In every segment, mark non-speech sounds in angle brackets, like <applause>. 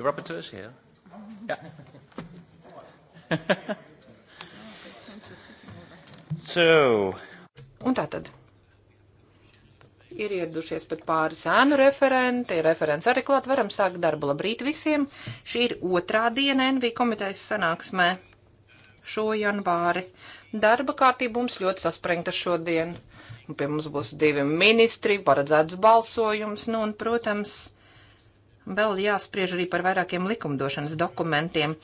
The rapporteur is here. Yeah. <laughs> so. Un tā tad. Ir ieradušies pat pāri sēnu referenti, referents arī klāt, varam sākt darbu. Labrīt visiem! Šī ir otrā diena NV komitejas sanāksmē šo janvāri. Darba kārtība mums ļoti saspringta šodien. Un pie mums būs divi ministri, paredzēts balsojums, nu un, protams, vēl jāspriež arī par vairākiem likumdošanas dokumentiem.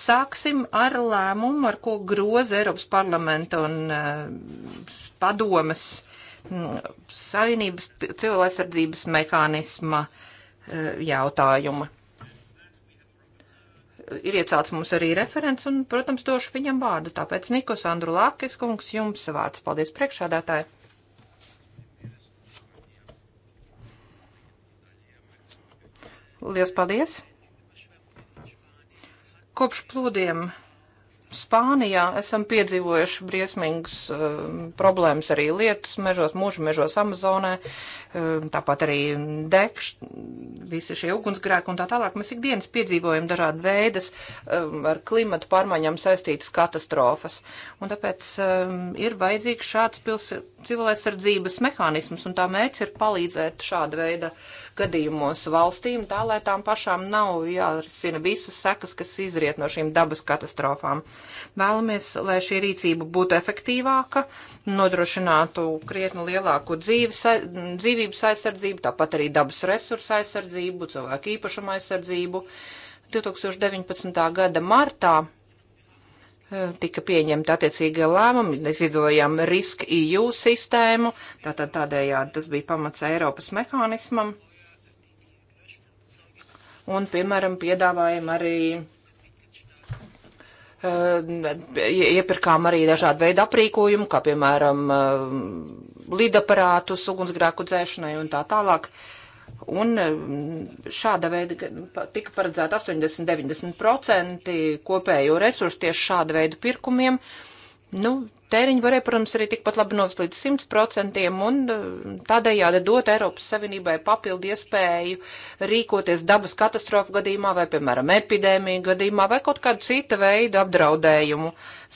Sāksim ar lēmumu, ar ko groza Eiropas parlamenta un uh, eh, padomas uh, mm, savienības cilvēksardzības mehānisma uh, jautājuma. Ir iecelts mums arī referents un, protams, došu viņam vārdu. Tāpēc Nikos Andru Lākes kungs jums vārds. Paldies priekšādātāji! Lielas paldies! Kopš plūdiem Spānijā esam piedzīvojuši briesmīgas uh, problēmas arī lietus mežos, mūža mežos Amazonē, uh, tāpat arī dekš, visi šie ugunsgrēki un tā tālāk. Mēs ikdienas piedzīvojam dažādi veidas uh, ar klimatu pārmaiņām saistītas katastrofas. Un tāpēc uh, ir vajadzīgs šāds pils, civilaizsardzības mehānismus, un tā mērķis ir palīdzēt šāda veida gadījumos valstīm, tā lai tām pašām nav jārisina visas sekas, kas izriet no šīm dabas katastrofām. Vēlamies, lai šī rīcība būtu efektīvāka, nodrošinātu krietni lielāku dzīves, dzīvības aizsardzību, tāpat arī dabas resursu aizsardzību, cilvēku īpašumu aizsardzību. 2019. gada martā tika pieņemta attiecīgie lēmumi, izveidojām riska EU sistēmu, tātad tādējādi tas bija pamats Eiropas mehānismam. Un, piemēram, piedāvājam arī, eh, iepirkām arī dažādu veidu aprīkojumu, kā piemēram eh, lidaparātus ugunsgrēku dzēšanai un tā tālāk. Uh, Un eh, šāda veida tika paredzēta 80-90% kopējo resursu tieši šāda veida pirkumiem. Nu, tēriņi varēja, protams, arī tikpat labi novest līdz 100% un eh, tādējādi dot Eiropas Savienībai papildu iespēju rīkoties dabas katastrofu gadījumā vai, piemēram, epidēmiju gadījumā vai kaut kādu cita veidu apdraudējumu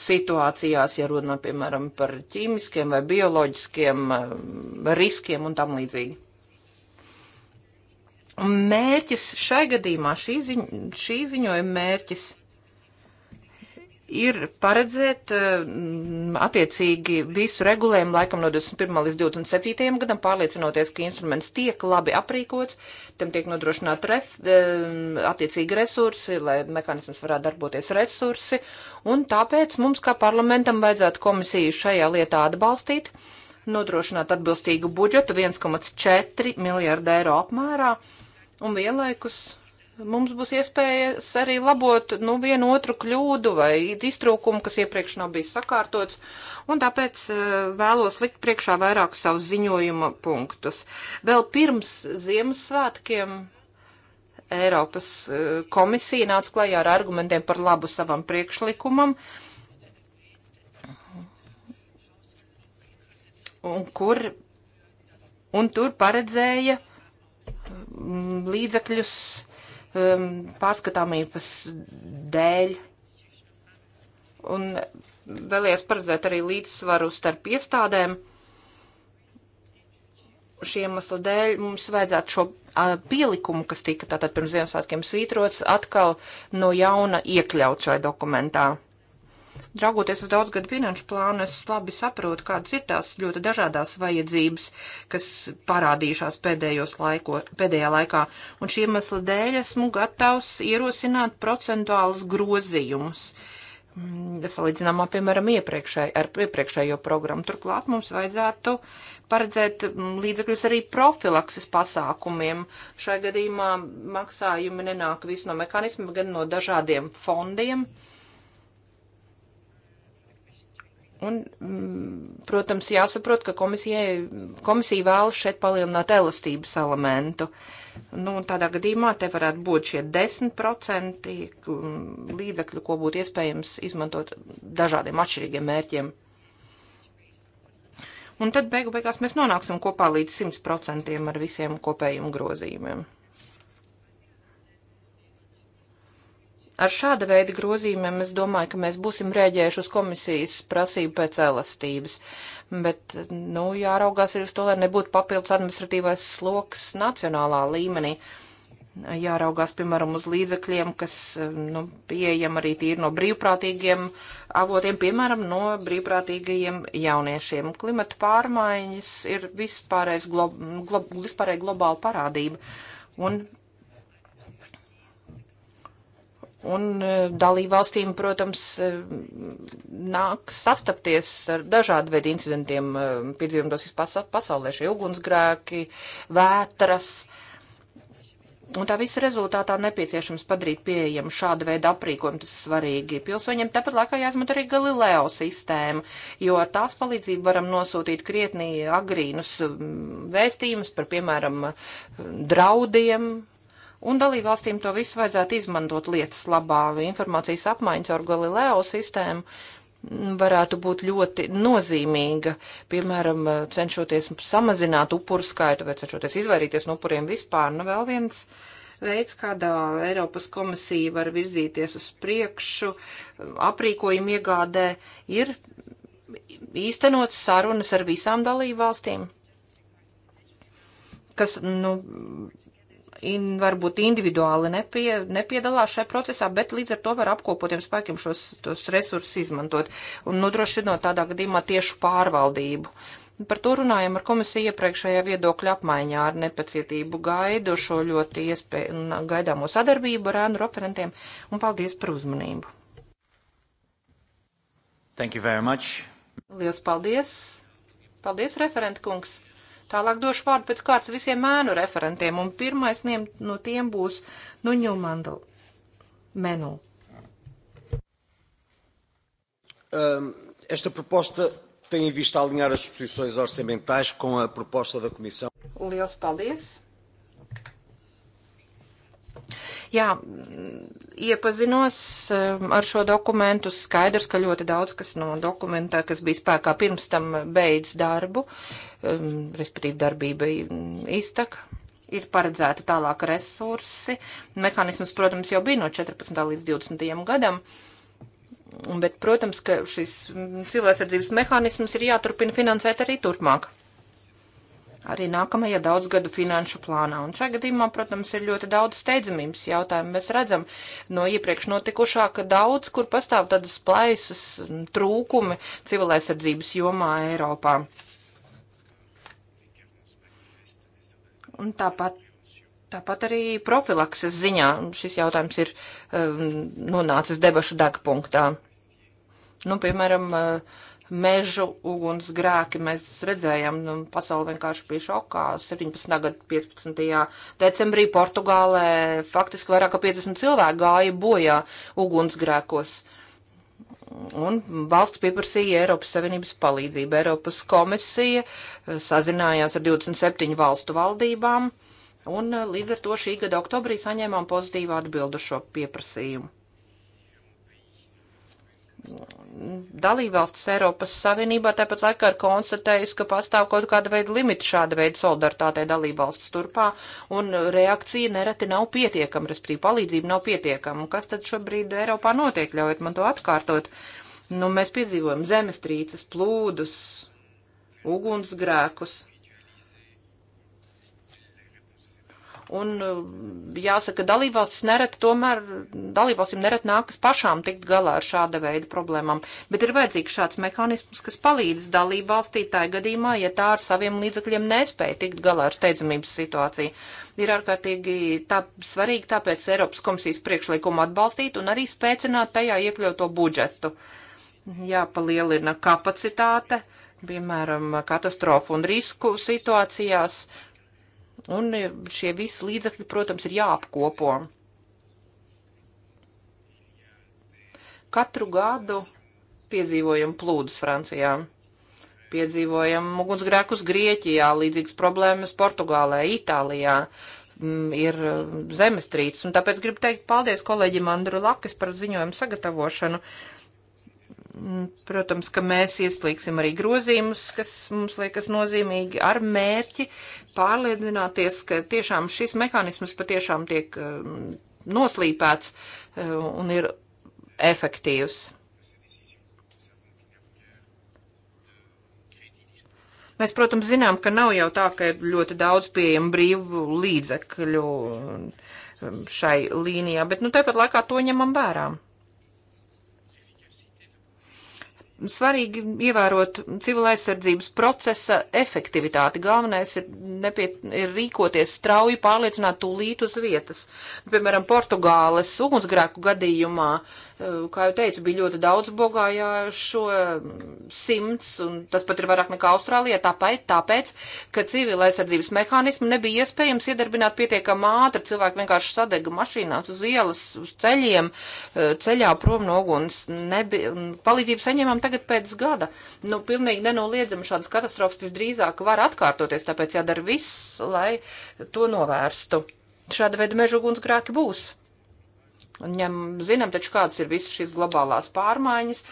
situācijās, ja runā, piemēram, par ķīmiskiem vai bioloģiskiem eh, riskiem un tam līdzīgi mērķis šai gadījumā, šī, ziņ, šī ziņojuma mērķis ir paredzēt mm, attiecīgi visu regulējumu laikam no 21. līdz 27. gadam, pārliecinoties, ka instruments tiek labi aprīkots, tam tiek nodrošināt ref, mm, attiecīgi resursi, lai mekanisms varētu darboties resursi, un tāpēc mums kā parlamentam vajadzētu komisiju šajā lietā atbalstīt, nodrošināt atbilstīgu budžetu 1,4 miljārdu eiro apmērā Un vienlaikus mums būs iespējas arī labot nu, vienu otru kļūdu vai iztrūkumu, kas iepriekš nav bijis sakārtots, un tāpēc eh, vēlos likt priekšā vairāk savus ziņojuma punktus. Vēl pirms Ziemassvētkiem Eiropas eh, komisija nāca klajā ar argumentiem par labu savam priekšlikumam. Un, kur, un tur paredzēja uh, Mm, līdzekļus um, pārskatāmības dēļ. Un vēlējos paredzēt arī līdzsvaru starp iestādēm. Šiem masla dēļ mums vajadzētu šo a, pielikumu, kas tika tātad pirms Ziemassvētkiem svītrots, atkal no jauna iekļaut šai dokumentā. Draugoties uz daudzgadu finanšu plānu, es labi saprotu, kādas ir tās ļoti dažādās vajadzības, kas parādījušās pēdējos laiko, pēdējā laikā. Un šī iemesla dēļ esmu gatavs ierosināt procentuālus grozījumus. Mm, salīdzināmā, piemēram, iepriekšēj, ar iepriekšējo programmu. Turklāt mums vajadzētu paredzēt mm, līdzekļus arī profilakses pasākumiem. Šai gadījumā maksājumi nenāk visu no mehānismiem, gan no dažādiem fondiem. Uh, Un, mm, protams, jāsaprot, ka komisija vēl šeit palielināt elastības elementu. Nu, tādā gadījumā te varētu būt šie 10% mm, līdzekļu, ko būtu iespējams izmantot dažādiem atšķirīgiem mērķiem. Un tad beigu beigās mēs nonāksim kopā līdz 100% ar visiem kopējiem grozījumiem. Ar šāda veida grozījumiem es domāju, ka mēs būsim rēģējuši uz komisijas prasību pēc elastības. Bet, nu, jāraugās ir uz to, lai nebūtu papildus administratīvais sloks nacionālā līmenī. Jāraugās, piemēram, uz līdzekļiem, kas, nu, pieejam arī tīri no brīvprātīgiem avotiem, piemēram, no brīvprātīgajiem jauniešiem. Klimata pārmaiņas ir vispārējais glo glo vispārēj globāla parādība. Un Un e, dalībvalstīm, protams, e, nāk sastapties ar dažādu veidu incidentiem, e, piedzīvotos pasaulē šie ugunsgrēki, vētras. Un tā visa rezultātā nepieciešams padarīt pieejamu šādu veidu aprīkojumu, tas svarīgi pilsoņiem. Tāpat laikā jāizmanto arī Galileo sistēma, jo ar tās palīdzību varam nosūtīt krietnī agrīnus vēstījumus par, piemēram, draudiem, un dalībvalstīm to visu vajadzētu izmantot lietas labā. Informācijas apmaiņas ar Galileo sistēmu varētu būt ļoti nozīmīga, piemēram, cenšoties samazināt upuru skaitu vai cenšoties izvairīties no upuriem vispār. Nu, vēl viens veids, kādā Eiropas komisija var virzīties uz priekšu aprīkojumu iegādē, ir īstenot sarunas ar visām dalībvalstīm kas, nu, in, varbūt individuāli nepie, nepiedalās šajā procesā, bet līdz ar to var apkopotiem spēkiem šos tos resursus izmantot un nodrošinot tādā gadījumā tiešu pārvaldību. Par to runājam ar komisiju iepriekšējā viedokļa apmaiņā ar nepacietību gaidu šo ļoti iespēju un gaidāmo sadarbību ar ēnu referentiem un paldies par uzmanību. Thank you very much. Lielas paldies. Paldies, referent kungs. Tālāk došu vārdu pēc kārtas visiem mēnu referentiem, un pirmais no tiem būs Nuņu Mandel menu. Um, esta proposta tem em vista alinhar as posições orçamentais com a proposta da Comissão. Lielas paldies! Jā, iepazinos um, ar šo dokumentu. Skaidrs, ka ļoti daudz kas no dokumentā, kas bija spēkā pirms tam, beidz darbu, um, respektīvi darbība iztaka. Ir paredzēti tālāk resursi. Mehānisms, protams, jau bija no 14. līdz 20. gadam. Bet, protams, ka šis mm, cilvēksardzības mehānisms ir jāturpina finansēt arī turpmāk arī nākamajā daudzgadu finanšu plānā. Un šajā gadījumā, protams, ir ļoti daudz steidzamības jautājumu. Mēs redzam no iepriekš notikušā, ka daudz, kur pastāv tādas plaisas trūkumi civilaizsardzības jomā Eiropā. Un tāpat, tāpat arī profilakses ziņā šis jautājums ir um, nonācis debašu degpunktā. Nu, piemēram, uh, mežu ugunsgrēki. Mēs redzējām, nu, pasauli vienkārši bija šokā. 17. gada 15. decembrī Portugālē faktiski vairāk kā 50 cilvēku gāja bojā ugunsgrēkos. Un valsts pieprasīja Eiropas Savienības palīdzību. Eiropas komisija eh, sazinājās ar 27 valstu valdībām, un eh, līdz ar to šī gada oktobrī saņēmām pozitīvu atbildu šo pieprasījumu dalībvalstis Eiropas Savienībā tāpat laikā ir konstatējusi, ka pastāv kaut kāda veida limita šāda veida solidaritātei dalībvalsts turpā, un reakcija nereti nav pietiekama, respektīvi palīdzība nav pietiekama. Un kas tad šobrīd Eiropā notiek, ļaujiet man to atkārtot? Nu, mēs piedzīvojam zemestrīces, plūdus, ugunsgrēkus, Un eh, jāsaka, dalībvalstis neret tomēr, dalībvalstīm neret nākas pašām tikt galā ar šāda veida problēmām. Bet ir vajadzīgs šāds mehānisms, kas palīdz dalībvalstī tā gadījumā, ja tā ar saviem līdzekļiem nespēja tikt galā ar steidzamības situāciju. Ir ārkārtīgi tā, svarīgi tāpēc Eiropas komisijas priekšlikumu atbalstīt un arī spēcināt tajā iekļauto budžetu. Jāpalielina kapacitāte, piemēram, katastrofu un risku situācijās Un šie visi līdzekļi, protams, ir jāapkopo. Katru gadu piedzīvojam plūdus Francijā, piedzīvojam ugunsgrēkus Grieķijā, līdzīgas problēmas Portugālē, Itālijā mm, ir mm, zemestrīces. Un tāpēc gribu teikt paldies kolēģim Andru Lakis par ziņojumu sagatavošanu. Mm, protams, ka mēs ieslīgsim arī grozījumus, kas mums liekas nozīmīgi ar mērķi pārliecināties, ka tiešām šis mehānisms patiešām tiek um, noslīpēts uh, un ir efektīvs. Mēs, protams, zinām, ka nav jau tā, ka ir ļoti daudz pieejamu brīvu līdzekļu um, šai līnijā, bet nu, tāpat laikā to ņemam vērām svarīgi ievērot civil aizsardzības procesa efektivitāti. Galvenais ir, nepie, ir rīkoties strauji, pārliecināt tūlīt uz vietas. Piemēram, Portugāles ugunsgrēku gadījumā uh, Eh, kā jau teicu, bija ļoti daudz bogājāšo mm, simts, un tas pat ir vairāk nekā Austrālijā, tāpēc, tāpēc ka civila aizsardzības mehānismu nebija iespējams iedarbināt pietiekam ātri, cilvēki vienkārši sadega mašīnās uz ielas, uz ceļiem, eh, ceļā prom no uguns, nebija, palīdzību saņēmām tagad pēc gada. Nu, pilnīgi nenoliedzami šādas katastrofas visdrīzāk var atkārtoties, tāpēc jādara viss, lai to novērstu. Šāda veida mežugunsgrēki būs. Un ņem, zinām taču, kādas ir visas šīs globālās pārmaiņas,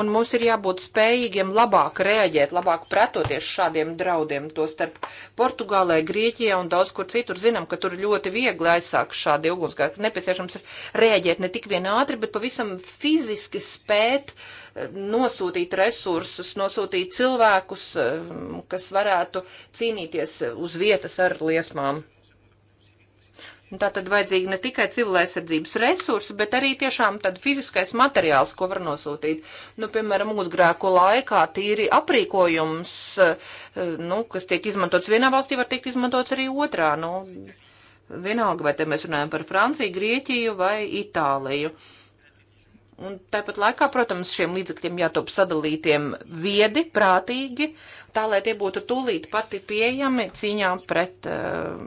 un mums ir jābūt spējīgiem labāk reaģēt, labāk pretoties šādiem draudiem, to starp Portugālē, Grieķijā un daudz kur citur. Zinām, ka tur ļoti viegli aizsāk šādi ugunsgari. Nepieciešams ir reaģēt ne tik vien ātri, bet pavisam fiziski spēt eh, nosūtīt resursus, nosūtīt cilvēkus, eh, kas varētu cīnīties eh, uz vietas ar liesmām. Nu, tā tad vajadzīgi ne tikai civilaizsardzības resursi, bet arī tiešām tad fiziskais materiāls, ko var nosūtīt. Nu, piemēram, uzgrēku laikā tīri aprīkojums, eh, nu, kas tiek izmantots vienā valstī, var tikt izmantots arī otrā. Nu, vienalga, vai te mēs runājam par Franciju, Grieķiju vai Itāliju. Uh, Un tāpat laikā, protams, šiem līdzekļiem jātop sadalītiem viedi, prātīgi, tā lai tie būtu tūlīt pati pieejami cīņā pret uh,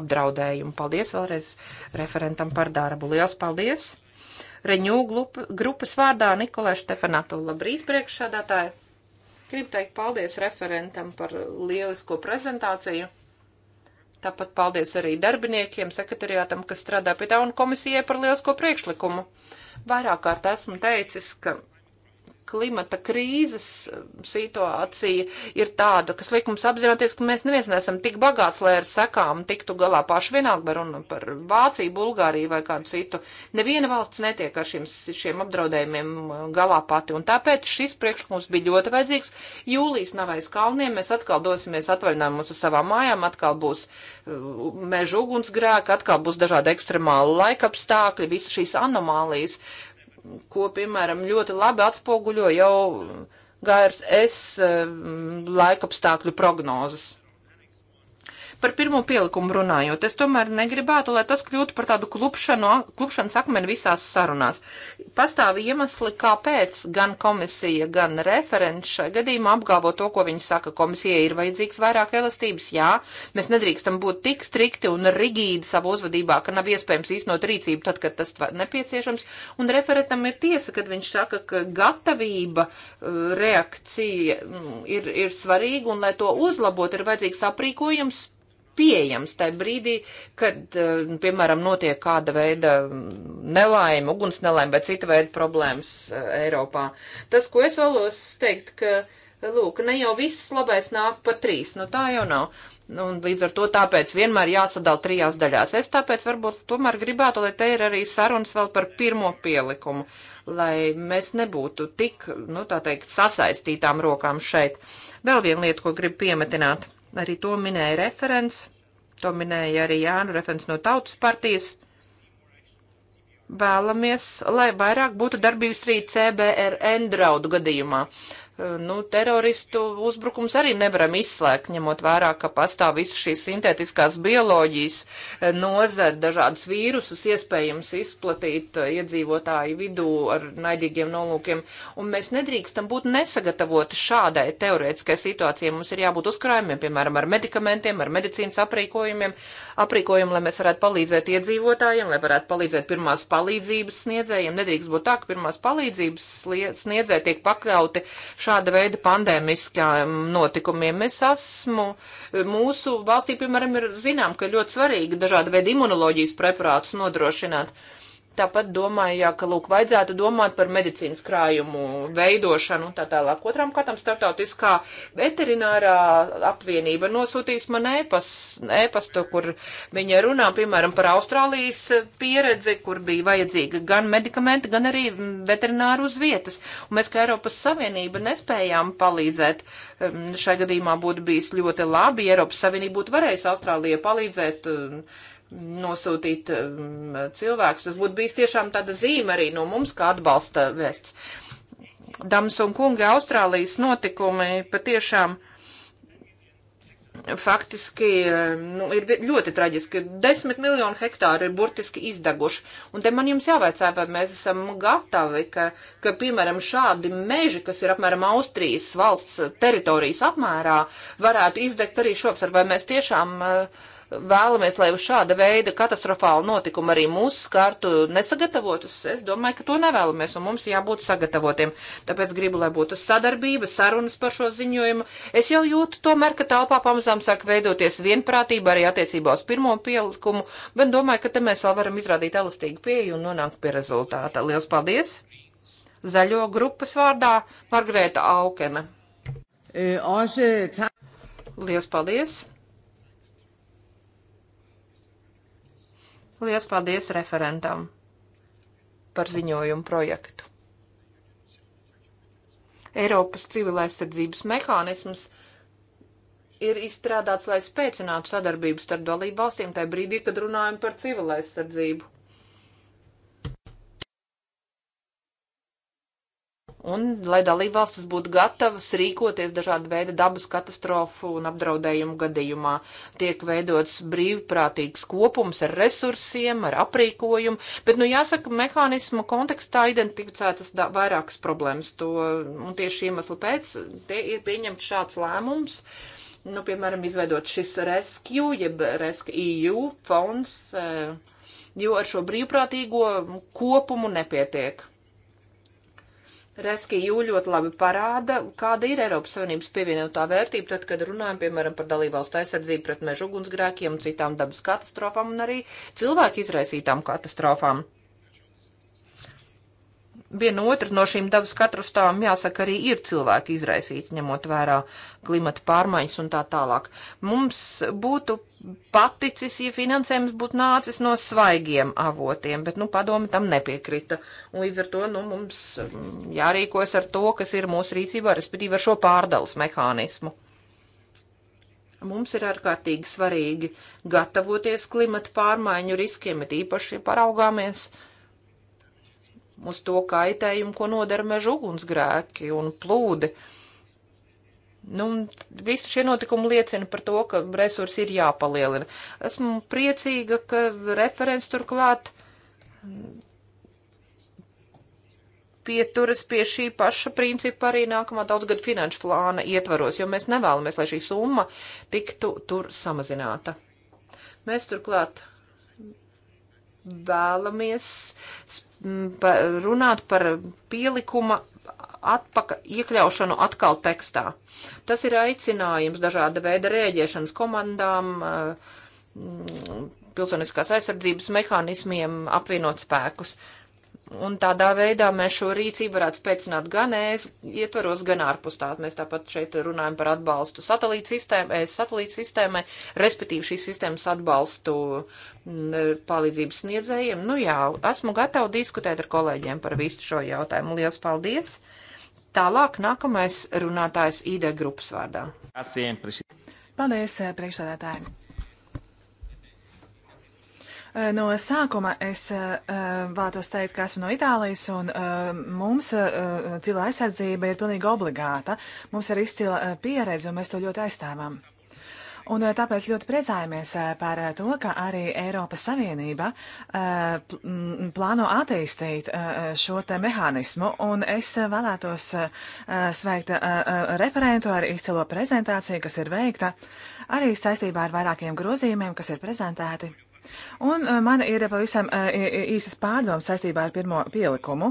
apdraudējumu. Paldies vēlreiz referentam par darbu. Lielas paldies! Reņū grupas vārdā Nikolai Štefanāto. Labrīt, priekšsādātāji! Gribu teikt paldies referentam par lielisko prezentāciju. Tāpat paldies arī darbiniekiem, sekretariātam, kas strādā pie tā un komisijai par lielisko priekšlikumu. Uh, Vairāk kārt esmu teicis, ka klimata krīzes um, situācija ir tāda, kas liek mums apzināties, ka mēs neviens neesam tik bagāts, lai ar sekām tiktu galā paši vienalga par, un, par Vāciju, Bulgāriju vai kādu citu. Neviena valsts netiek ar šiem, šiem apdraudējumiem uh, galā pati, un tāpēc šis priekšlikums bija ļoti vajadzīgs. Jūlijas navais kalniem mēs atkal dosimies atvaļinājumus uz savām mājām, atkal būs uh, meža ugunsgrēki, atkal būs dažādi ekstremāli laikapstākļi, visas šīs anomālijas, ko, piemēram, ļoti labi atspoguļo jau GRS eh, laikapstākļu prognozes. Par pirmo pielikumu runājot, es tomēr negribētu, lai tas kļūtu par tādu klupšanu, klupšanas akmeni visās sarunās. Pastāv iemesli, kāpēc gan komisija, gan referents šai gadījumā apgalvo to, ko viņi saka. Komisija ir vajadzīgs vairāk elastības, jā, mēs nedrīkstam būt tik strikti un rigīdi savu uzvedībā, ka nav iespējams īstenot rīcību tad, kad tas nepieciešams. Un referentam ir tiesa, kad viņš saka, ka gatavība uh, reakcija mm, ir, ir svarīga un, lai to uzlabot, ir vajadzīgs aprīkojums, pieejams tajā brīdī, kad, eh, piemēram, notiek kāda veida nelaime, uguns nelaime vai cita veida problēmas eh, Eiropā. Tas, ko es vēlos teikt, ka, lūk, ne jau viss labais nāk pa trīs, nu tā jau nav. Nu, un līdz ar to tāpēc vienmēr jāsadala trijās daļās. Es tāpēc varbūt tomēr gribētu, lai te ir arī sarunas vēl par pirmo pielikumu, lai mēs nebūtu tik, nu tā teikt, sasaistītām rokām šeit. Vēl viena lieta, ko gribu piemetināt. Arī to minēja referents, to minēja arī Jānu referents no Tautas partijas. Vēlamies, lai vairāk būtu darbības rīt CBRN draudu gadījumā nu, teroristu uzbrukums arī nevaram izslēgt, ņemot vērā, ka pastāv visu šīs sintētiskās bioloģijas e, nozara, dažādus vīrusus iespējams izplatīt e, iedzīvotāju vidū ar naidīgiem nolūkiem, un mēs nedrīkstam būt nesagatavoti šādai teorētiskai situācijai. Mums ir jābūt uzkrājumiem, piemēram, ar medikamentiem, ar medicīnas aprīkojumiem, aprīkojumu, lai mēs varētu palīdzēt iedzīvotājiem, lai varētu palīdzēt pirmās palīdzības sniedzējiem. Nedrīkst būt tā, ka pirmās palīdzības sniedzēji tiek pakļauti šādai šāda veida pandēmiskām um, notikumiem. Es esmu, mūsu valstī, piemēram, ir zinām, ka ļoti svarīgi dažāda veida imunoloģijas preparātus nodrošināt. Uh, Tāpat domāju, jā, ka, lūk, vajadzētu domāt par medicīnas krājumu veidošanu un tā tālāk. Otram kārtam starptautiskā veterinārā apvienība nosūtīs man ēpastu, kur viņa runā, piemēram, par Austrālijas pieredzi, kur bija vajadzīga gan medikamenti, gan arī veterināru uz vietas. Un mēs, kā Eiropas Savienība, nespējām palīdzēt. Šai gadījumā būtu bijis ļoti labi, ja Eiropas Savienība būtu varējusi Austrālijai palīdzēt. Un, nosūtīt um, cilvēkus. Tas būtu bijis tiešām tāda zīme arī no mums, kā atbalsta vēsts. Dāmas un kungi, Austrālijas notikumi patiešām faktiski um, nu, ir ļoti traģiski. Desmit miljonu hektāru ir burtiski izdeguši. Un te man jums jāvaicā, vai mēs esam gatavi, ka, ka, piemēram, šādi meži, kas ir apmēram Austrijas valsts teritorijas apmērā, varētu izdegt arī šovasar. Vai mēs tiešām uh, vēlamies, lai uz šāda veida katastrofāla notikuma arī mūs skartu nesagatavotus, es domāju, ka to nevēlamies un mums jābūt sagatavotiem. Tāpēc gribu, lai būtu sadarbība, sarunas par šo ziņojumu. Es jau jūtu tomēr, ka telpā pamazām sāk veidoties vienprātība arī attiecībā uz pirmo pielikumu, bet domāju, ka te mēs vēl varam izrādīt elastīgu pieeju un nonākt pie rezultāta. Lielas paldies! Zaļo grupas vārdā Margarēta Aukena. Eh, Lielas paldies! Lielas paldies referentam par ziņojumu projektu. Eiropas civilaizsardzības mehānisms ir izstrādāts, lai spēcinātu sadarbību starp dalību valstīm tajā brīdī, kad runājam par civilaizsardzību. un lai dalībvalstis būtu gatavas rīkoties dažāda veida dabas katastrofu un apdraudējumu gadījumā. Tiek veidots brīvprātīgs kopums ar resursiem, ar aprīkojumu, bet, nu, jāsaka, mehānismu kontekstā identificētas vairākas problēmas. To, un tieši iemeslu pēc tie ir pieņemts šāds lēmums. Nu, piemēram, izveidot šis rescue, jeb rescue EU fonds, eh, jo ar šo brīvprātīgo kopumu nepietiek Reskiju ļoti labi parāda, kāda ir Eiropas Savienības pievienotā vērtība, tad, kad runājam, piemēram, par dalībvalstu aizsardzību pret mežu ugunsgrēkiem, citām dabas katastrofām un arī cilvēku izraisītām katastrofām. Viena otra no šīm dabas katastrofām, jāsaka, arī ir cilvēki izraisīti, ņemot vērā klimata pārmaiņas un tā tālāk. Mums būtu paticis, ja finansējums būtu nācis no svaigiem avotiem, bet, nu, padomi tam nepiekrita. Un līdz ar to, nu, mums mm, jārīkojas ar to, kas ir mūsu rīcībā, respektīvi ar šo pārdales mehānismu. Mums ir ārkārtīgi svarīgi gatavoties klimata pārmaiņu riskiem, bet īpaši, ja paraugāmies uz to kaitējumu, ko nodara meža ugunsgrēki un plūdi. Uh, Nu, visi šie notikumi liecina par to, ka resursi ir jāpalielina. Esmu priecīga, ka referents turklāt pieturas pie šī paša principa arī nākamā daudzgada finanšu plāna ietvaros, jo mēs nevēlamies, lai šī summa tiktu tur samazināta. Mēs turklāt vēlamies runāt par pielikuma atpaka, iekļaušanu atkal tekstā. Tas ir aicinājums dažāda veida rēģēšanas komandām, eh, pilsoniskās aizsardzības mehānismiem apvienot spēkus. Un tādā veidā mēs šo rīcību varētu spēcināt gan ES ietvaros, gan ārpus tā. Mēs tāpat šeit runājam par atbalstu satelīta sistēmai, ES satelīta sistēmai, respektīvi šīs sistēmas atbalstu mm, palīdzības sniedzējiem. Nu jā, esmu gatava diskutēt ar kolēģiem par visu šo jautājumu. Lielas paldies! Tālāk nākamais runātājs ID grupas vārdā. Paldies, eh, priekšsēdētāji! Eh, no sākuma es eh, vēlētos teikt, ka esmu no Itālijas, un mums cilvēka aizsardzība ir pilnīgi obligāta. Mums ir izcila pieredze, un mēs to ļoti aizstāvam. Un eh, tāpēc ļoti priecājamies eh, par eh, to, ka arī Eiropas Savienība plāno attīstīt šo te mehānismu. Un es vēlētos sveikt referentu ar izcilo prezentāciju, kas ir veikta arī saistībā ar vairākiem grozījumiem, kas ir prezentēti. Un man ir pavisam īsas pārdomas saistībā ar pirmo pielikumu.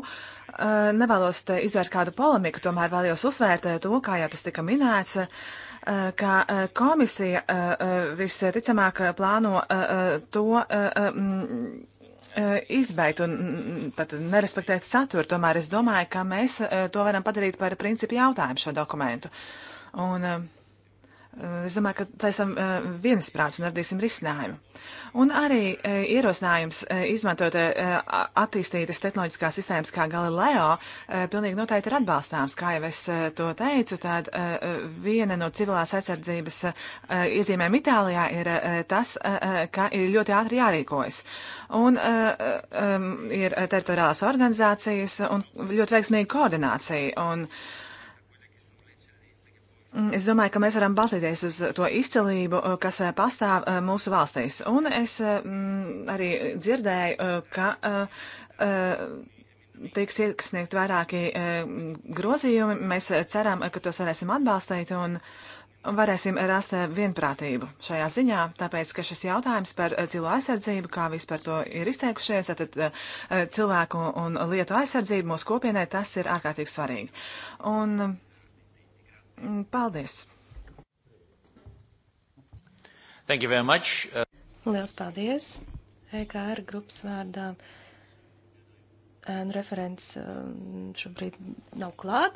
Nevēlos izvērst kādu polemiku, tomēr vēlos uzsvērt to, kā jau tas tika minēts ka eh, komisija eh, eh, visticamāk plāno to mm, izbeigt un pat mm, mm, nerespektēt saturu. Tomēr es domāju, ka mēs to varam padarīt par principu jautājumu šo dokumentu. Un, uh, Eh, es domāju, ka tā esam eh, viensprāts un radīsim risinājumu. Un arī eh, ierosinājums izmantot attīstītas tehnoloģiskās sistēmas kā Galileo pilnīgi noteikti ir atbalstāms. Kā jau es to teicu, tad viena no civilās aizsardzības iezīmēm Itālijā ir tas, ka ir ļoti ātri jārīkojas. Un ir teritoriālās organizācijas un ļoti veiksmīga koordinācija. Un, Mm, es domāju, ka mēs varam balstīties uz to izcelību, eh, kas eh, pastāv eh, mūsu valstīs. Un es mm, arī dzirdēju, ka tiks iesniegt vairāki grozījumi. Mēs ceram, ka tos varēsim atbalstīt un varēsim rast vienprātību šajā ziņā, tāpēc, ka šis jautājums par cilvēku aizsardzību, kā vispār to ir izteikušies, tad cilvēku un lietu aizsardzību mūsu kopienai, tas ir ārkārtīgi svarīgi. Un, Mm, paldies! Thank you very much. Uh... Liels paldies! EKR grupas vārdā referents um, šobrīd nav klāt.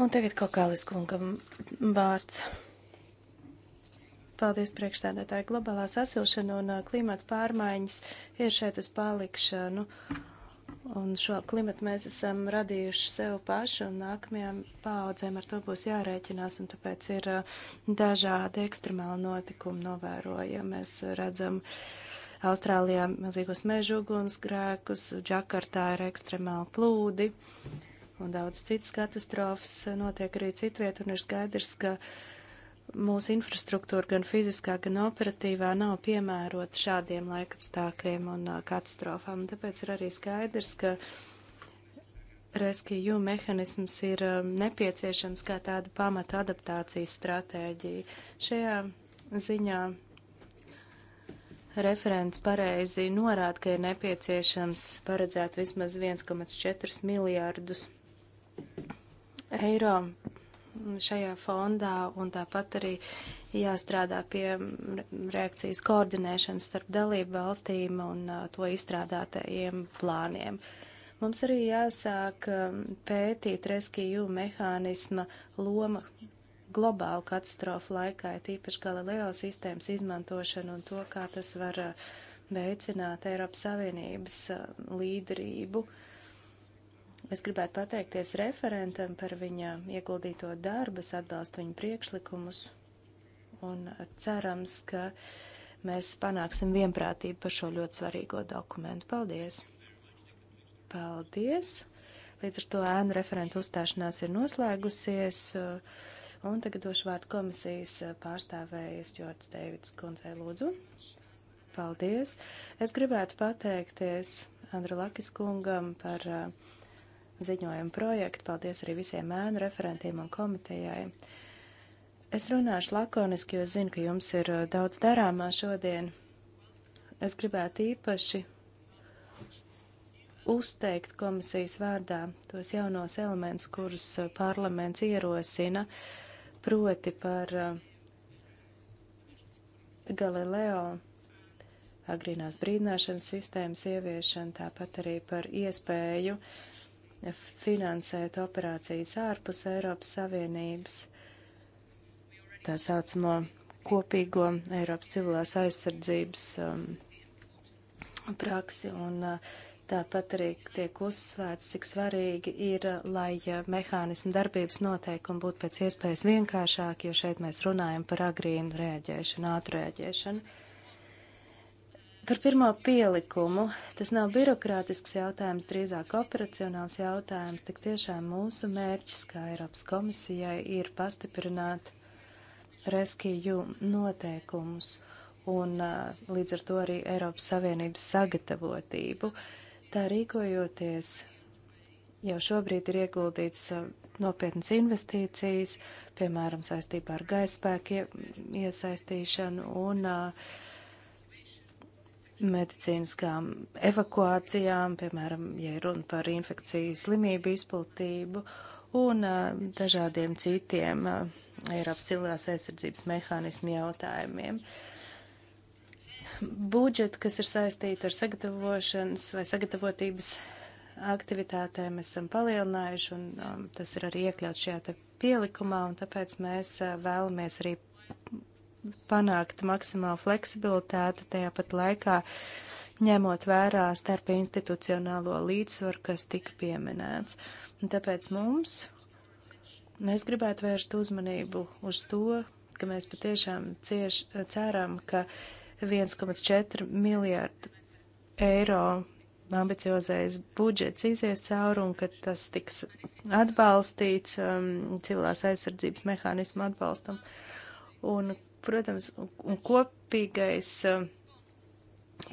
Un tagad kaut kā līdz kungam vārds. Paldies priekšstādātāji. Globālā sasilšana un uh, klimata pārmaiņas ir šeit uz palikšanu. Nu, Un šo klimatu mēs esam radījuši sev paši, un nākamajām paaudzēm ar to būs jārēķinās, un tāpēc ir uh, dažādi ekstremāli notikumi novērojami. Mēs redzam Austrālijā milzīgos mežu ugunsgrēkus, Džakartā ir ekstremāli plūdi, un daudz citas katastrofas notiek arī citvietu, un ir skaidrs, ka uh, mūsu infrastruktūra gan fiziskā, gan operatīvā nav piemērota šādiem laikapstākļiem un uh, katastrofām. Tāpēc ir arī skaidrs, ka rescue mehanisms ir uh, nepieciešams kā tāda pamata adaptācijas stratēģija. Šajā ziņā referents pareizi norāda, ka ir nepieciešams paredzēt vismaz 1,4 miljārdus eiro šajā fondā un tāpat arī jāstrādā pie reakcijas koordinēšanas starp dalību valstīm un uh, to izstrādātajiem plāniem. Mums arī jāsāk um, pētīt reskiju mehānisma loma globālu katastrofu laikā, ir tīpaši Galileo sistēmas izmantošana un to, kā tas var uh, veicināt Eiropas Savienības uh, līderību. Uh, Es gribētu pateikties referentam par viņa ieguldīto darbu, es atbalstu viņa priekšlikumus un cerams, ka mēs panāksim vienprātību par šo ļoti svarīgo dokumentu. Paldies! Paldies! Līdz ar to ēnu referentu uzstāšanās ir noslēgusies, un tagad došu vārdu komisijas pārstāvējas Jords Deivids kundzei lūdzu. Paldies! Es gribētu pateikties Andra Lakis kungam par uh, ziņojumu projektu. Paldies arī visiem ēnu referentiem un komitejai. Es runāšu lakoniski, jo zinu, ka jums ir uh, daudz darāmā šodien. Es gribētu īpaši uzteikt komisijas vārdā tos jaunos elementus, kurus uh, parlaments ierosina, proti par uh, Galileo agrīnās brīdināšanas sistēmas ieviešanu, tāpat arī par iespēju uh, finansēt operācijas ārpus Eiropas Savienības, tā saucamo kopīgo Eiropas civilās aizsardzības um, praksi. Un, uh, Tāpat arī tiek uzsvērts, cik svarīgi ir, uh, lai mehānismu darbības noteikumi būtu pēc iespējas vienkāršāki, jo šeit mēs runājam par agrīnu rēģēšanu, ātrēģēšanu. Par pirmo pielikumu tas nav birokrātisks jautājums, drīzāk operacionāls jautājums. Tik tiešām mūsu mērķis, kā Eiropas komisijai, ir pastiprināt reskiju noteikumus un līdz ar to arī Eiropas Savienības sagatavotību. Tā rīkojoties, jau šobrīd ir ieguldīts nopietnas investīcijas, piemēram, saistībā ar gaisa spēku iesaistīšanu un uh, medicīniskām evakuācijām, piemēram, ja ir runa par infekciju slimību izplatību un dažādiem citiem Eiropas civilās aizsardzības mehānismu jautājumiem. Budžeti, kas ir saistīti ar sagatavošanas vai sagatavotības aktivitātēm, esam palielinājuši, un um, tas ir arī iekļauts šajā pielikumā, un tāpēc mēs uh, vēlamies arī panākt maksimālu fleksibilitāti, tajā pat laikā ņemot vērā starp institucionālo līdzsvaru, kas tika pieminēts. Un tāpēc mums, mēs gribētu vērst uzmanību uz to, ka mēs patiešām cieši ceram, ka 1,4 miljārdu eiro ambiciozais budžets izies cauri un ka tas tiks atbalstīts um, civilās aizsardzības mehānismu atbalstam. Un protams, un kopīgais eh,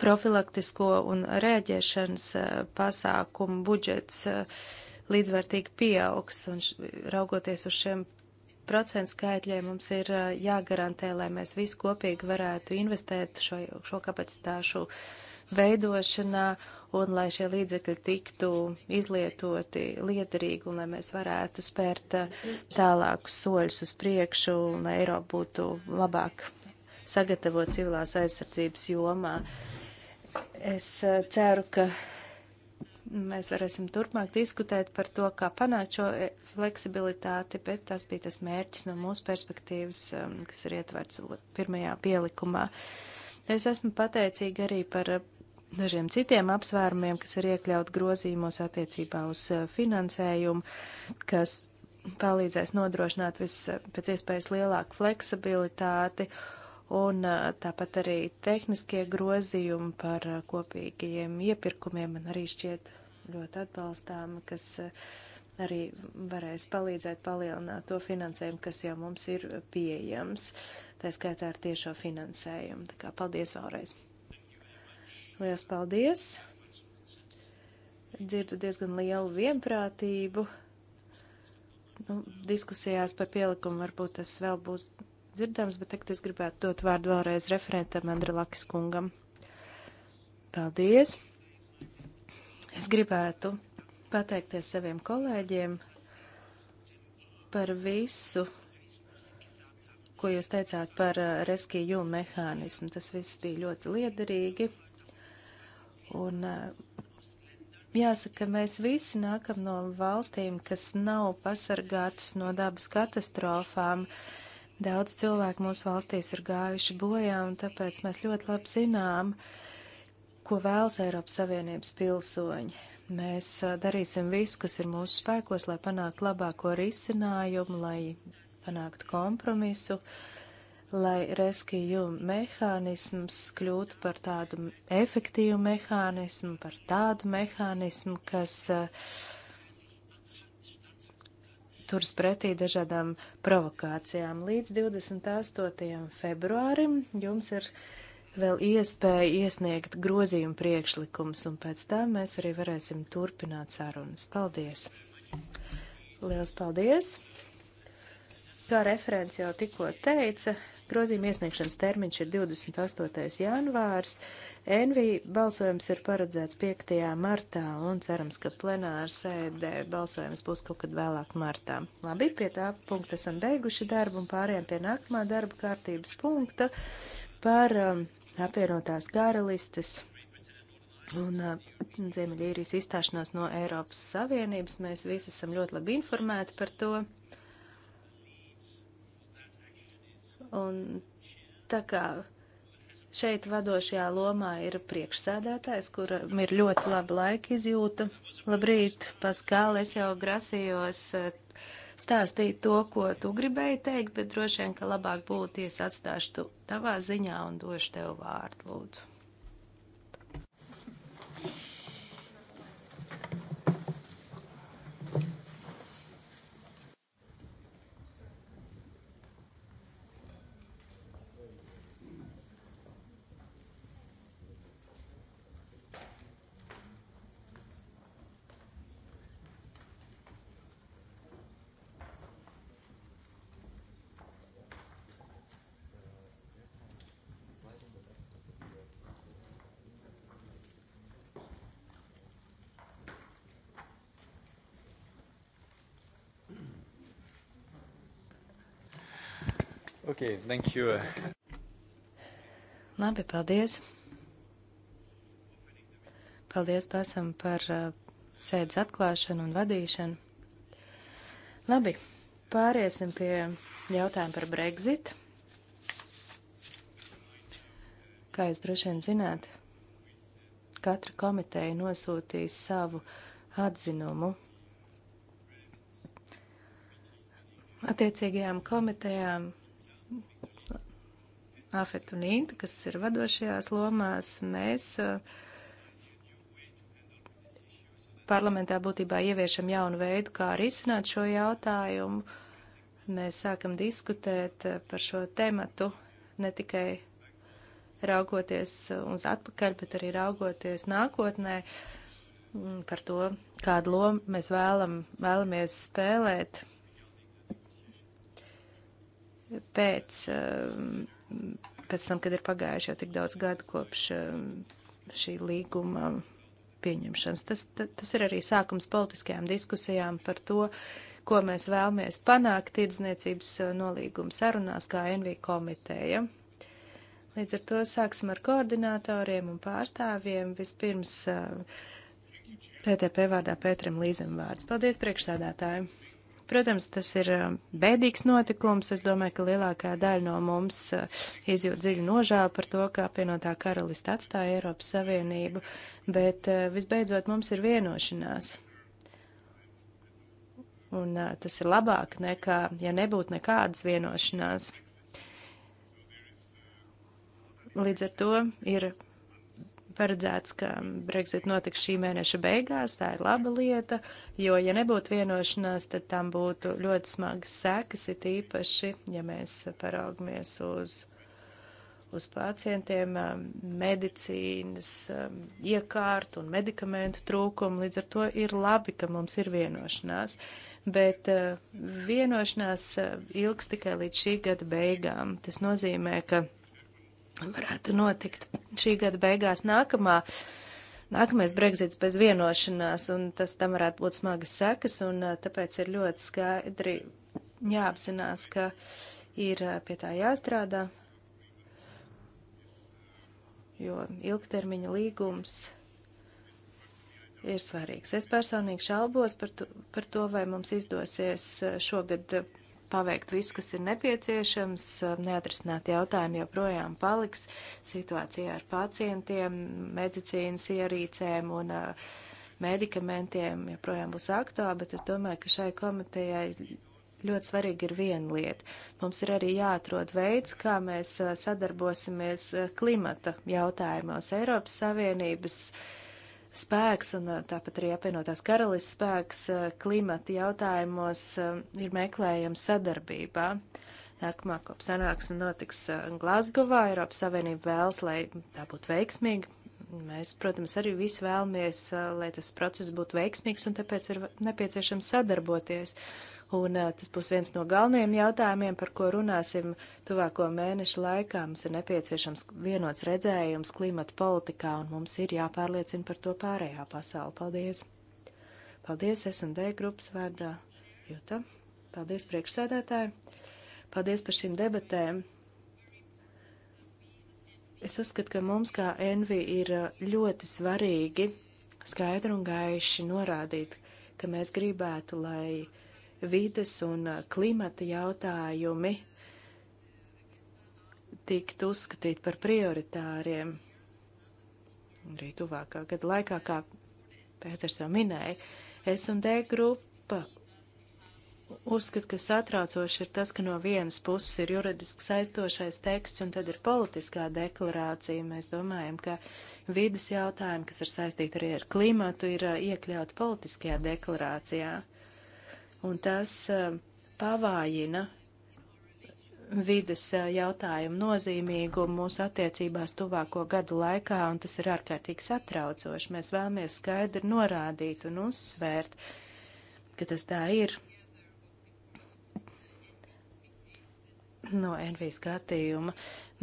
profilaktisko un rēģēšanas eh, pasākumu budžets eh, līdzvērtīgi pieaugs, un raugoties uz šiem procentu skaitļiem mums ir jāgarantē, lai mēs visi kopīgi varētu investēt šo, šo kapacitāšu veidošanā un lai šie līdzekļi tiktu izlietoti liederīgi un lai mēs varētu spērt eh, tālākus soļus uz priekšu un lai Eiropa būtu labāk sagatavot civilās aizsardzības jomā. Es eh, ceru, ka mēs varēsim turpmāk diskutēt par to, kā panākt šo eh, fleksibilitāti, bet tas bija tas mērķis no mūsu perspektīvas, um, kas ir ietverts pirmajā pielikumā. Es esmu pateicīga arī par dažiem citiem apsvērumiem, kas ir iekļaut grozījumos attiecībā uz eh, finansējumu, kas palīdzēs nodrošināt vis, eh, pēc iespējas lielāku fleksibilitāti un eh, tāpat arī tehniskie grozījumi par kopīgiem iepirkumiem man arī šķiet ļoti atbalstām, kas arī varēs palīdzēt palielināt to finansējumu, kas jau mums ir pieejams, tā skaitā ar tiešo finansējumu. Tā kā paldies vēlreiz! Lielas paldies! Dzirdu diezgan lielu vienprātību. Nu, diskusijās par pielikumu varbūt tas vēl būs dzirdams, bet tagad es gribētu dot vārdu vēlreiz referentam Andra Lakis kungam. Paldies! Es gribētu pateikties saviem kolēģiem par visu, ko jūs teicāt par eh, reskiju mehānismu. Tas viss bija ļoti liederīgi. Un eh, jāsaka, mēs visi nākam no valstīm, kas nav pasargātas no dabas katastrofām. Daudz cilvēku mūsu valstīs ir gājuši bojā, un tāpēc mēs ļoti labi zinām, ko vēlas Eiropas Savienības pilsoņi. Mēs eh, darīsim visu, kas ir mūsu spēkos, lai panāktu labāko risinājumu, lai panāktu kompromisu. Uh, lai reskiju mehānisms kļūtu par tādu efektīvu mehānismu, par tādu mehānismu, kas eh, turas pretī dažādām provokācijām. Līdz 28. februārim jums ir vēl iespēja iesniegt grozījumu priekšlikums, un pēc tam mēs arī varēsim turpināt sarunas. Paldies! Liels paldies! Kā referents jau tikko teica, Grozījuma iesniegšanas termiņš ir 28. janvārs, NV balsojums ir paredzēts 5. martā un cerams, ka plenāra sēdē balsojums būs kaut kad vēlāk martā. Labi, pie tā punkta esam beiguši darbu un pārējām pie nākamā darba kārtības punkta par um, apvienotās karalistes Un uh, Ziemeļīrijas izstāšanos no Eiropas Savienības mēs visi esam ļoti labi informēti par to. Un tā kā šeit vadošajā lomā ir priekšsēdētājs, kuram ir ļoti laba laika izjūta. Labrīt, Paskāl, es jau grasījos eh, stāstīt to, ko tu gribēji teikt, bet droši vien, ka labāk būtu, ja es atstāšu tu tavā ziņā un došu tev vārdu, lūdzu. Okay, thank you. Labi, paldies. Paldies pasam par uh, sēdes atklāšanu un vadīšanu. Labi, pāriesim pie jautājuma par Brexit. Kā jūs droši vien zināt, katra komiteja nosūtīs savu atzinumu attiecīgajām komitejām AFET un INT, kas ir vadošajās lomās, mēs eh, parlamentā būtībā ieviešam jaunu veidu, kā risināt šo jautājumu. Mēs sākam diskutēt eh, par šo tematu ne tikai raugoties uz atpakaļ, bet arī raugoties nākotnē mm, par to, kādu lomu mēs vēlam, vēlamies spēlēt pēc um, pēc tam, kad ir pagājuši jau tik daudz gadu kopš um, šī līguma pieņemšanas. Tas, tas, tas ir arī sākums politiskajām diskusijām par to, ko mēs vēlamies panākt tirdzniecības uh, nolīguma sarunās kā NV komiteja. Līdz ar to sāksim ar koordinatoriem un pārstāvjiem. Vispirms PTP uh, vārdā Pēteram Līzem vārds. Paldies priekšsēdētājiem! Protams, tas ir um, bēdīgs notikums. Es domāju, ka lielākā daļa no mums uh, izjūt dziļu nožēlu par to, kā apvienotā karalista atstāja Eiropas Savienību, bet uh, visbeidzot mums ir vienošanās. Un uh, tas ir labāk nekā, ja nebūtu nekādas vienošanās. Līdz ar to ir paredzēts, ka Brexit notiks šī mēneša beigās, tā ir laba lieta, jo, ja nebūtu vienošanās, tad tam būtu ļoti smagas sekas, it īpaši, ja mēs paraugamies uz uz pacientiem um, medicīnas um, iekārtu un medikamentu trūkumu. Līdz ar to ir labi, ka mums ir vienošanās, bet uh, vienošanās uh, ilgs tikai līdz šī gada beigām. Tas nozīmē, ka varētu notikt šī gada beigās nākamā. Nākamais Brexits bez vienošanās, un tas tam varētu būt smagas sekas, un tāpēc ir ļoti skaidri jāapzinās, ka ir pie tā jāstrādā, jo ilgtermiņa līgums ir svarīgs. Es personīgi šaubos par to, par to vai mums izdosies šogad paveikt visu, kas ir nepieciešams. Neatrisināt jautājumi joprojām paliks situācijā ar pacientiem, medicīnas ierīcēm un medikamentiem joprojām būs aktuāli, bet es domāju, ka šai komitejai ļoti svarīgi ir viena lieta. Mums ir arī jāatrod veids, kā mēs sadarbosimies klimata jautājumos Eiropas Savienības. Uh, spēks un eh, tāpat arī apvienotās karalists spēks eh, klimata jautājumos eh, ir meklējams sadarbībā. Nākamā kop sanāksme notiks Glasgowā, Eiropas Savienība vēlas, lai tā būtu veiksmīga. Mēs, protams, arī visi vēlamies, lai tas process būtu veiksmīgs un tāpēc ir nepieciešams sadarboties. Uh, Un tas būs viens no galvenajiem jautājumiem, par ko runāsim tuvāko mēnešu laikā. Mums ir nepieciešams vienots redzējums klimata politikā, un mums ir jāpārliecina par to pārējā pasauli. Paldies! Paldies S&D grupas vārdā, Juta! Paldies priekšsēdētāji! Paldies par šīm debatēm! Es uzskatu, ka mums kā Envi ir ļoti svarīgi skaidri un gaiši norādīt, ka mēs gribētu, lai vides un uh, klimata jautājumi tiktu uzskatīti par prioritāriem. Arī tuvākā gada laikā, kā Pēters jau minēja, S&D grupa uzskata, ka satraucoši ir tas, ka no vienas puses ir juridiski saistošais teksts un tad ir politiskā deklarācija. Mēs domājam, ka vidas jautājumi, kas ir saistīti arī ar klimatu, ir uh, iekļauti politiskajā deklarācijā un tas eh, pavājina vides eh, jautājumu nozīmīgumu mūsu attiecībās tuvāko gadu laikā, un tas ir ārkārtīgi satraucoši. Mēs vēlamies skaidri norādīt un uzsvērt, ka tas tā ir. No NV skatījuma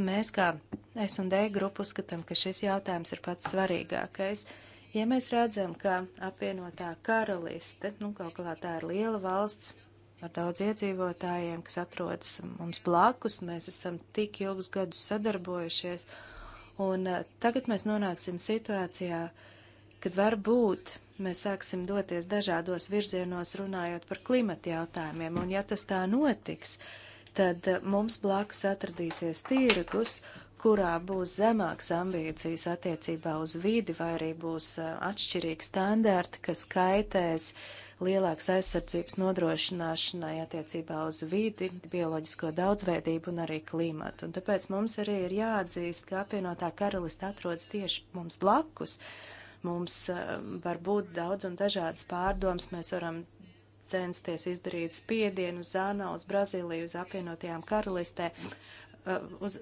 mēs kā S&D grupu uzskatām, ka šis jautājums ir pats svarīgākais. Uh, Ja mēs redzam, ka apvienotā karaliste, nu, kaut kā tā ir liela valsts ar daudz iedzīvotājiem, kas atrodas mums blakus, mēs esam tik ilgus gadus sadarbojušies, un eh, tagad mēs nonāksim situācijā, kad varbūt mēs sāksim doties dažādos virzienos runājot par klimata jautājumiem, un ja tas tā notiks, tad eh, mums blakus atradīsies tirgus, kurā būs zemāks ambīcijas attiecībā uz vidi vai arī būs atšķirīgi standarti, kas kaitēs lielāks aizsardzības nodrošināšanai attiecībā uz vidi, bioloģisko daudzveidību un arī klimatu. Un tāpēc mums arī ir jāatzīst, ka apvienotā karalista atrodas tieši mums blakus. Mums var būt daudz un dažādas pārdomas, mēs varam censties izdarīt spiedienu uz ANO, uz Brazīliju, uz apvienotajām karalistē, uz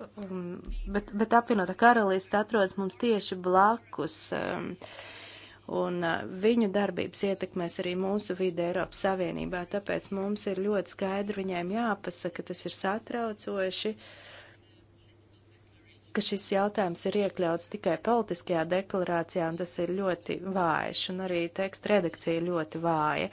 Um, bet, bet apvienotā karalīste atrodas mums tieši blakus, um, un uh, viņu darbības ietekmēs arī mūsu vide Eiropas Savienībā, tāpēc mums ir ļoti skaidri viņiem jāpasaka, tas ir satraucoši, ka šis jautājums ir iekļauts tikai politiskajā deklarācijā, un tas ir ļoti vājš, un arī teksta redakcija ļoti vāja.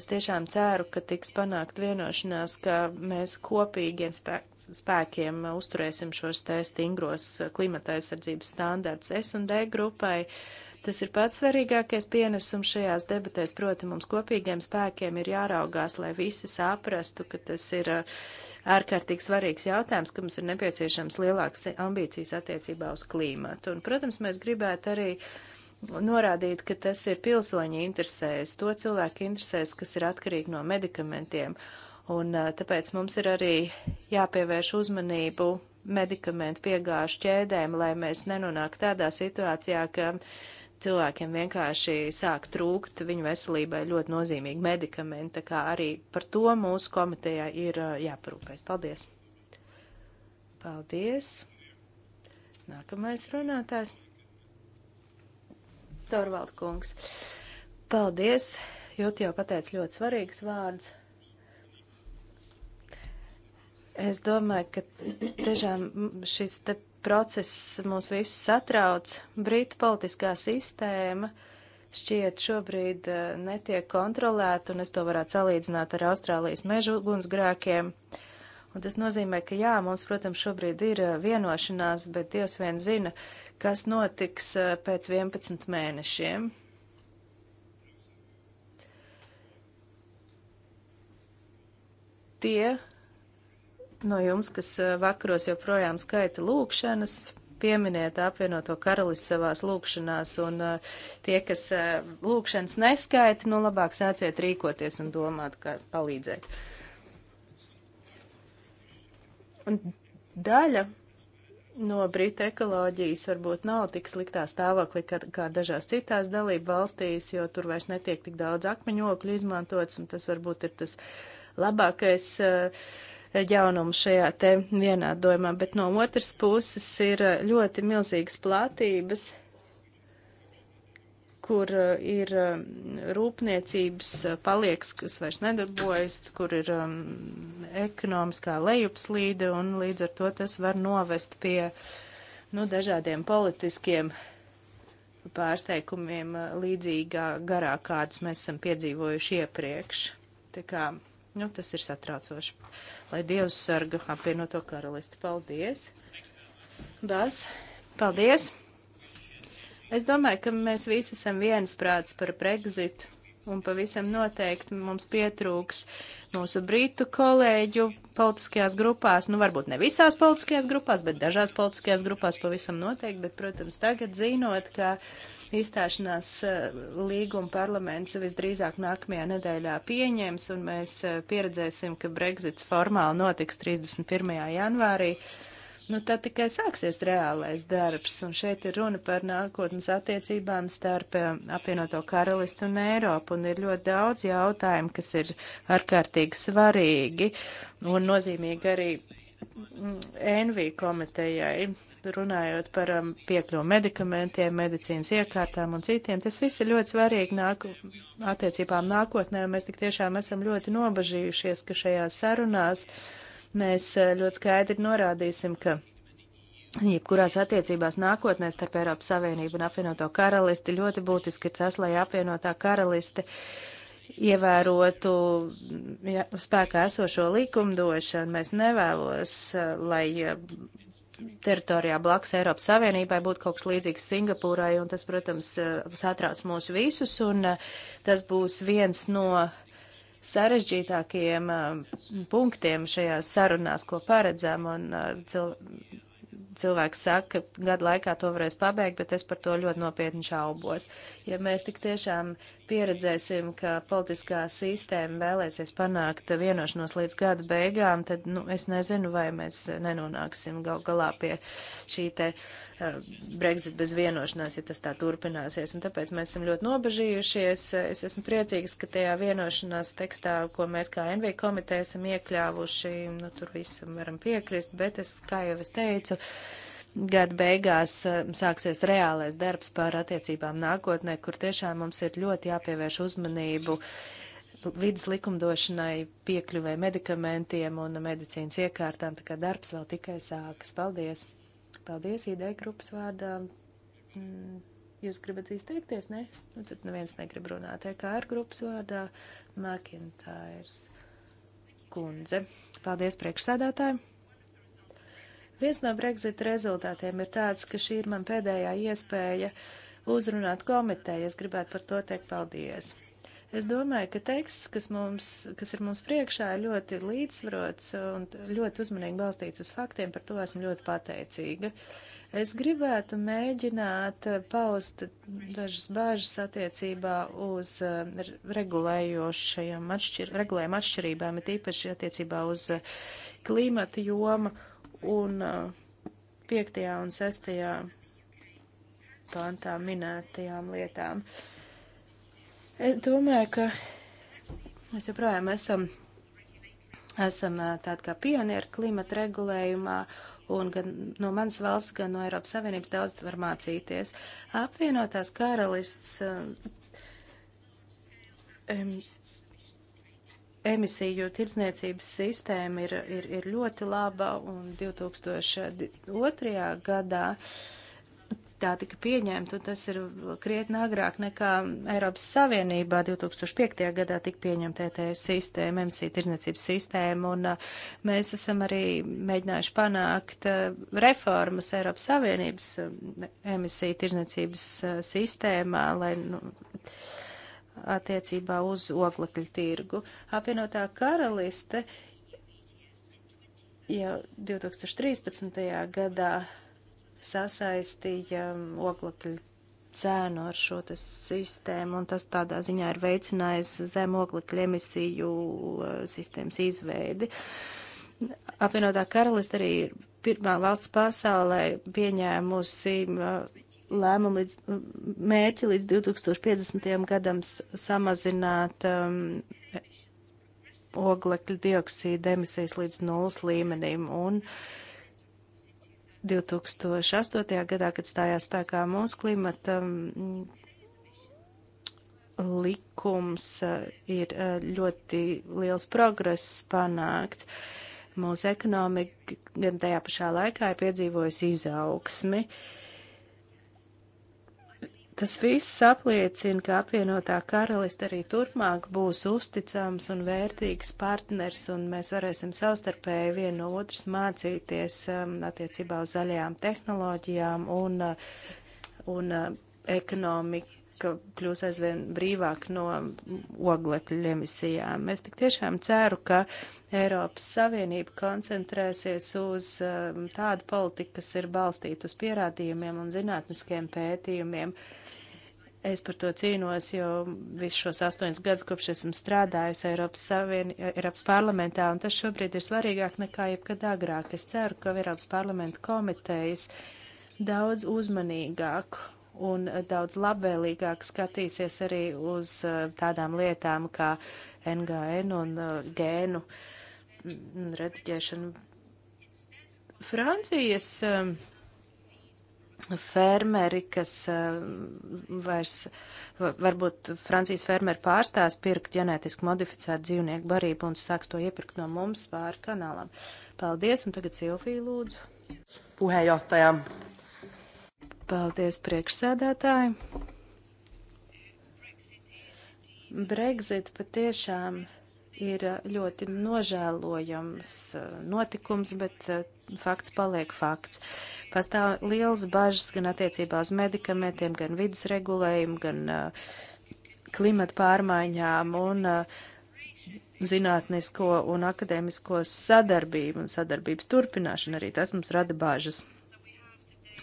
Es tiešām ceru, ka tiks panākt vienošanās, ka mēs kopīgiem spēkiem spēkiem uzturēsim šos te stingros klimata aizsardzības standarts S un D grupai. Tas ir pats svarīgākais pienesums šajās debatēs. Proti, mums kopīgiem spēkiem ir jāraugās, lai visi saprastu, ka tas ir uh, ārkārtīgi svarīgs jautājums, ka mums ir nepieciešams lielāks ambīcijas attiecībā uz klīmatu. Un, protams, mēs gribētu arī norādīt, ka tas ir pilsoņu interesēs, to cilvēku interesēs, kas ir atkarīgi no medikamentiem. Un tāpēc mums ir arī jāpievērš uzmanību medikamentu piegāžu ķēdēm, lai mēs nenonāktu tādā situācijā, ka cilvēkiem vienkārši sāk trūkt viņu veselībai ļoti nozīmīgi medikamenti, tā kā arī par to mūsu komitejā ir jāparūpēs. Paldies! Paldies! Nākamais runātājs - Torvald kungs. Paldies! Jūt jau pateic ļoti svarīgus vārdus. Es domāju, ka tiešām šis te process mūs visus satrauc. Brīta politiskā sistēma šķiet šobrīd eh, netiek kontrolēta, un es to varētu salīdzināt ar Austrālijas mežu ugunsgrākiem. Un tas nozīmē, ka jā, mums, protams, šobrīd ir eh, vienošanās, bet Dievs vien zina, kas notiks eh, pēc 11 mēnešiem. Tie, no jums, kas eh, vakaros joprojām skaita lūkšanas, pieminiet apvienoto karalis savās lūkšanās, un eh, tie, kas eh, lūkšanas neskaita, nu labāk sāciet rīkoties un domāt, kā palīdzēt. Un daļa no Brita ekoloģijas varbūt nav tik sliktā stāvoklī kā, kā dažās citās dalību valstīs, jo tur vairs netiek tik daudz akmeņokļu izmantots, un tas varbūt ir tas labākais uh, jaunumu šajā te vienādojumā, bet no otras puses ir eh, ļoti milzīgas platības, kur eh, ir eh, rūpniecības palieks, kas vairs nedarbojas, kur ir um, ekonomiskā lejupslīde, un līdz ar to tas var novest pie nu, dažādiem politiskiem pārsteigumiem līdzīgā garā, kādus mēs esam piedzīvojuši iepriekš. Tā kā Nu, tas ir satraucoši. Lai Dievs sarga apvienoto karalisti. Paldies! Bas, paldies! Es domāju, ka mēs visi esam viensprāts par Brexitu, un pavisam noteikti mums pietrūks mūsu brītu kolēģu politiskajās grupās, nu varbūt ne visās politiskajās grupās, bet dažās politiskajās grupās pavisam noteikti, bet, protams, tagad zinot, ka. Uh, Izstāšanās eh, līguma parlaments visdrīzāk nākamajā nedēļā pieņems, un mēs eh, pieredzēsim, ka Brexit formāli notiks 31. janvārī. Nu, tad tikai sāksies reālais darbs, un šeit ir runa par nākotnes attiecībām starp eh, apvienoto karalistu un Eiropu, un ir ļoti daudz jautājumu, kas ir ārkārtīgi svarīgi un nozīmīgi arī mm, NV komitejai runājot par um, piekļuvu medikamentiem, medicīnas iekārtām un citiem. Tas viss ir ļoti svarīgi nāk, attiecībām nākotnē, un mēs tik tiešām esam ļoti nobažījušies, ka šajās sarunās mēs uh, ļoti skaidri norādīsim, ka jebkurās attiecībās nākotnē starp Eiropas Savienību un apvienoto karalisti ļoti būtiski ir tas, lai apvienotā karaliste ievērotu ja, spēkā esošo likumdošanu. Mēs nevēlos, uh, lai uh, teritorijā blakus Eiropas Savienībai būtu kaut kas līdzīgs Singapūrai, un tas, protams, eh, satrauc mūs visus, un eh, tas būs viens no sarežģītākajiem eh, punktiem šajās sarunās, ko paredzam, un cil cilvēks saka, ka gadu laikā to varēs pabeigt, bet es par to ļoti nopietni šaubos. Ja mēs tik tiešām pieredzēsim, ka politiskā sistēma vēlēsies panākt vienošanos līdz gada beigām, tad nu, es nezinu, vai mēs nenonāksim gal galā pie šī te uh, Brexit bez vienošanās, ja tas tā turpināsies. Un tāpēc mēs esam ļoti nobežījušies. Es esmu priecīgs, ka tajā vienošanās tekstā, ko mēs kā NV komiteja esam iekļāvuši, nu, tur visam varam piekrist, bet es, kā jau es teicu, uh, gada beigās eh, sāksies reālais darbs par attiecībām nākotnē, kur tiešām mums ir ļoti jāpievērš uzmanību vidas likumdošanai, piekļuvē medikamentiem un medicīnas iekārtām, tā kā darbs vēl tikai sākas. Paldies! Paldies ideja grupas vārdā. Mm, jūs gribat izteikties, ne? Nu, tad neviens negrib runāt. EKR grupas vārdā McIntyres kundze. Paldies priekšsēdētājiem! Viens no Brexit rezultātiem ir tāds, ka šī ir man pēdējā iespēja uzrunāt komiteju. Es gribētu par to teikt paldies. Es domāju, ka teksts, kas, mums, kas ir mums priekšā, ir ļoti līdzsvarots un ļoti uzmanīgi balstīts uz faktiem. Par to esmu ļoti pateicīga. Es gribētu mēģināt paust dažas bāžas attiecībā uz eh, regulējošajām atšķir, regulējuma atšķirībām, it īpaši attiecībā uz eh, klimata jomu un 5. Uh, un 6. pantā minētajām lietām. Es domāju, ka mēs joprojām esam, esam uh, tādi kā pionieri klimata regulējumā, un gan no manas valsts, gan no Eiropas Savienības daudz var mācīties. Apvienotās karalists um, emisiju tirdzniecības sistēma ir, ir, ir ļoti laba, un 2002. gadā tā tika pieņemta, un tas ir krietni agrāk nekā Eiropas Savienībā 2005. gadā tika pieņemta ETS sistēma, emisiju tirdzniecības sistēma, un uh, mēs esam arī mēģinājuši panākt uh, reformas Eiropas Savienības uh, emisiju tirdzniecības sistēmā, lai. Nu, attiecībā uz oglekļu tirgu. Apvienotā karaliste jau 2013. gadā sasaistīja um, oglekļu cēnu ar šo sistēmu, un tas tādā ziņā ir veicinājis zem oglekļa emisiju uh, sistēmas izveidi. Apvienotā karalista arī ir pirmā valsts pasaulē pieņēmusi uh, lēmumu līdz, mērķi līdz 2050. gadam samazināt um, oglekļa dioksīda emisijas līdz nulles līmenim. Un 2008. gadā, kad stājās spēkā mūsu klimata um, likums, uh, ir uh, ļoti liels progress panākts. Mūsu ekonomika gan tajā pašā laikā ir piedzīvojusi izaugsmi. Uh, Tas viss apliecina, ka apvienotā karaliste arī turpmāk būs uzticams un vērtīgs partners, un mēs varēsim savstarpēji vien no otras mācīties um, attiecībā uz zaļajām tehnoloģijām un, uh, un uh, ekonomika kļūs aizvien brīvāk no oglekļu emisijām. Es tik tiešām ceru, ka Eiropas Savienība koncentrēsies uz um, tādu politiku, kas ir balstīta uz pierādījumiem un zinātniskiem pētījumiem. Uh, Es par to cīnos jau visus šos astoņus gadus, kopš esmu strādājusi Eiropas, Savien... Eiropas parlamentā, un tas šobrīd ir svarīgāk nekā jebkad agrāk. Es ceru, ka Eiropas parlamenta komitejas daudz uzmanīgāk un daudz labvēlīgāk skatīsies arī uz eh, tādām lietām kā NGN un eh, gēnu mm, rediģēšanu. Francijas uh, fermeri, kas eh, vairs, varbūt Francijas fermeri pārstās pirkt ģenētiski modificētu dzīvnieku barību un sāks to iepirkt no mums pāri kanālam. Paldies, un tagad Silvija lūdzu. Puheenjohtajam. Paldies priekšsēdētāji. Brexit patiešām ir eh, ļoti nožēlojams eh, notikums, bet fakts paliek fakts. Pastāv liels bažas gan attiecībā uz medikamentiem, gan vidas regulējumu, gan uh, klimata pārmaiņām un uh, zinātnisko un akadēmisko sadarbību un sadarbības turpināšanu. Arī tas mums rada bāžas.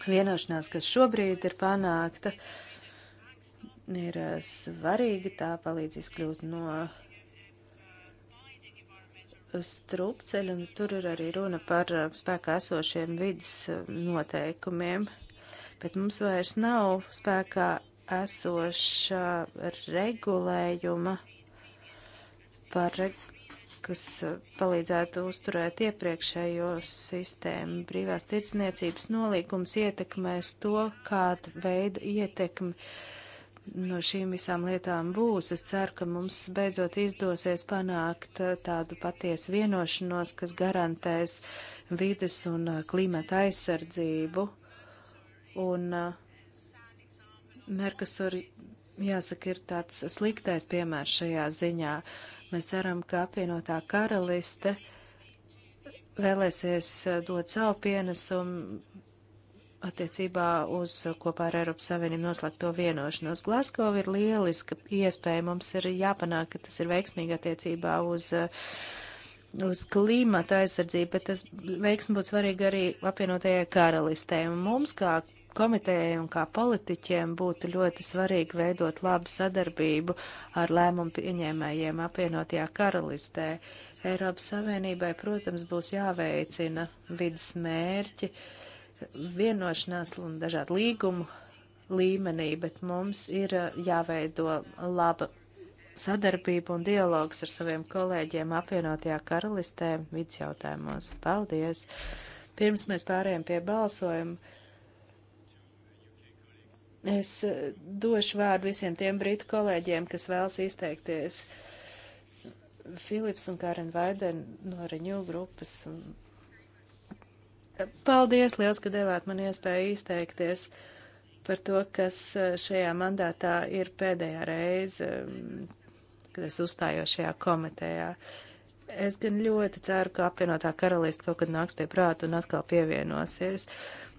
Vienošanās, kas šobrīd ir panākta, ir uh, svarīga, tā palīdzīs kļūt no strupceļu, un tur ir arī runa par eh, spēkā esošiem vidas eh, noteikumiem, bet mums vairs nav spēkā esoša regulējuma, par, kas eh, palīdzētu uzturēt iepriekšējo sistēmu. Brīvās tirdzniecības nolīgums ietekmēs to, kāda veida ietekme. Uh, no šīm visām lietām būs. Es ceru, ka mums beidzot izdosies panākt uh, tādu patiesu vienošanos, kas garantēs vides un uh, klimata aizsardzību. Un uh, Merkusur, jāsaka, ir tāds sliktais piemērs šajā ziņā. Mēs ceram, ka apvienotā karaliste vēlēsies dot savu pienesumu attiecībā uz kopā ar Eiropas Savienību noslēgto vienošanos. Glasgow ir lieliska iespēja. Mums ir jāpanāk, ka tas ir veiksmīgi attiecībā uz, uz klimata aizsardzību, bet tas veiksmi būtu svarīgi arī apvienotajai karalistē. Un mums kā komitējai un kā politiķiem būtu ļoti svarīgi veidot labu sadarbību ar lēmumu pieņēmējiem apvienotajā karalistē. Eiropas Savienībai, protams, būs jāveicina vidas mērķi. Uh, vienošanās un dažādu līgumu līmenī, bet mums ir eh, jāveido laba sadarbība un dialogs ar saviem kolēģiem apvienotajā karalistē vidas jautājumos. Paldies! Pirms mēs pārējām pie balsojuma, es eh, došu vārdu visiem tiem britu kolēģiem, kas vēlas izteikties. Filips un Karen Vaiden no Reņu grupas un Paldies, liels, ka devāt man iespēju izteikties par to, kas eh, šajā mandātā ir pēdējā reize, mm, kad es uzstājos šajā komitejā. Es gan ļoti ceru, ka apvienotā karalista kaut kad nāks pie prāta un atkal pievienosies.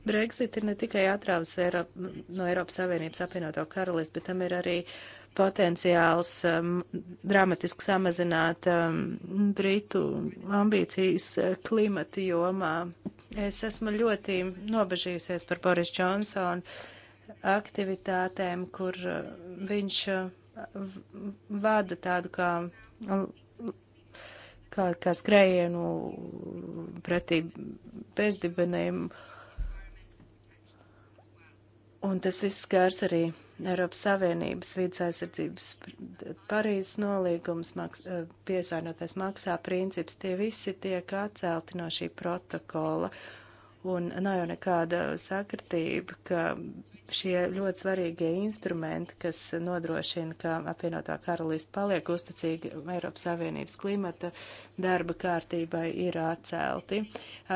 Brexit ir ne tikai atrāvis Eiropa, no Eiropas Savienības apvienoto karalistu, bet tam ir arī uh, potenciāls um, dramatiski samazināt um, Britu ambīcijas uh, klimata jomā. Es esmu ļoti nobežījusies par Boris Johnsonu aktivitātēm, kur uh, viņš uh, vada tādu kā, um, kā, kā skrējienu pretī bezdibeniem. Uh, Un tas viss skārs arī Eiropas Savienības vidas aizsardzības Parīzes nolīgums, maks, eh, piesainotais maksā princips. Tie visi tiek atcelti no šī protokola. Uh, Un nav jau nekāda sakritība, ka šie ļoti svarīgie instrumenti, kas nodrošina, ka apvienotā karalista paliek uzticīga Eiropas Savienības klimata darba kārtībai, ir atcelti.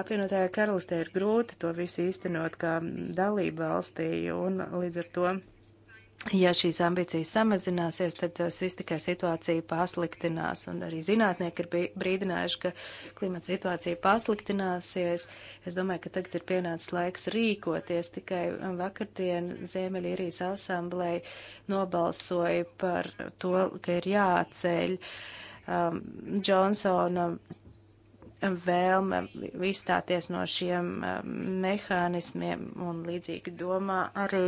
Apvienotajā karalistē ir grūti to visu īstenot kā dalību valstī, un līdz ar to ja šīs ambīcijas samazināsies, tad tas viss tikai situācija pasliktinās. Un arī zinātnieki ir brīdinājuši, ka klimata situācija pasliktināsies. Es domāju, ka tagad ir pienācis laiks rīkoties. Tikai vakardien Ziemeļīrijas asamblēja nobalsoja par to, ka ir jāceļ um, Džonsona vēlme izstāties no šiem um, mehānismiem un līdzīgi domā arī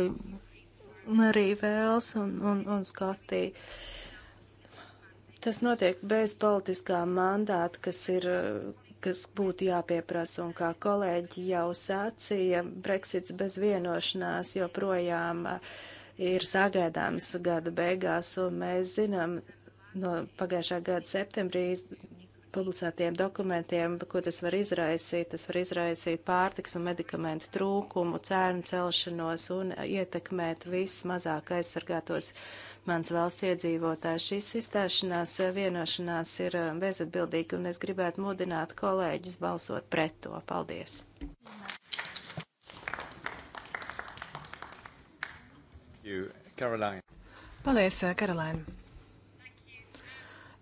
un arī Vēls un, un, un Skotija. Tas notiek bez politiskā mandāta, kas ir kas būtu jāpieprasa, un kā kolēģi jau sacīja, Brexits bez vienošanās joprojām uh, ir sagaidāms gada beigās, un mēs zinām no pagājušā gada septembrī publicētiem dokumentiem, ko tas var izraisīt. Tas var izraisīt pārtiks un medikamentu trūkumu, cēnu celšanos un ietekmēt vismazāk aizsargātos mans valsts iedzīvotājs. Šīs izstāšanās vienošanās ir um, bezatbildīga, un es gribētu mudināt kolēģis balsot pret to. Paldies! Paldies, Karolaina!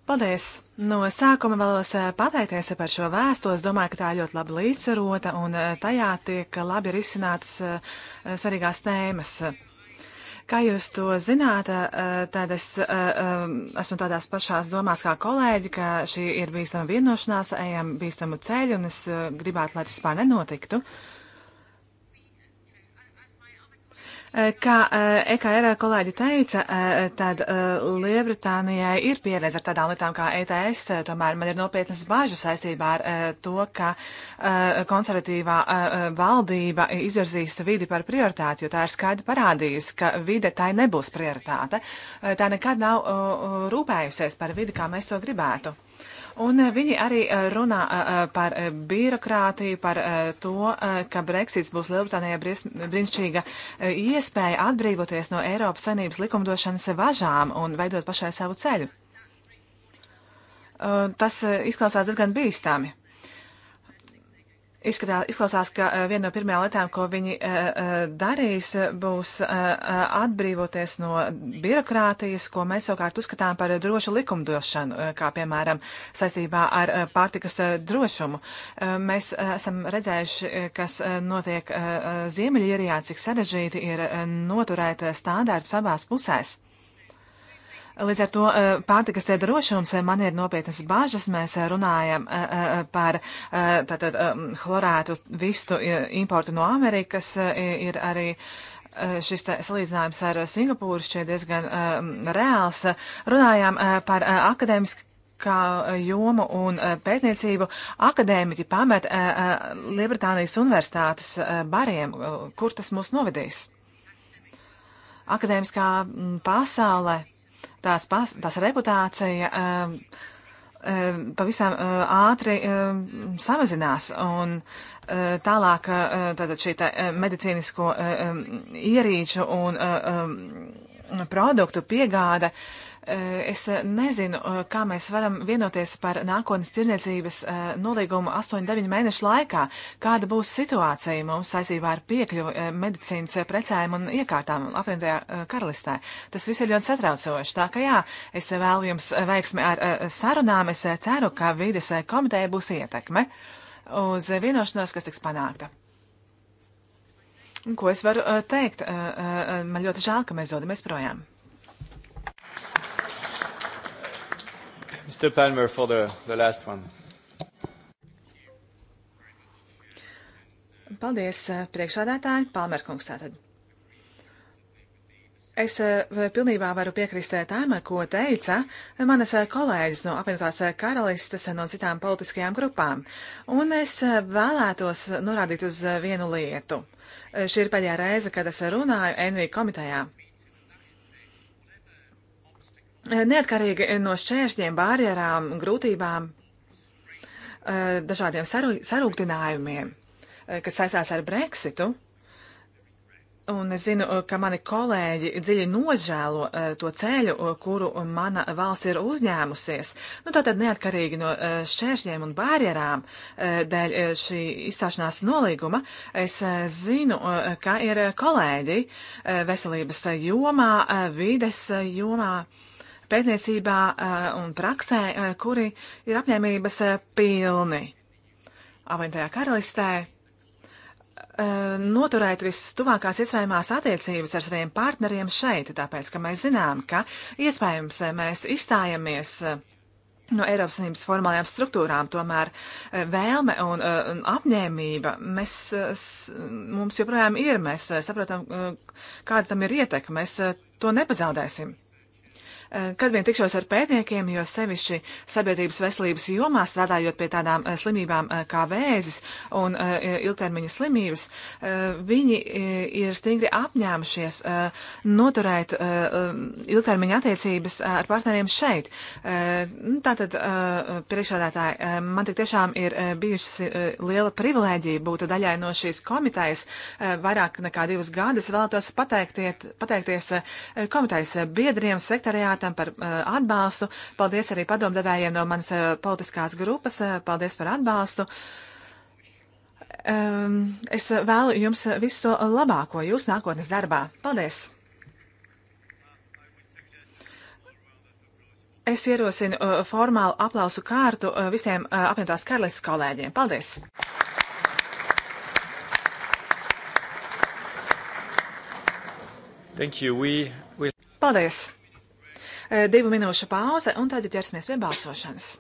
Paldies! No sākuma vēlos eh, pateikties par šo vēstu. Es domāju, ka tā ir ļoti labi līdzsvarota un eh, tajā tiek labi risinātas eh, svarīgās tēmas. Kā jūs to zināt, tad es esmu tādās pašās domās kā kolēģi, ka šī ir bīstama vienošanās, ejam bīstamu ceļu un es gribētu, lai tas pār nenotiktu. Uh, Kā EKR eh, e kolēģi teica, eh, tad eh, Lielbritānijai ir pieredze ar tādām lietām kā ETS, tomēr man ir nopietnas bāžas saistībā ar to, ka konservatīvā valdība izvirzīs vidi par prioritāti, jo tā ir skaidri parādījusi, ka vide tai nebūs prioritāte. Tā nekad nav rūpējusies par vidi, kā mēs to gribētu. Un eh, viņi arī eh, runā eh, par birokrātiju, par to, ka Brexits būs Lielbritānijai brīnišķīga iespēja atbrīvoties no Eiropas saimnības likumdošanas važām un veidot pašai savu ceļu. Tas izklausās diezgan bīstami. Izskatā, izklausās, ka eh, viena no pirmajām lietām, ko viņi eh, eh, darīs, būs atbrīvoties no birokrātijas, ko mēs savukārt uzskatām par drošu likumdošanu, kā piemēram saistībā ar pārtikas drošumu. Mēs esam redzējuši, kas notiek Ziemeļierijā, cik sarežģīti ir noturēt standārtus abās pusēs. Līdz ar to eh, pārtikas drošums eh, man ir nopietnas bāžas. Mēs eh, runājam par tātad chlorētu vistu importu no Amerikas. Ir arī šis tā, salīdzinājums ar Singapūru šķiet diezgan reāls. Runājām par akadēmisku kā jomu un pētniecību akadēmiķi pamet Liebritānijas universitātes bariem. Kur tas mūs novedīs? Akadēmiskā pasaulē tās, pas, tās reputācija um, um, pavisam uh, ātri um, samazinās. Un uh, tālāk uh, tātad šī tā, uh, medicīnisko uh, um, ierīču un uh, um, produktu piegāde uh, Es nezinu, eh, kā mēs varam vienoties par nākotnes tirniecības eh, nolīgumu 8-9 mēnešu laikā, kāda būs situācija mums saistībā ar piekļuvu eh, medicīnas precēm un iekārtām apvienotajā karalistē. Tas viss ir ļoti satraucoši. Tā ka jā, es vēlu jums veiksmi ar sarunām. Es ceru, ka vīdes komiteja būs ietekme uz vienošanos, kas tiks panākta. Ko es varu teikt? Man ļoti žēl, ka mēs dodamies projām. Mr. Palmer for the, the last one. Paldies, eh, priekšsādātāji, Palmerkungs tātad. Es eh, pilnībā varu piekrist eh, tam, ko teica manas kolēģis no apvienotās karalistes no citām politiskajām grupām. Un es vēlētos norādīt uz vienu lietu. Šī ir pēdējā reize, kad es runāju NV komitejā. Eh, neatkarīgi no šķēršļiem, barjerām, grūtībām, eh, dažādiem sarūgtinājumiem, eh, kas saistās ar Brexitu, Un es zinu, ka mani kolēģi dziļi nožēlo to ceļu, kuru mana valsts ir uzņēmusies. Nu, tātad neatkarīgi no šķēršļiem un barjerām dēļ šī izstāšanās nolīguma, es zinu, ka ir kolēģi veselības jomā, vides jomā pētniecībā eh, un praksē, eh, kuri ir apņēmības eh, pilni. Aventajā karalistē noturēt vistuvākās iespējamās attiecības ar saviem partneriem šeit, tāpēc, ka mēs zinām, ka iespējams mēs izstājamies no Eiropas Savienības formālajām struktūrām, tomēr vēlme un, un apņēmība mēs, mums joprojām ir, mēs saprotam, kāda tam ir ietekme, mēs to nepazaudēsim. Eh, kad vien tikšos ar pētniekiem, jo sevišķi sabiedrības veselības jomā strādājot pie tādām eh, slimībām eh, kā vēzis un ilgtermiņa slimības, viņi ir stingri apņēmušies noturēt ilgtermiņa attiecības ar partneriem šeit. Nu, tātad, priekšādātāji, man tik tiešām ir bijusi liela privilēģija būt daļai no šīs komitejas vairāk nekā divus gadus. Vēlētos pateikties komitejas biedriem, sekretariātā sekretariātam par eh, atbalstu. Paldies arī padomdevējiem no manas eh, politiskās grupas. Eh, paldies par atbalstu. Ehm, es vēlu jums visu to labāko jūsu nākotnes darbā. Paldies! Es ierosinu uh, formālu aplausu kārtu uh, visiem uh, apvienotās karalistes kolēģiem. Paldies! Thank you. We, we... Paldies! Eh, divu minūšu pauze, un tad ķersimies pie balsošanas.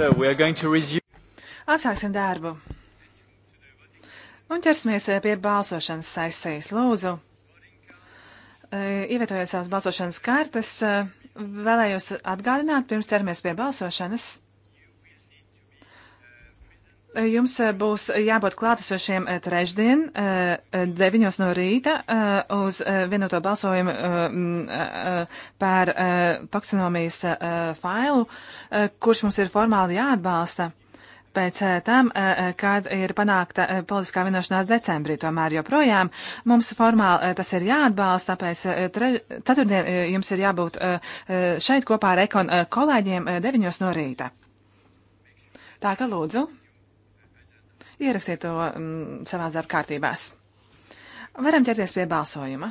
So we are going to resume. Atsāksim darbu. Un ķersimies eh, pie balsošanas saisējas. Lūdzu, eh, ievietojiet savas balsošanas kartes. Eh, vēlējos atgādināt, pirms ķeramies pie balsošanas, jums eh, būs eh, jābūt klātesošiem eh, trešdien, 9 no rīta, uz vienoto balsojumu par taksonomijas failu, kurš mums ir formāli jāatbalsta. Pēc tam, kad ir panākta politiskā vienošanās decembrī, tomēr joprojām mums formāli tas ir jāatbalsta, tāpēc tre, ceturtdien jums ir jābūt šeit kopā ar ekon kolēģiem 9 no rīta. Tā ka lūdzu. Ierakstiet to mm, savās darba kārtībās. Varam ķerties pie balsojuma.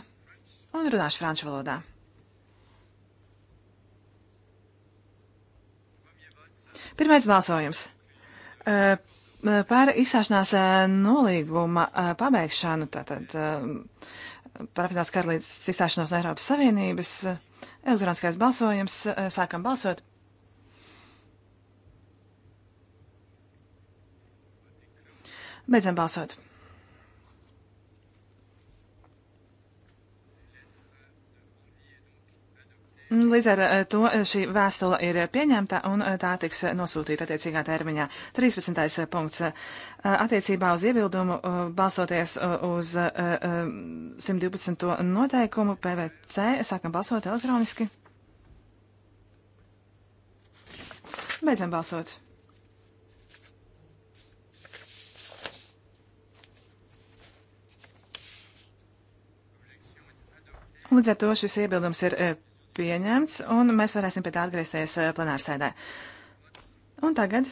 Un runāšu franču valodā. Pirmais balsojums. Par izstāšanās nolīguma pabeigšanu, tātad par apvienotās karalītes izstāšanos no Eiropas Savieniības, elektroniskais balsojums, sākam balsot. Beidzam balsot. Līdz ar eh, to eh, šī vēstule ir pieņemta un eh, tā tiks nosūtīta attiecīgā termiņā. 13. punkts. Attiecībā uz iebildumu balsoties uz 112. noteikumu PVC sākam balsot elektroniski. Beidzam balsot. Līdz ar to šis iebildums ir e, pieņemts, un mēs varēsim pie tā atgriezties e, plenārsēdē. Un tagad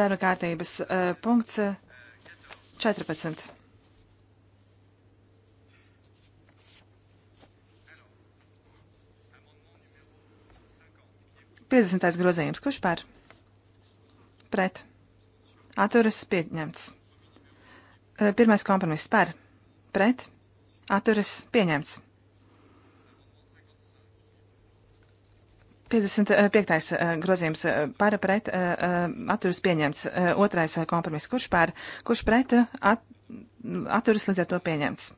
darba kārtības e, punkts 14. Piecdesmitais grozījums. Kurš par? Pret. Atturas pieņemts. Pirmais kompromiss par. Pret atturas pieņemts. 55. Eh, eh, grozījums eh, par pret atturas pieņemts. Otrais kompromiss. Kurš par, kurš pret at, atturas līdz ar to pieņemts?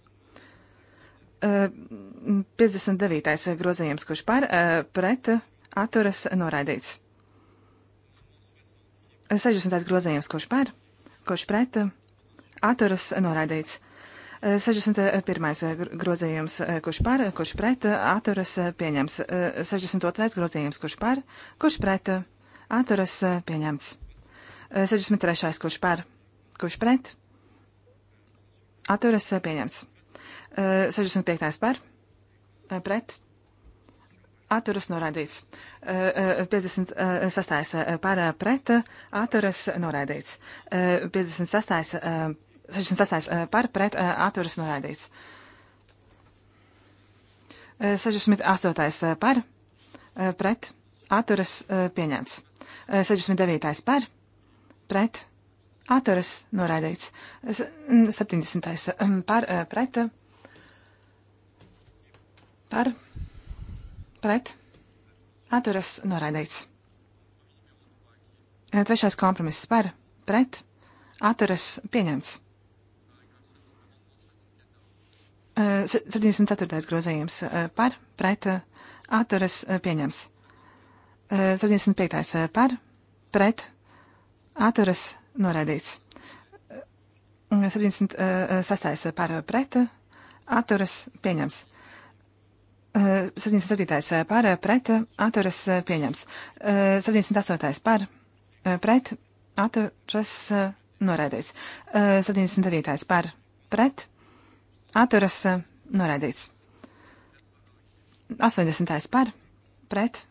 59. grozījums. Kurš par pret atturas noraidīts? 60. grozījums. Kurš par, kurš pret atturas noraidīts? 61. Eh, eh, eh, grozījums, kurš par, kurš pret, atturas pieņems. 62. grozījums, kurš par, kurš pret, atturas pieņemts. 63. kurš par, kurš pret, atturas pieņemts. 65. par, pret, atturas noraidīts. 56. par, pret, atturas noraidīts. 56. 68. Eh, eh, eh, par pret atturas noraidīts. 68. Mm, mm, par pret atturas pieņemts. 69. par pret atturas noraidīts. 70. par pret par pret atturas noraidīts. Trešais kompromiss par pret atturas pieņemts. 74. Eh, grozījums par, pret, atturas pieņems. 75. Eh, eh, par, pret, atturas noraidīts. 76. par, pret, atturas pieņems. 77. par, pret, atturas pieņems. 78. par, pret, atturas noraidīts. 79. par, pret, atturas eh, noraidīts. 80. par, pret,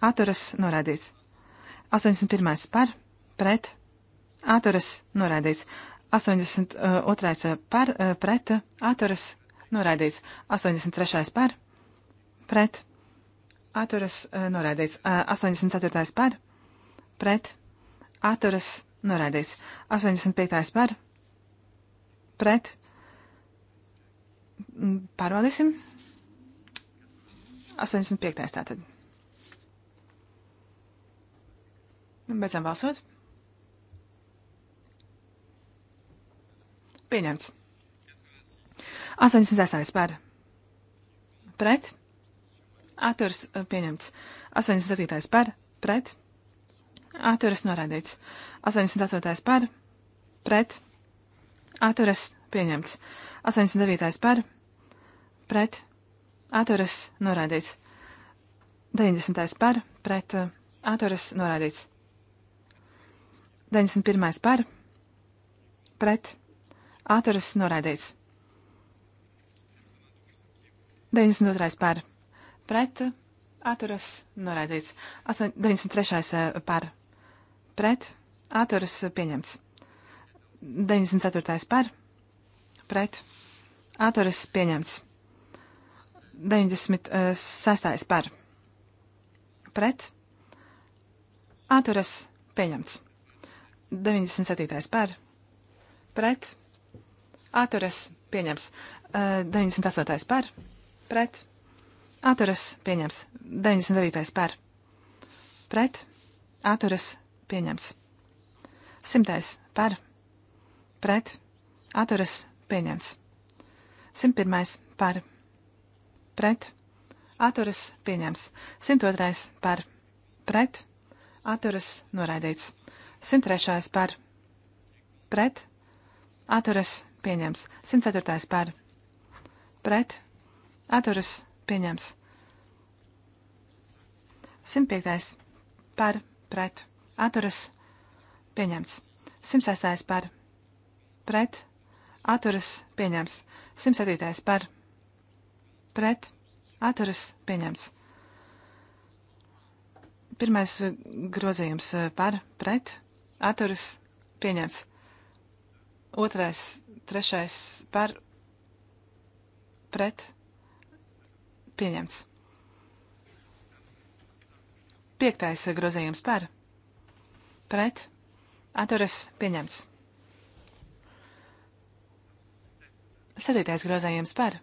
atturas noraidīts. 81. par, pret, atturas noraidīts. 82. Eh, eh, par, pret, atturas noraidīts. 83. par, pret, atturas noraidīts. 84. par, pret, atturas noraidīts. 85. par, pret, Mm, pārbaudīsim. 85. tātad. Nu, beidzam balsot. Pieņemts. 86. Uh, par. Pret. Atturs pieņemts. 87. par. Pret. Atturas norādīts. 88. par. Pret. Atturas pieņemts. 89. par. Pret pret atturas norādīts. 90. par pret atturas norādīts. 91. par pret atturas norādīts. 92. par pret atturas norādīts. 93. Eh, par pret atturas pieņemts. 94. par pret atturas pieņemts. 96. Eh, par pret atturas pieņemts. 97. par pret atturas pieņemts. 98. Eh, par pret atturas pieņemts. 99. par pret atturas pieņemts. 100. par pret atturas pieņemts. 101. par pret pret, atturas pieņems. 102. par pret, atturas noraidīts. 103. par pret, atturas pieņems. 104. par pret, atturas pieņems. 105. par pret, atturas pieņemts. 106. par pret, atturas pieņems. 107. par pret pret atturas pieņemts. Pirmais eh, grozījums eh, par pret atturas pieņemts. Otrais, trešais par pret pieņemts. Piektais eh, grozījums par pret atturas pieņemts. Sadītais grozējums par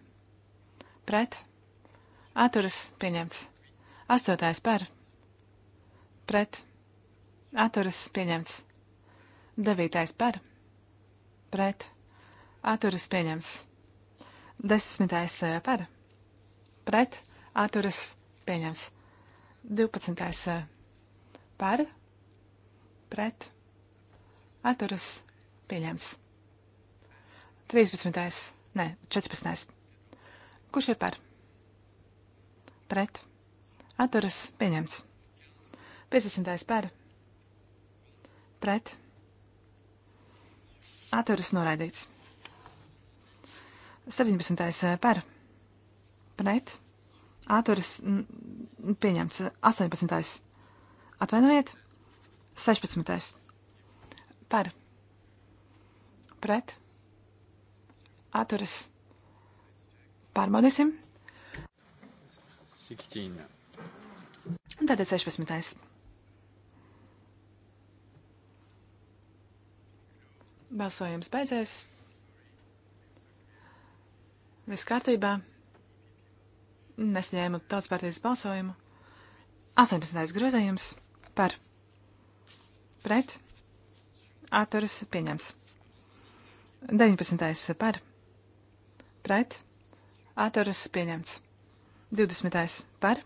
pret, atturas pieņemts. Astotais par, pret, atturas pieņemts. Devītais par, pret, atturas pieņemts. Desmitais eh, par, pret, atturas pieņemts. Divpadsmitais eh, par, pret, atturas pieņemts. 13. Nē, 14. Kurš ir par? Pret. Atturas pieņemts. 15. par. Pret. Atturas noraidīts. 17. Eh, par. Pret. Atturas pieņemts. 18. Atvainojiet. 16. Par. Pret. Atturas pieņemts Pārbaudīsim. 16. Un tātad 16. Balsojums beidzies. Viss kārtībā. Nesņēmu tautas partijas balsojumu. 18. grozējums par pret atturas pieņems. 19. par pret atturas pieņemts. 20. par,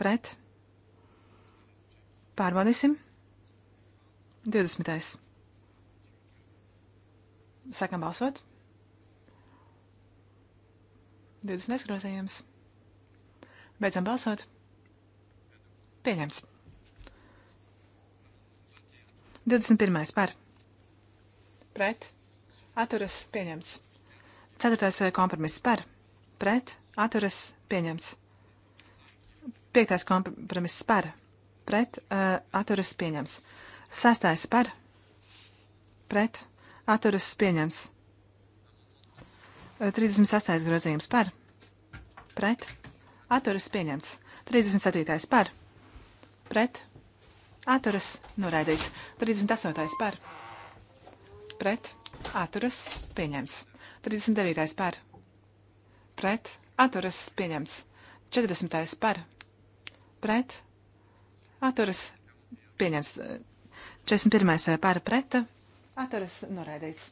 pret, pārbaudīsim. 20. Sākam balsot. 20. grozījums. Beidzam balsot. Pieņemts. 21. par. Pret. Atturas pieņemts. Ceturtais eh, kompromiss par, pret, atturas pieņemts. Piektais kompromiss par, pret, eh, atturas pieņemts. Sestais par, pret, atturas pieņemts. 36. Eh, grozījums par, pret, atturas pieņemts. 37. par, pret, atturas noraidīts. 38. par, pret, atturas pieņemts. 39. par. Pret. Atturas pieņemts. 40. par. Pret. Atturas pieņemts. 41. Eh, par. Pret. Atturas noraidīts.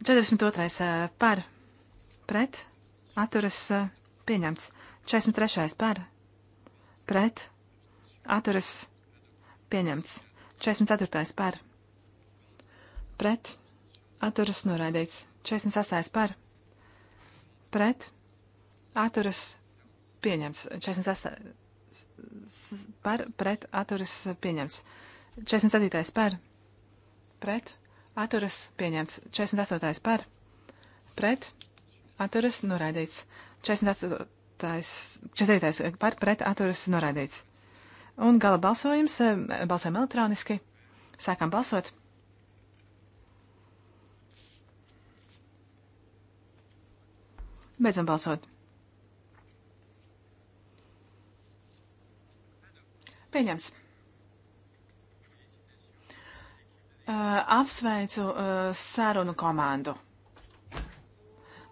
42. Eh, par. Pret. Atturas pieņemts. 43. par. Pret. Atturas pieņemts. 44. par. Pret atturas noraidīts. 48 par, pret, atturas pieņemts. 48 par, pret, atturas pieņemts. 47 par, pret, atturas pieņemts. 48 par, pret, atturas noraidīts. 48, 49 par, pret, atturas noraidīts. Un gala balsojums, eh, balsojam elektroniski, sākam balsot. Beidzam balsot. Pieņems. Uh, apsveicu uh, sarunu komandu.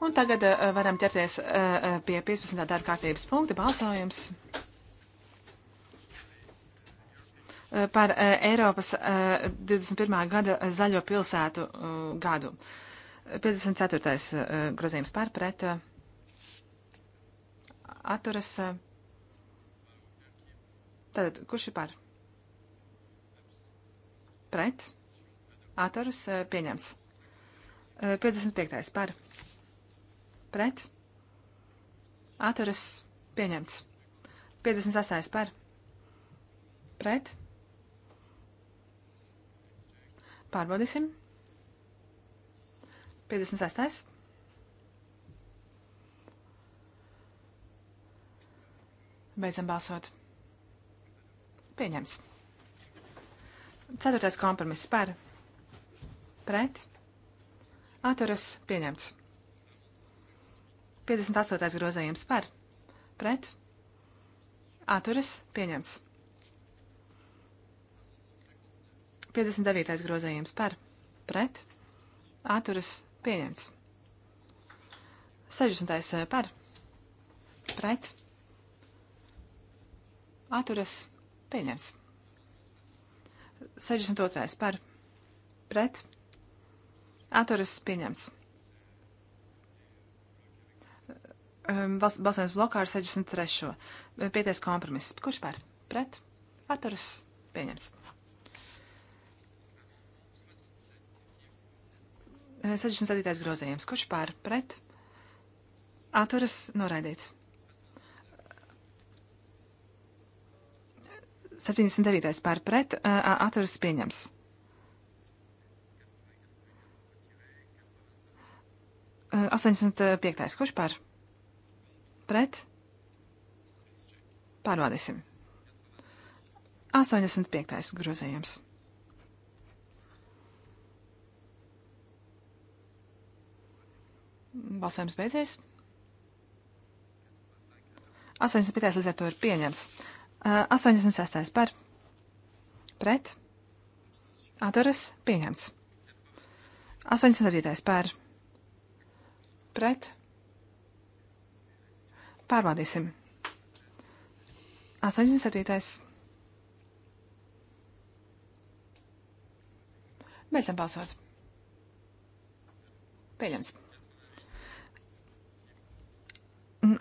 Un tagad uh, varam ķerties uh, uh pie 15. darba kārtības punkta balsojums uh, par uh, Eiropas uh, 21. gada zaļo pilsētu uh, gadu. 54. Uh, grozījums par pret. Uh, atturas. Tātad, kurš ir par? Pret. Atturas pieņems. 55. par. Pret. Atturas pieņemts. 58. par. Pret. Pārbaudīsim. 56. Beidzam balsot. Pieņems. Ceturtais kompromiss par. Pret. Atturas pieņemts. 58. grozējums par. Pret. Atturas pieņemts. 59. grozējums par. Pret. Atturas pieņemts. 60. Eh, par. Pret atturas pieņems. 62. par pret atturas pieņems. Ehm, bals, balsojums blokā ar 63. Pieties kompromiss. Kurš par? Pret? Atturas pieņems. 67. grozījums. Kurš par? Pret? Atturas noraidīts. 79. par pret atturas pieņems. Astoņdesmit piektais, kurš par? Pret? Pārbaudīsim. 85. grozējums. Balsojums beidzies. 85. līdz ar to ir pieņems. 86. Eh, par pret atturas pieņemts. 87. par pret pārbaudīsim. 87. Beidzam balsot. Pieņems.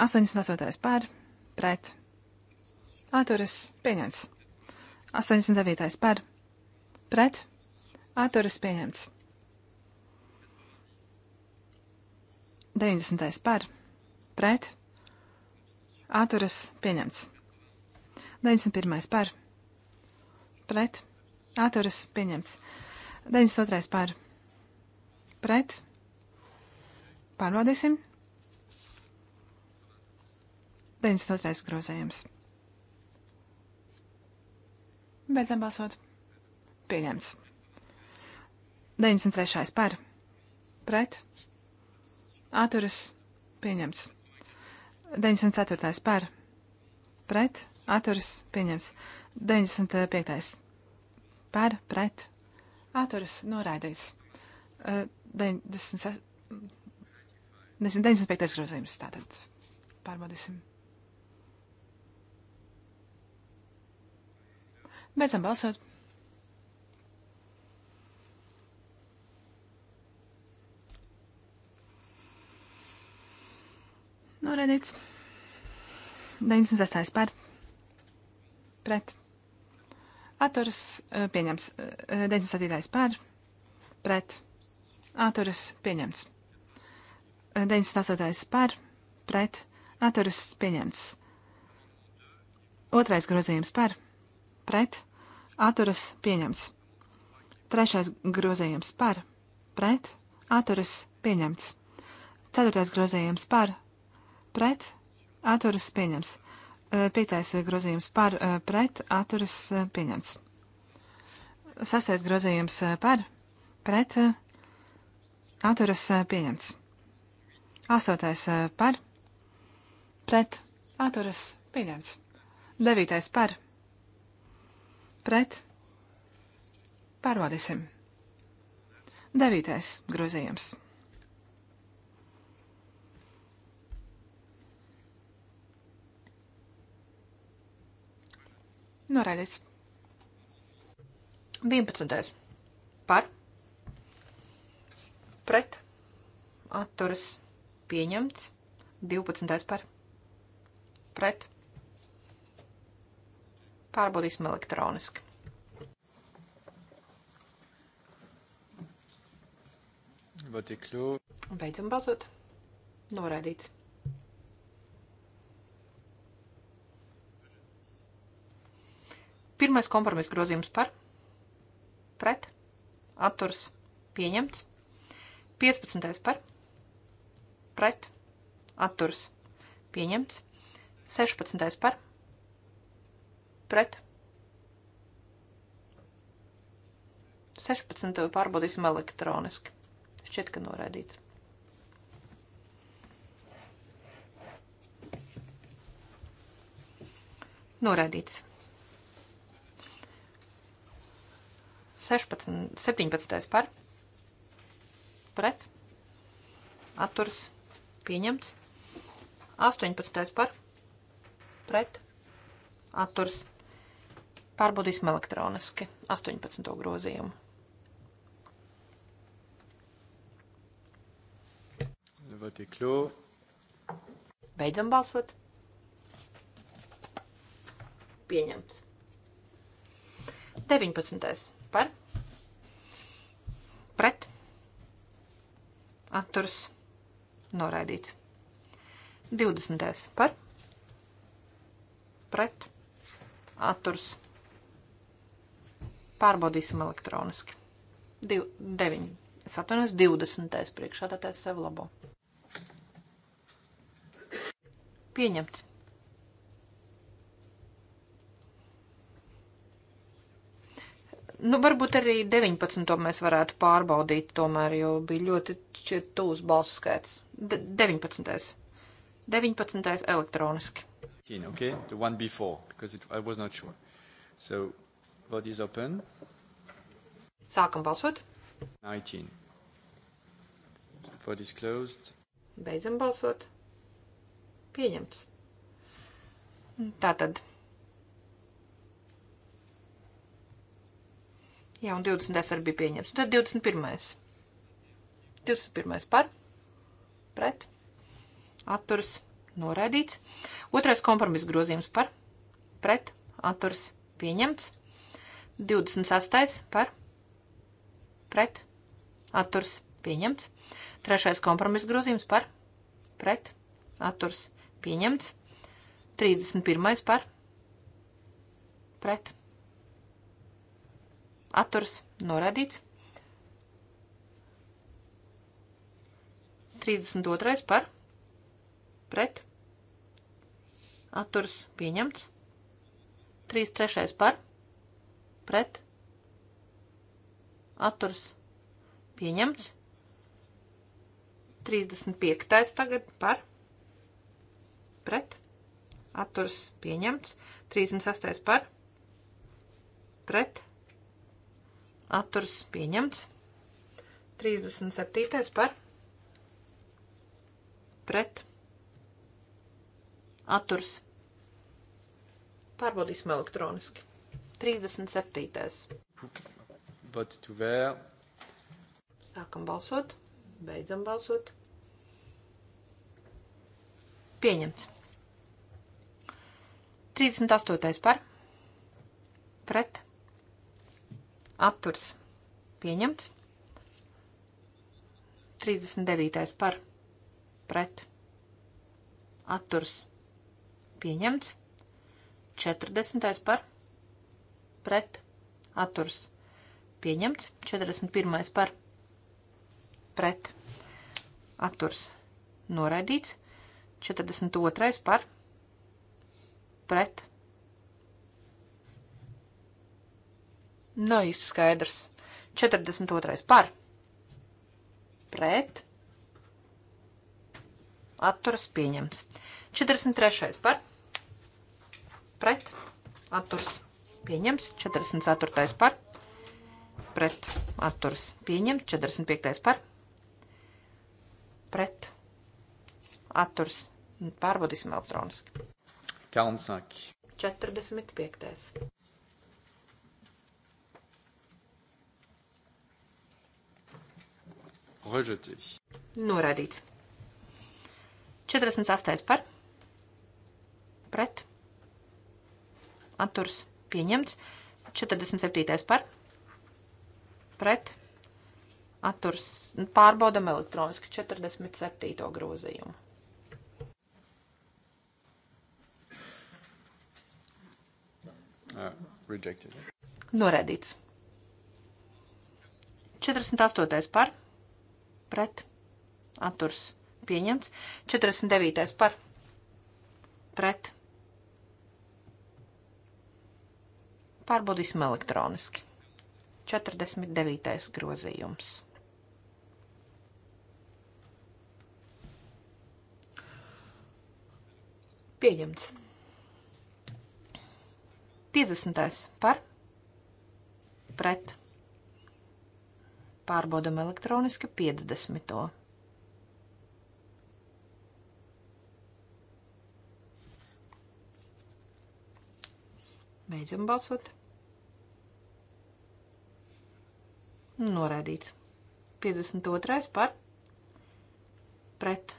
88. pār, pret, Atturas pieņemts. 89. par. Pret. Atturas pieņemts. 90. par. Pret. Atturas pieņemts. 91. par. Pret. Atturas pieņemts. 92. par. Pret. Pārbaudīsim. 92. grozējums. Beidzam balsot. Pieņemts. 93. par. Pret. Atturas. Pieņemts. 94. par. Pret. Atturas. Pieņemts. 95. par. Pret. Atturas. Noraidīts. 96. Eh, 95. grozījums. Tātad pārbaudīsim. Beidzam balsot. Noraidīts. 96. Eh, eh, par. Pret. Atturas pieņems. 97. par. Pret. Atturas pieņems. 98. par. Pret. Atturas pieņems. Otrais grozījums par pret, atturas pieņemts. Trešais grozījums par, pret, atturas pieņemts. Ceturtais grozījums par, pret, atturas pieņemts. E, piektais grozījums par, e, pret, atturas e, pieņemts. Sastais grozījums par, pret, atturas pieņemts. Astotais par, pret, atturas pieņemts. Devītais par, pret pret pārvadīsim. Devītais grozījums. Noraidīts. 11. Par. Pret. Atturas. Pieņemts. 12. par. Pret. Pārbaudīsim elektroniski. Beidzam balsot. Noraidīts. Pirmais kompromiss grozījums par, pret, atturs, pieņemts. 15. par, pret, atturs, pieņemts. 16. par, pret pret. 16. pārbaudīsim elektroniski. Šķiet, ka noraidīts. Noraidīts. 16, 17. par. Pret. Atturs. Pieņemts. 18. par. Pret. Atturs. Pārbaudīsim elektroniski 18. grozījumu. Beidzam balsot. Pieņemts. 19. par pret atturs noraidīts. 20. par pret atturs noraidīts Pārbaudīsim elektroniski. 9. Es atvainojos 20. priekšā tātad sev labo. Pieņemts. Nu, varbūt arī 19. mēs varētu pārbaudīt, tomēr, jo bija ļoti šķiet tūs balsu skaits. De 19. 19. elektroniski. Okay, the one before, because it, I was not sure. So Vote is open. Sākam balsot. 19. Vote is closed. Beidzam balsot. Pieņemts. Tātad. Jā, un 20. arī bija pieņemts. Tad 21. 21. par, pret, atturas, noraidīts. Otrais kompromiss grozījums par, pret, atturas, pieņemts. 28. par pret atturs pieņemts. Trešais kompromiss grozījums par pret atturs pieņemts. 31. par pret atturs norādīts. 32. par pret atturs pieņemts. 33. par pret pret, atturs, pieņemts. 35. tagad par, pret, atturs, pieņemts. 36. par, pret, atturs, pieņemts. 37. par, pret, atturs. Pārbaudīsim elektroniski. 37. Vot tu vēl. Sākam balsot, beidzam balsot. Pieņemts. 38. par. Pret. Atturs. Pieņemts. 39. par. Pret. Atturs. Pieņemts. 40. par pret atturs pieņemts. 41. par pret atturs noraidīts. 42. par pret. Nav īsti skaidrs. 42. par pret atturas pieņemts. 43. par pret atturas pieņemts. Pieņemts 44. par. Pret atturas. Pieņemts 45. par. Pret atturas. Pārbaudīsim elektroniski. Kalnsāki. 45. Rejeté. Noraidīts. 48 par. Pret. Atturs pieņemts. 47. par pret atturs pārbaudam elektroniski 47. grozījumu. Uh, rejected. Norēdīts. 48. par pret atturs pieņemts. 49. par pret atturs Pārbaudīsim elektroniski. 49. grozījums. Pieņemts. 50. par pret. Pārbaudam elektroniski 50. Beidzam balsot. Noraidīts. 52. par pret.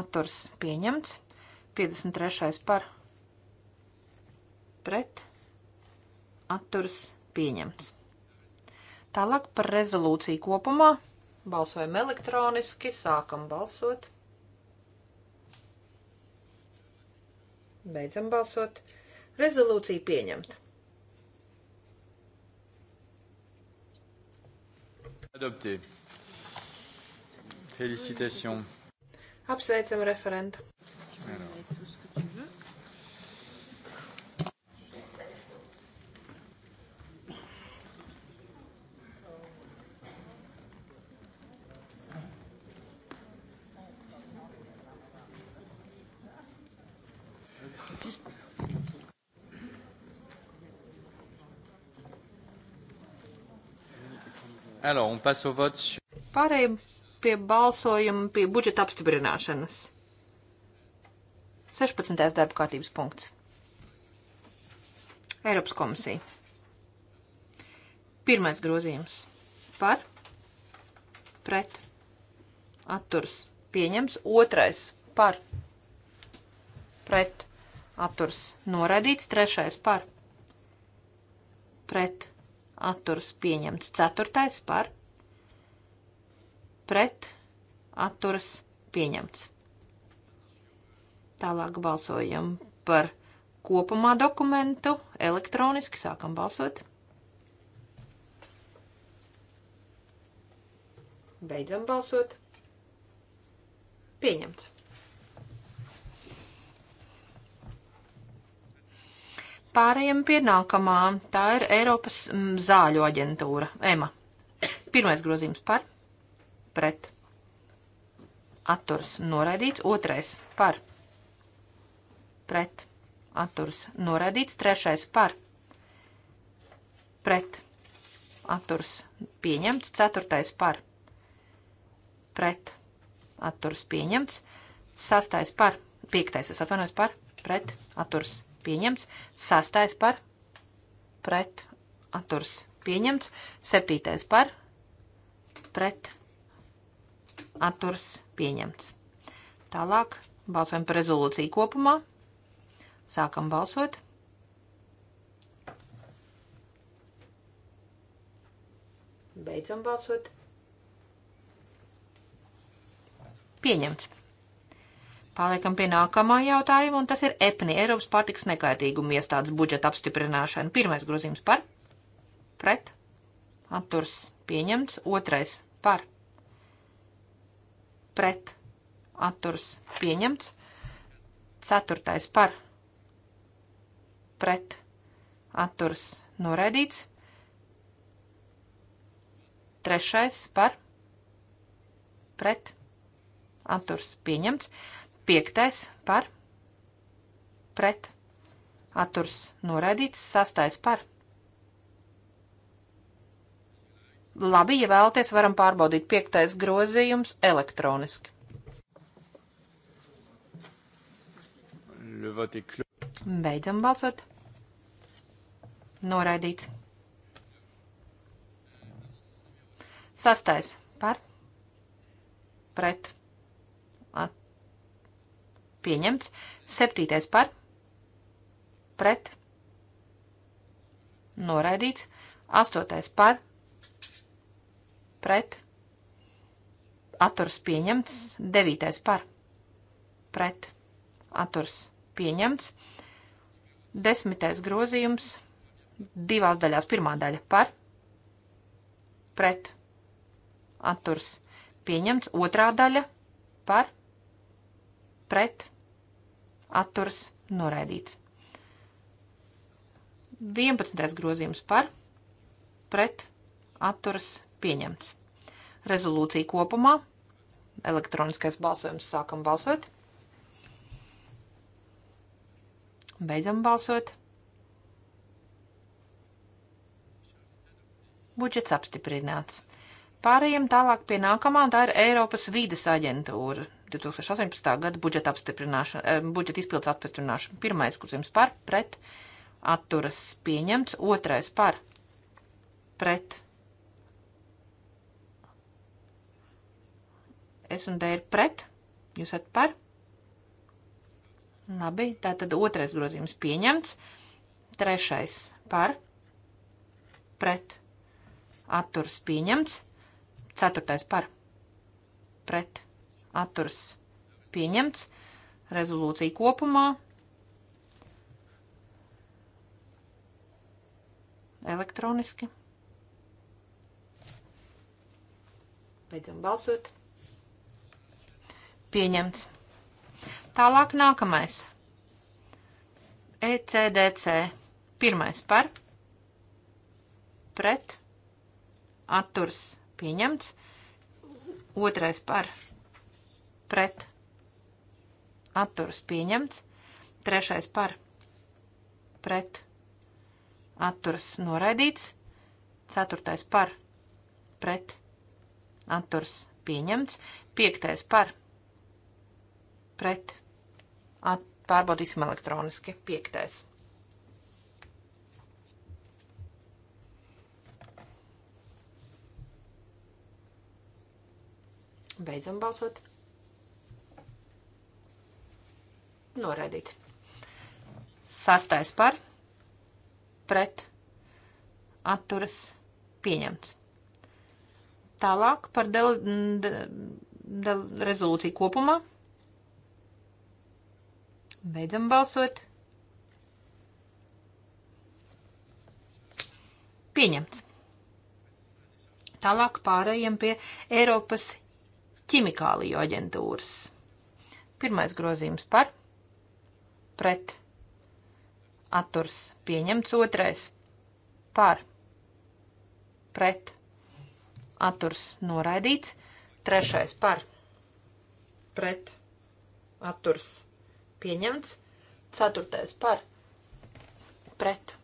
Atturs pieņemts. 53. par pret. Atturs pieņemts. Tālāk par rezolūciju kopumā. Balsojam elektroniski, sākam balsot. Beidzam balsot. Rezolūcija pieņemta. Adoptē. Felicitations. Apsveicam referentu. Alors. Alors, on passe au vote. Pārējiem pie balsojuma, pie budžeta apstiprināšanas. 16. darba kārtības punkts. Eiropas komisija. Pirmais grozījums. Par, pret, atturs, pieņems. Otrais. Par, pret, atturs, noraidīts. Trešais. Par, pret, atturas pieņemts. Ceturtais par pret atturas pieņemts. Tālāk balsojam par kopumā dokumentu elektroniski. Sākam balsot. Beidzam balsot. Pieņemts. Pārējiem pie nākamā. Tā ir Eiropas m, mm, zāļu aģentūra, EMA. Pirmais grozījums par, pret, atturs, noraidīts. Otrais par, pret, atturs, noraidīts. Trešais par, pret, atturs, pieņemts. Ceturtais par, pret, atturs, pieņemts. Sastais par, piektais, es atvainojos par, pret, atturs, pieņemts pieņemts, sastais par pret atturs pieņemts, septītais par pret atturs pieņemts. Tālāk balsojam par rezolūciju kopumā. Sākam balsot. Beidzam balsot. Pieņemts. Paliekam pie nākamā jautājuma, un tas ir EPNI, Eiropas pārtiks nekaitīguma iestādes budžeta apstiprināšana. Pirmais grozījums par, pret, atturs pieņemts, otrais par, pret, atturs pieņemts, ceturtais par, pret, atturs noraidīts, trešais par, pret, atturs pieņemts. Piektais par pret atturs noraidīts. Sastais par. Labi, ja vēlaties, varam pārbaudīt piektais grozījums elektroniski. Beidzam balsot. Noraidīts. Sastais par pret Pieņemts. Septītais par. Pret. Noraidīts. Astotais par. Pret. Atturs pieņemts. Devītais par. Pret. Atturs pieņemts. Desmitais grozījums. Divās daļās. Pirmā daļa par. Pret. Atturs pieņemts. Otrā daļa par. Pret pret, atturas, noraidīts. 11. grozījums par, pret, atturas, pieņemts. Rezolūcija kopumā, elektroniskais balsojums, sākam balsot. Beidzam balsot. Budžets apstiprināts. Pārējiem tālāk pie nākamā, tā ir Eiropas vīdes aģentūra. 2018. gada budžeta apstiprināšana, eh, budžeta izpildes apstiprināšana. Pirmais grozījums par, pret, atturas pieņemts, otrais par, pret. Es un D ir pret, jūs esat par. Labi, tā tad otrais grozījums pieņemts, trešais par, pret, atturas pieņemts, ceturtais par, pret atturas pieņemts. Rezolūcija kopumā. Elektroniski. Beidzam balsot. Pieņemts. Tālāk nākamais. ECDC. Pirmais par. Pret. Atturs pieņemts. Otrais par pret atturas pieņemts, trešais par pret atturas noraidīts, ceturtais par pret atturas pieņemts, piektais par pret at, pārbaudīsim elektroniski, piektais. Beidzam balsot. noraidīts. Sastais par, pret, atturas, pieņemts. Tālāk par del, del, del rezolūciju kopumā. Beidzam balsot. Pieņemts. Tālāk pārējiem pie Eiropas ķimikāliju aģentūras. Pirmais grozījums par pret atturs pieņemts otrais par pret atturs noraidīts trešais par pret atturs pieņemts ceturtais par pret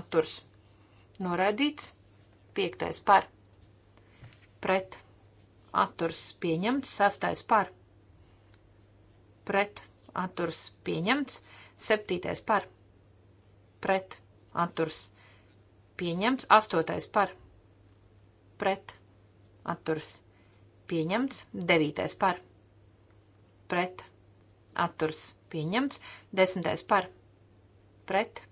atturs noraidīts piektais par pret atturs pieņemts sastais par pret atturs atturs pieņemts, septītais par, pret, atturs pieņemts, astotais par, pret, atturs pieņemts, devītais par, pret, atturs pieņemts, desmitais par, pret,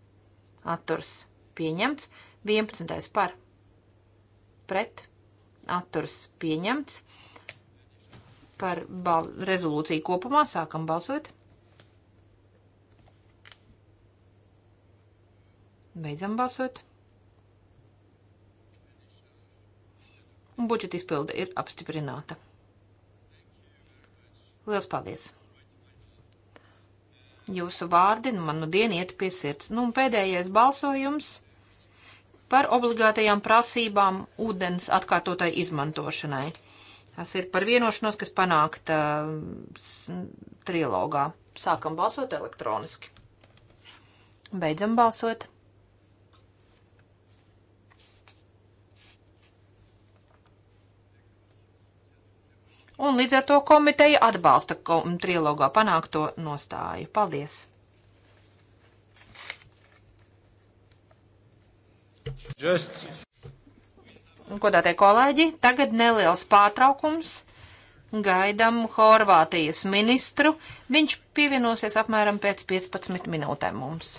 atturs pieņemts, vienpadsmitais par, pret, atturs pieņemts. Par rezolūciju kopumā sākam balsot. Beidzam balsot. Un budžeta izpilde ir apstiprināta. Lielas paldies! Jūsu vārdi nu man nu dienu iet pie sirds. Nu, un pēdējais balsojums par obligātajām prasībām ūdens atkārtotai izmantošanai. Tas ir par vienošanos, kas panākta uh, trilogā. Sākam balsot elektroniski. Beidzam balsot. un līdz ar to komiteja atbalsta kom trilogā panākto nostāju. Paldies! Just. Godātie kolēģi, tagad neliels pārtraukums. Gaidam Horvātijas ministru. Viņš pievienosies apmēram pēc 15 minūtēm mums.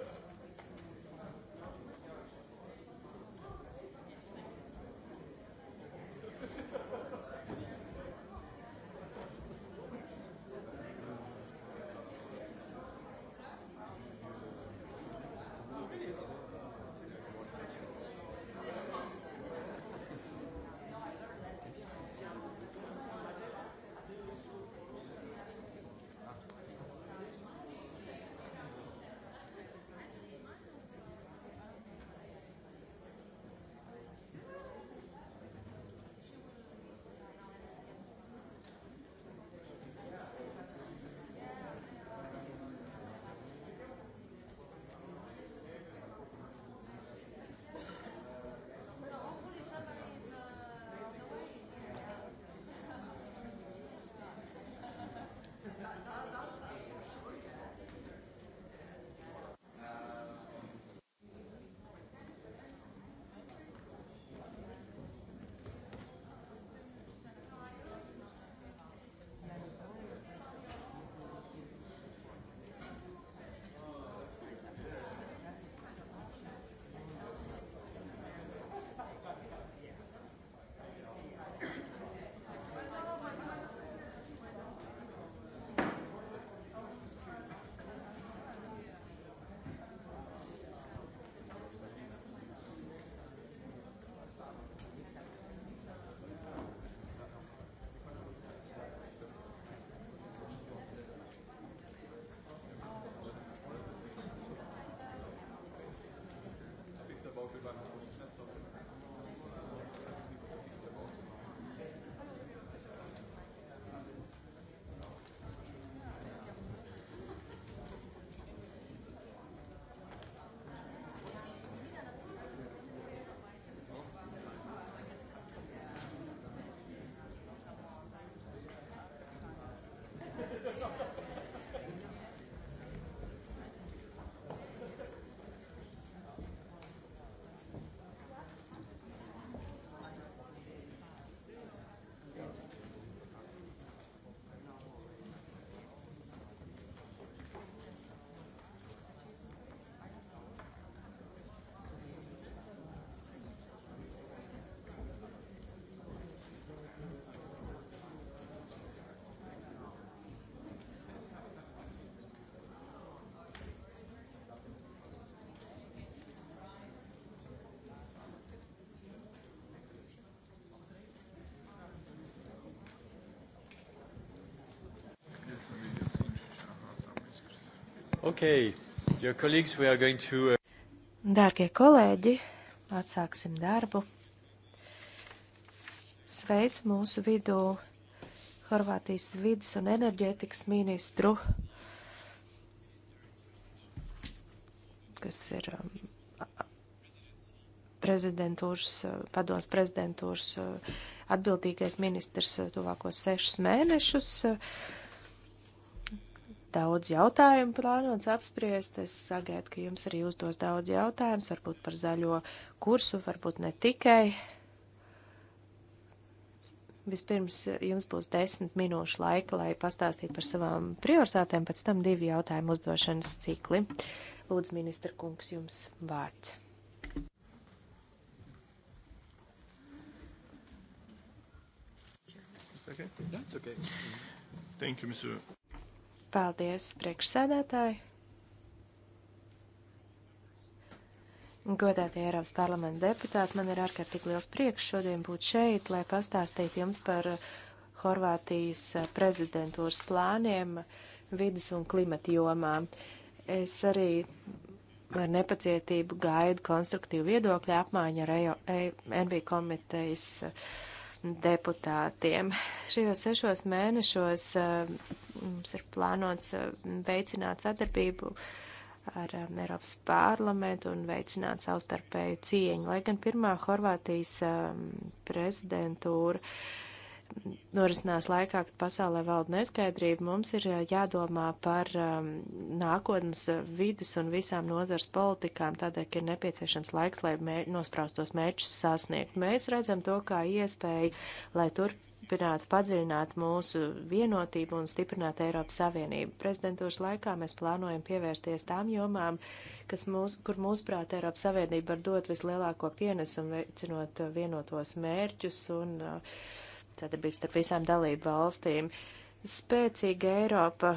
Okay. To... Uh, Dārgie kolēģi, atsāksim darbu. Sveic mūsu vidū Horvātijas vidas un enerģētikas ministru, kas ir um, prezidentūras, uh, padomas prezidentūras uh, atbildīgais ministrs tuvākos sešus mēnešus. Uh, daudz jautājumu plānots apspriest. Es sagaidu, ka jums arī uzdos daudz jautājumus, varbūt par zaļo kursu, varbūt ne tikai. Vispirms jums būs desmit minūšu laika, lai pastāstītu par savām prioritātēm, pēc tam divi jautājumu uzdošanas cikli. Lūdzu, ministra kungs, jums vārds. Okay. That's okay. Thank you, Mr. Paldies, priekšsēdētāji! Godātie Eiropas parlamenta deputāti, man ir ārkārtīgi liels prieks šodien būt šeit, lai pastāstītu jums par Horvātijas prezidentūras plāniem vidas un klimata jomā. Es arī ar nepacietību gaidu konstruktīvu viedokļu apmaiņu ar e- NB komitejas deputātiem. Šajos sešos mēnešos Mums ir plānots eh, veicināt sadarbību ar um, Eiropas parlamentu un veicināt savstarpēju cieņu. Lai gan pirmā Horvātijas um, prezidentūra mm, norisinās laikā, kad pasaulē valda neskaidrība, mums ir eh, jādomā par um, nākotnes vidas un visām nozars politikām, tādēļ, ka ir nepieciešams laiks, lai mē, nospraustos mērķus sasniegt. Mēs redzam to kā iespēju, lai turpinātu turpinātu padziļināt mūsu vienotību un stiprināt Eiropas Savienību. Prezidentūras laikā mēs plānojam pievērsties tām jomām, kas mūs, kur mūsuprāt Eiropas Savienība var dot vislielāko pienesumu, veicinot vienotos mērķus un uh, sadarbības starp visām dalību valstīm. Spēcīga Eiropa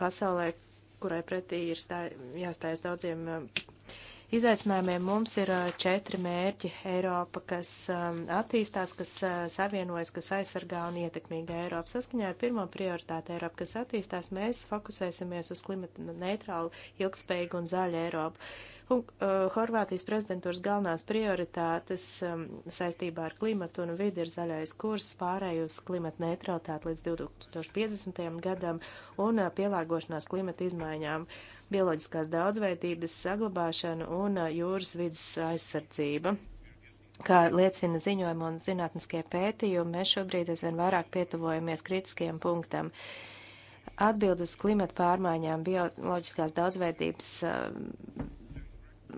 pasaulē, kurai pretī ir stāj, jāstājas daudziem uh, izaicinājumiem mums ir četri mērķi - Eiropa, kas attīstās, kas savienojas, kas aizsargā un ietekmīga Eiropa. Saskaņā ar pirmo prioritāti Eiropa, kas attīstās, mēs fokusēsimies uz klimata neitrālu, ilgspējīgu un zaļu Eiropu. Un, uh, Horvātijas prezidentūras galvenās prioritātes um, saistībā ar klimatu un vidi ir zaļais kurs, pārēj uz klimata neutralitāti līdz 2050. gadam un uh, pielāgošanās klimata izmaiņām. Uh, bioloģiskās daudzveidības saglabāšana un jūras vidas aizsardzība. Kā liecina ziņojuma un zinātniskie pētījumi, mēs šobrīd aizvien vairāk pietuvojamies kritiskiem punktam. Atbild uz klimata pārmaiņām bioloģiskās daudzveidības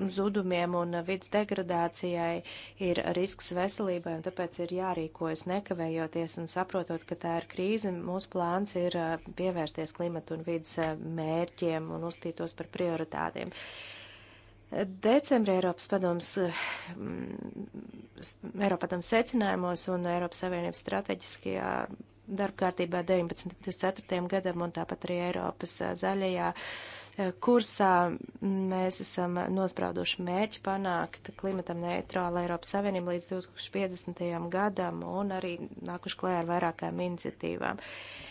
zudumiem un vidas degradācijai ir risks veselībai, un tāpēc ir jārīkojas nekavējoties un saprotot, ka tā ir krīze. Mūsu plāns ir uh, pievērsties klimatu un vidas uh, mērķiem un uztītos par prioritātiem. Decembrī Eiropas padoms, mm, Eiropa padoms secinājumos un Eiropas Savienības strateģiskajā darbkārtībā 19. un 24. gadam un tāpat arī Eiropas uh, zaļajā uh, kursā mēs esam nosprauduši mērķi panākt klimatam neitrālu Eiropas Savienību līdz 2050. gadam un arī nākuši klējā ar vairākām iniciatīvām. Uh,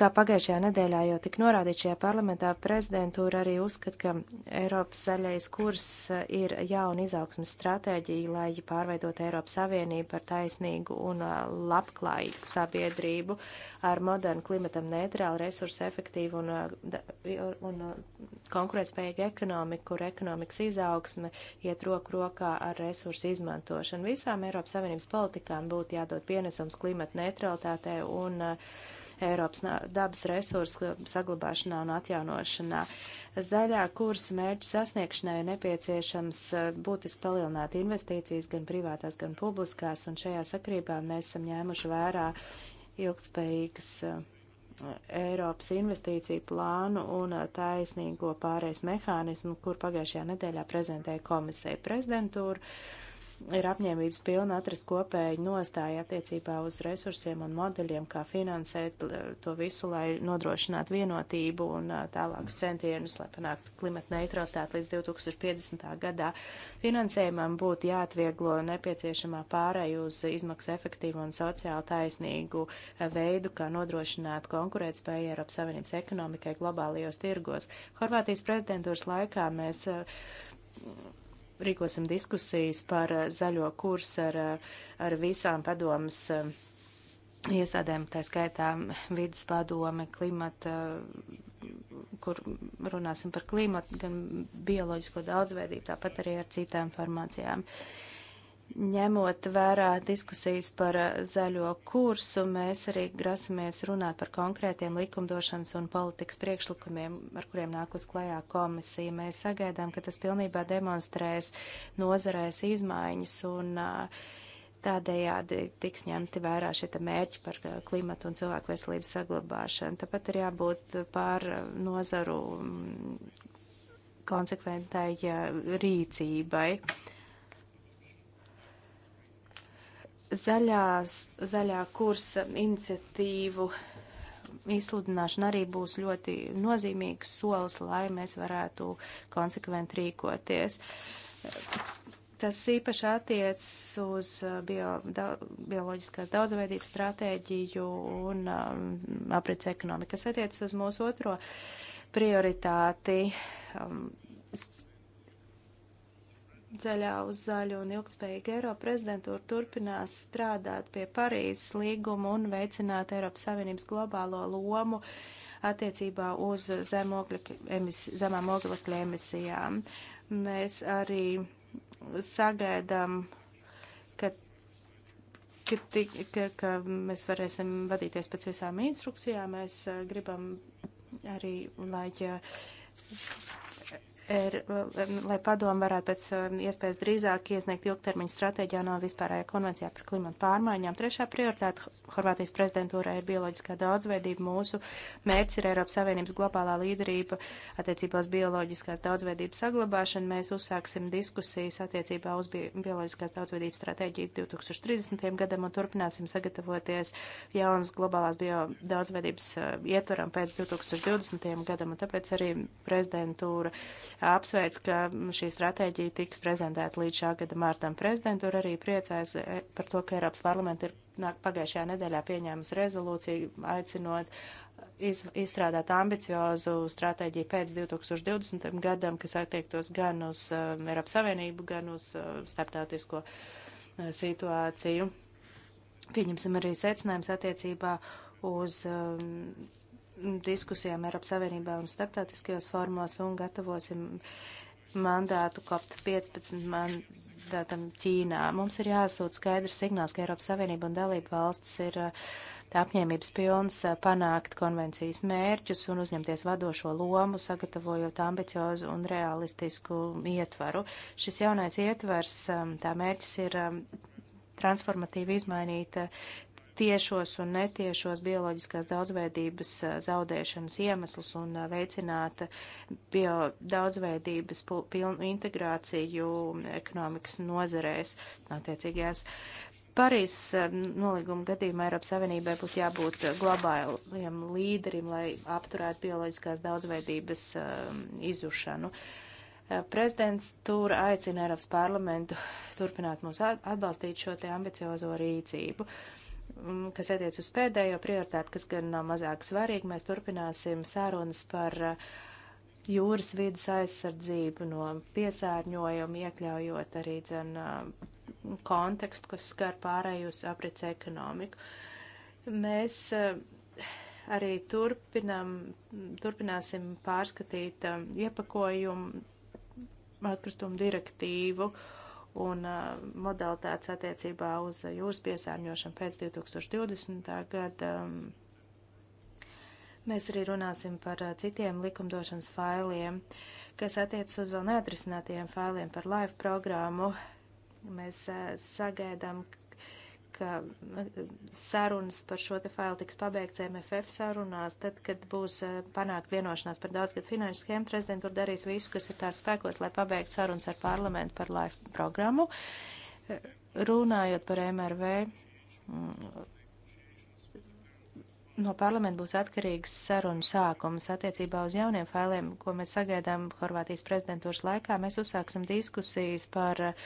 kā pagājušajā nedēļā jau tik norādīts šajā parlamentā, prezidentūra arī uzskata, ka Eiropas zaļais kurs e, ir jauna izaugsmas stratēģija, lai pārveidot Eiropas Savienību par taisnīgu un e, labklājīgu sabiedrību ar modernu klimatam neitrālu, resursu efektīvu un, e, un konkurētspējīgu ekonomiku, kur ekonomikas izaugsme iet roku rokā ar resursu izmantošanu. Visām Eiropas Savienības politikām būtu jādod pienesums klimata neutralitātei un uh, Eiropas dabas resursu saglabāšanā un atjaunošanā. Zaļā kursa mērķu sasniegšanai ir nepieciešams eh, būtiski palielināt investīcijas gan privātās, gan publiskās, un šajā sakrībā mēs esam ņēmuši vērā ilgspējīgas eh, Eiropas investīciju plānu un eh, taisnīgo pārējais mehānismu, kur pagājušajā nedēļā prezentēja komisija prezidentūru ir apņēmības pilna atrast kopēju nostāju attiecībā uz resursiem un modeļiem, kā finansēt to visu, lai nodrošinātu vienotību un tālākus centienus, lai panāktu klimata neutralitāti līdz 2050. gadā. Finansējumam būtu jāatvieglo nepieciešamā pārēju uz izmaksu efektīvu un sociāli taisnīgu veidu, kā nodrošināt konkurētspēju Eiropas Savienības ekonomikai globālajos tirgos. Horvātijas prezidentūras laikā mēs rīkosim diskusijas par eh, zaļo kursu ar, eh, ar visām padomas eh, iestādēm, tā skaitā vidas padome, klimata, kur runāsim par klimatu, gan bioloģisko daudzveidību, tāpat arī ar citām formācijām. Uh, ņemot vērā diskusijas par eh, zaļo kursu, mēs arī grasamies runāt par konkrētiem likumdošanas un politikas priekšlikumiem, ar kuriem nāk uz klajā komisija. Mēs sagaidām, ka tas pilnībā demonstrēs nozarēs izmaiņas un eh, tādējādi tiks ņemti vērā šie mērķi par eh, klimatu un cilvēku veselības saglabāšanu. Tāpat ir jābūt pār nozaru mm, konsekventai rīcībai. zaļās, zaļā kursa iniciatīvu izsludināšana arī būs ļoti nozīmīgs solis, lai mēs varētu konsekventi rīkoties. Tas īpaši attiecas uz uh, bio, da, bioloģiskās daudzveidības stratēģiju un um, aprits ekonomikas attiecas uz mūsu otro prioritāti. Um, Ceļā uz zaļu un ilgspējīgu Eiropu prezidentūra turpinās strādāt pie Parīzes līguma un veicināt Eiropas Savienības globālo lomu attiecībā uz zem emis, zemām oglekļa emisijām. Mēs arī sagaidām, ka, ka, ka, ka mēs varēsim vadīties pēc visām instrukcijām. Mēs eh, gribam arī, lai eh, ir, um, lai padomu varētu pēc um, iespējas drīzāk iesniegt ilgtermiņu stratēģijā no vispārējā konvencijā par klimatu pārmaiņām. Trešā prioritāte Horvātijas prezidentūrai ir bioloģiskā daudzveidība. Mūsu mērķis ir Eiropas Savienības globālā līderība attiecībā uz bioloģiskās daudzveidības saglabāšanu. Mēs uzsāksim diskusijas attiecībā uz bi bioloģiskās daudzveidības stratēģiju 2030. gadam un turpināsim sagatavoties jaunas globālās bio daudzveidības uh, ietvaram pēc 2020. gadam. Un tāpēc arī prezidentūra apsveic, ka šī stratēģija tiks prezentēta līdz šā gada martam. Prezidentūra arī priecājas e, par to, ka Eiropas parlamenta ir pagājušajā nedēļā pieņēmusi rezolūciju, aicinot iz, izstrādāt ambiciozu stratēģiju pēc 2020. gadam, kas attiektos gan uz uh, Eiropas Savienību, gan uz uh, starptautisko uh, situāciju. Pieņemsim arī secinājums attiecībā uz. Uh, diskusijām Eiropas Savienībā un starptautiskajos formos un gatavosim mandātu COP15 mandātam Ķīnā. Mums ir jāsūt skaidrs signāls, ka Eiropas Savienība un dalība valstis ir eh, apņēmības pilns eh, panākt konvencijas mērķus un uzņemties vadošo lomu, sagatavojot ambiciozu un realistisku ietvaru. Šis jaunais ietvers, eh, tā mērķis ir transformatīvi izmainīt tiešos un netiešos bioloģiskās daudzveidības zaudēšanas iemeslus un veicināt bio daudzveidības pilnu integrāciju ekonomikas nozerēs, notiecīgajās nu, Parīzes nolīguma gadījumā Eiropas Savienībai būtu jābūt globāliem līderim, lai apturētu bioloģiskās daudzveidības um, izušanu. Prezidents tur aicina Eiropas parlamentu turpināt mūs atbalstīt šo te ambiciozo rīcību. Uh, Mm, kas attiec uz pēdējo prioritāti, kas gan nav mazāk svarīga, mēs turpināsim sārunas par uh, jūras vidas aizsardzību no piesārņojuma, iekļaujot arī dzen uh, kontekstu, kas skar pārējus aprits ekonomiku. Mēs uh, arī turpinam, turpināsim pārskatīt um, iepakojumu atkritumu direktīvu. Uh, un uh, modalitātes attiecībā uz jūras piesārņošanu pēc 2020. gada. Um, mēs arī runāsim par uh, citiem likumdošanas failiem, kas attiecas uz vēl neatrisinātajiem failiem par live programmu. Mēs uh, sagaidām, ka eh, sarunas par šo te failu tiks pabeigts MFF sarunās, tad, kad būs eh, panākt vienošanās par daudzgad finanšu schēmu, prezidentūra darīs visu, kas ir tās spēkos, lai pabeigtu sarunas ar parlamentu par LIFE programmu. Eh, runājot par MRV mm, no parlamenta būs atkarīgs sarunu sākums attiecībā uz jauniem failiem, ko mēs sagaidām Horvātijas prezidentūras laikā. Mēs uzsāksim diskusijas par eh,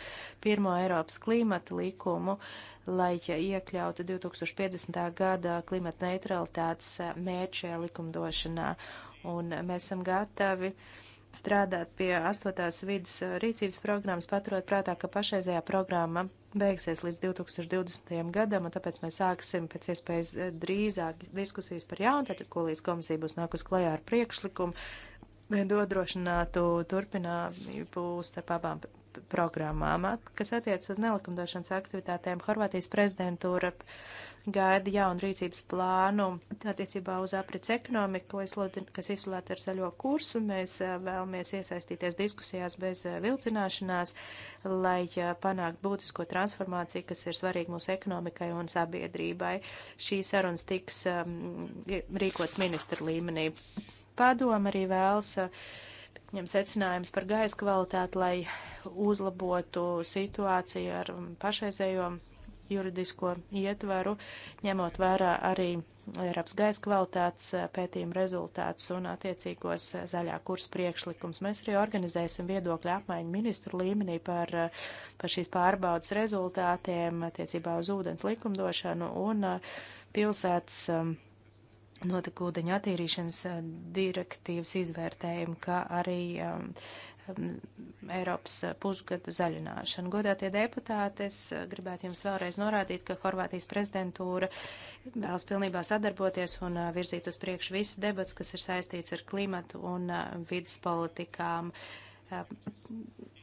pirmo Eiropas klimata likumu, lai iekļautu 2050. gada klimata neutralitātes eh, mērķi šajā likumdošanā. Un mēs esam gatavi strādāt pie astotās vidas eh, rīcības programmas, paturot prātā, ka pašreizējā programma beigsies līdz 2020. gadam, un tāpēc mēs sāksim pēc iespējas eh, drīzāk diskusijas par jaunu, tad, ko līdz komisija būs nākus klajā ar priekšlikumu, dodrošinātu turpinātību starp abām programmām, kas attiecas uz nelikumdošanas aktivitātēm. Horvātijas prezidentūra gaida jaunu rīcības plānu attiecībā uz aprits ekonomiku, kas izslēgta ar zaļo kursu. Mēs vēlamies iesaistīties diskusijās bez vilcināšanās, lai panākt būtisko transformāciju, kas ir svarīga mūsu ekonomikai un sabiedrībai. Šī sarunas tiks rīkots ministru līmenī. Padoma arī vēlas ņem secinājums par gaisa kvalitāti, lai uzlabotu situāciju ar pašreizējo juridisko ietvaru, ņemot vērā arī Eiropas gaisa kvalitātes eh, pētījuma rezultātus un attiecīgos eh, zaļā kursa priekšlikums. Mēs arī organizēsim viedokļu apmaiņu ministru līmenī par, eh, par šīs pārbaudas rezultātiem attiecībā uz ūdens likumdošanu un pilsētas um, notika ūdeņa attīrīšanas eh, direktīvas izvērtējumu, kā arī um, um Eiropas eh, pusgadu zaļināšanu. Godātie deputāti, es eh, gribētu jums vēlreiz norādīt, ka Horvātijas prezidentūra vēlas pilnībā sadarboties un virzīt uz priekšu visas debats, kas ir saistīts ar klimatu un vidas politikām,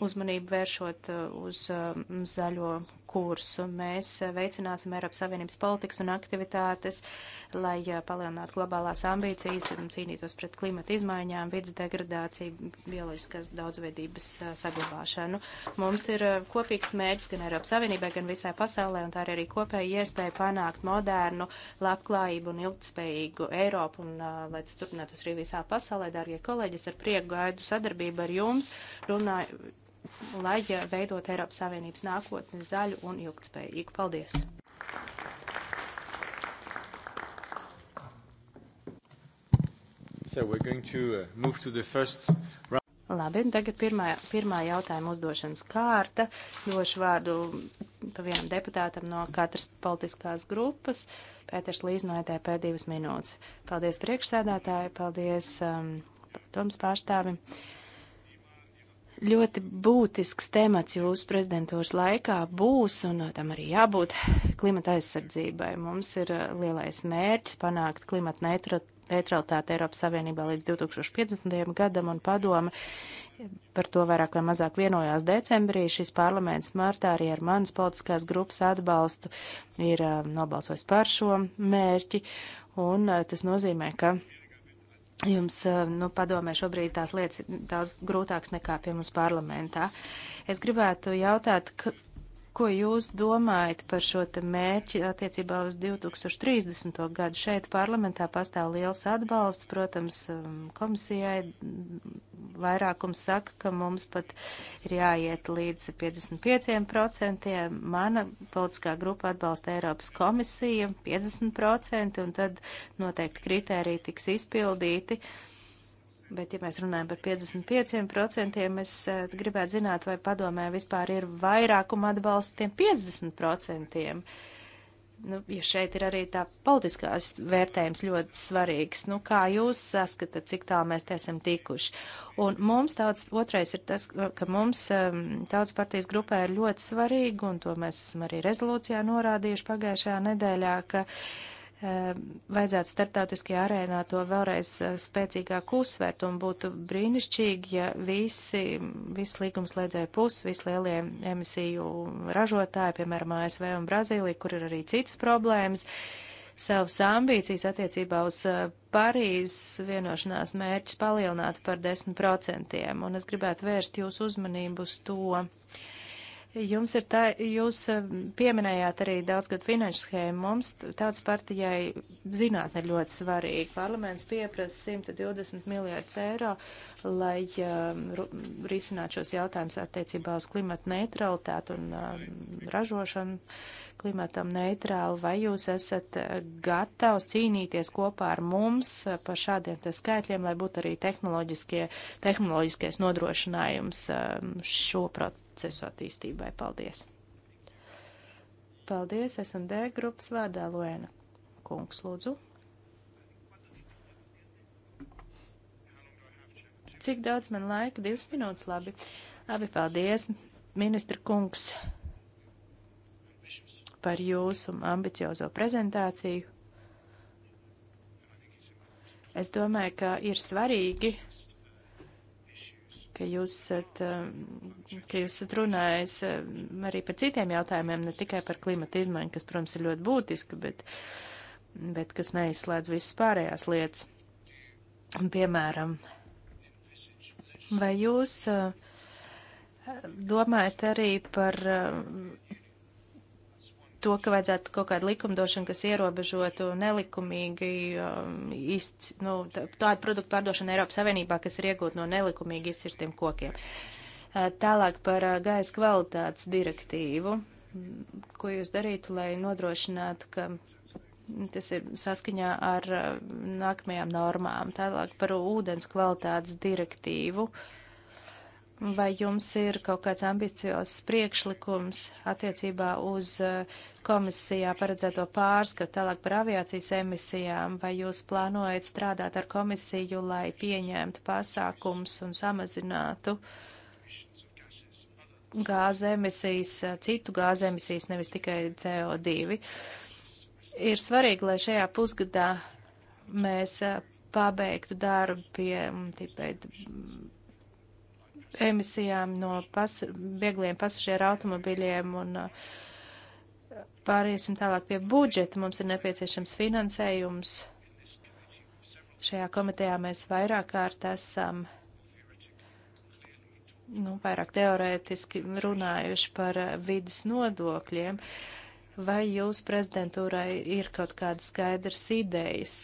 uzmanību vēršot uz zaļo kursu. Mēs eh, veicināsim Eiropas Savienības politikas un aktivitātes, lai eh, palielinātu globālās ambīcijas un um, cīnītos pret klimata izmaiņām, vidas degradāciju, bioloģiskās daudzveidības eh, saglabāšanu. Mums ir kopīgs mērķis gan Eiropas Savienībai, gan visai pasaulē, un tā ir arī kopēja iespēja panākt modernu, labklājību un ilgtspējīgu Eiropu, un lai tas turpinātos arī visā pasaulē, dārgie kolēģi, es ar prieku gaidu sadarbību ar jums. Runāju, lai veidot Eiropas Savienības nākotni zaļu un ilgtspējīgu. Paldies! So we're going to uh, move to the first round. Labi, tagad pirmā, pirmā jautājuma uzdošanas kārta. Došu vārdu pa vienam deputātam no katras politiskās grupas. Pēters Līz no ETP divas minūtes. Paldies priekšsēdētāji, paldies um, domas pārstāvim. Uh, ļoti būtisks temats jūsu prezidentūras laikā būs, un tam arī jābūt klimata aizsardzībai. Mums ir uh, lielais mērķis panākt klimata neutralitāti Eiropas Savienībā līdz 2050. gadam, un padome par to vairāk vai mazāk vienojās decembrī. Šis parlaments martā arī ar manas politiskās grupas atbalstu ir uh, nobalsojis par šo mērķi, un uh, tas nozīmē, ka Jums, eh, nu, padomē, šobrīd tās lietas ir daudz grūtākas nekā pie mums parlamentā. Es gribētu jautāt, Ko jūs domājat par šo te mērķi attiecībā uz 2030. gadu? Šeit parlamentā pastāv liels atbalsts, protams, um, komisijai vairākums saka, ka mums pat ir jāiet līdz 55%, mana politiskā grupa atbalsta Eiropas komisija 50%, un tad noteikti kritēriji tiks izpildīti. Uh, Bet, ja mēs runājam par 55%, es eh, gribētu zināt, vai padomē vispār ir vairākuma atbalsts tiem 50%. Nu, ja šeit ir arī tā politiskās vērtējums ļoti svarīgs, nu, kā jūs saskatat, cik tālu mēs te esam tikuši. Un mums tāds otrais ir tas, ka mums ehm, tautas partijas grupē ir ļoti svarīgi, un to mēs esam arī rezolūcijā norādījuši pagājušajā nedēļā, ka uh, vajadzētu starptautiskajā arēnā to vēlreiz eh, spēcīgāk uzsvērt un būtu brīnišķīgi, ja visi, visi līgumslēdzēja puses, visi lielie emisiju ražotāji, piemēram, ASV un Brazīlija, kur ir arī citas problēmas, savas ambīcijas attiecībā uz eh, Parīzes vienošanās mērķis palielināt par 10%. Un es gribētu vērst jūsu uzmanību uz to, uh, Jums ir tā, jūs um, pieminējāt arī daudzgad finanšu schēmu. Mums tāds partijai zinātne ir ļoti svarīga. Parlaments pieprasa 120 miljārdus eiro, lai um, risinātu šos jautājumus attiecībā uz klimatu neutralitāti un um, ražošanu klimatam neitrāli. Vai jūs esat uh, gatavs cīnīties kopā ar mums uh, par šādiem te skaitļiem, lai būtu arī tehnoloģiskie, tehnoloģiskais nodrošinājums um, šo procesu? procesu attīstībai. Paldies! Paldies, S&D grupas vārdā Luēna. Kungs, lūdzu. Cik daudz man laika? Divas minūtes, labi. Labi, paldies, ministra kungs, par jūsu ambiciozo prezentāciju. Es domāju, ka ir svarīgi ka jūs esat, eh, ka jūs esat runājis eh, arī par citiem jautājumiem, ne tikai par klimata izmaiņu, kas, protams, ir ļoti būtiski, bet, bet kas neizslēdz visas pārējās lietas. Piemēram, vai jūs eh, domājat arī par to, ka vajadzētu kaut kādu likumdošanu, kas ierobežotu nelikumīgi, um, izc, nu, tādu produktu pārdošanu Eiropas Savienībā, kas ir iegūta no nelikumīgi izcirtiem kokiem. Uh, tālāk par uh, gaisa kvalitātes direktīvu. Ko jūs darītu, lai nodrošinātu, ka tas ir saskaņā ar uh, nākamajām normām? Tālāk par ūdens kvalitātes direktīvu. Uh, Vai jums ir kaut kāds ambiciozs priekšlikums attiecībā uz eh, komisijā paredzēto pārskatu tālāk par aviācijas emisijām? Vai jūs plānojat strādāt ar komisiju, lai pieņemtu pasākums un samazinātu gāze emisijas, eh, citu gāze emisijas, nevis tikai CO2? Ir svarīgi, lai šajā pusgadā mēs eh, pabeigtu darbu pie, mm, tipēt, emisijām no pas, viegliem pasažieru automobiļiem un uh, pāriesim tālāk pie budžeta. Mums ir nepieciešams finansējums. Šajā komitejā mēs vairāk kārt esam nu, vairāk teorētiski runājuši par uh, vidas nodokļiem. Vai jūs prezidentūrai ir kaut kādas skaidras idejas,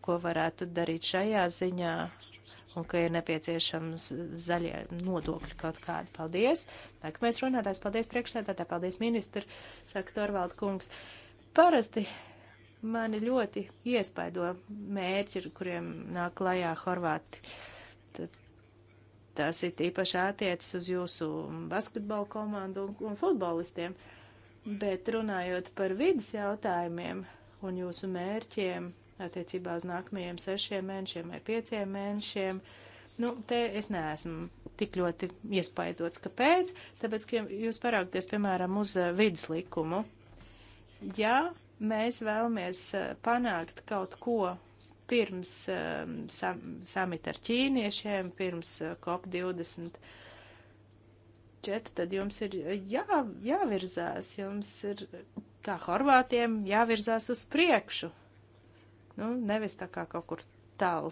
ko varētu darīt šajā ziņā, un ka ir nepieciešams zaļie nodokļi kaut kādi. Paldies! Nākamais runātājs, paldies priekšsēdētāji, paldies ministri, saka Torvalda kungs. Parasti mani ļoti iespaido mērķi, ar kuriem nāk klajā Horvāti. Tad tas ir īpaši attiecis uz jūsu basketbalu komandu un, un futbolistiem. Bet runājot par vidas jautājumiem un jūsu mērķiem attiecībā uz nākamajiem sešiem mēnešiem vai pieciem mēnešiem. Nu, te es neesmu tik ļoti iespaidots. Kāpēc? Tāpēc, ka jūs parāgties, piemēram, uz eh, vidas likumu. Ja mēs vēlamies eh, panākt kaut ko pirms eh, sam, samita ar ķīniešiem, pirms COP20 četri, tad jums ir jā, jāvirzās, jums ir kā horvātiem jāvirzās uz priekšu. Nu, nevis tā kā kaut kur tālu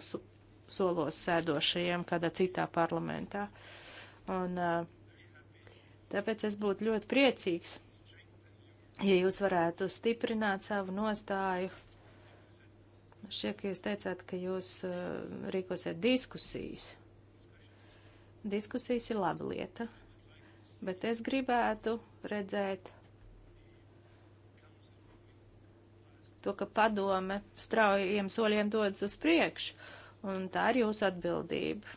solos sēdošajiem kādā citā parlamentā. Un, tāpēc es būtu ļoti priecīgs, ja jūs varētu stiprināt savu nostāju. Šķiet, ka jūs teicāt, ka jūs rīkosiet diskusijas. Diskusijas ir laba lieta, bet es gribētu redzēt to, ka padome straujiem soļiem dodas uz priekšu, un tā ir jūsu atbildība.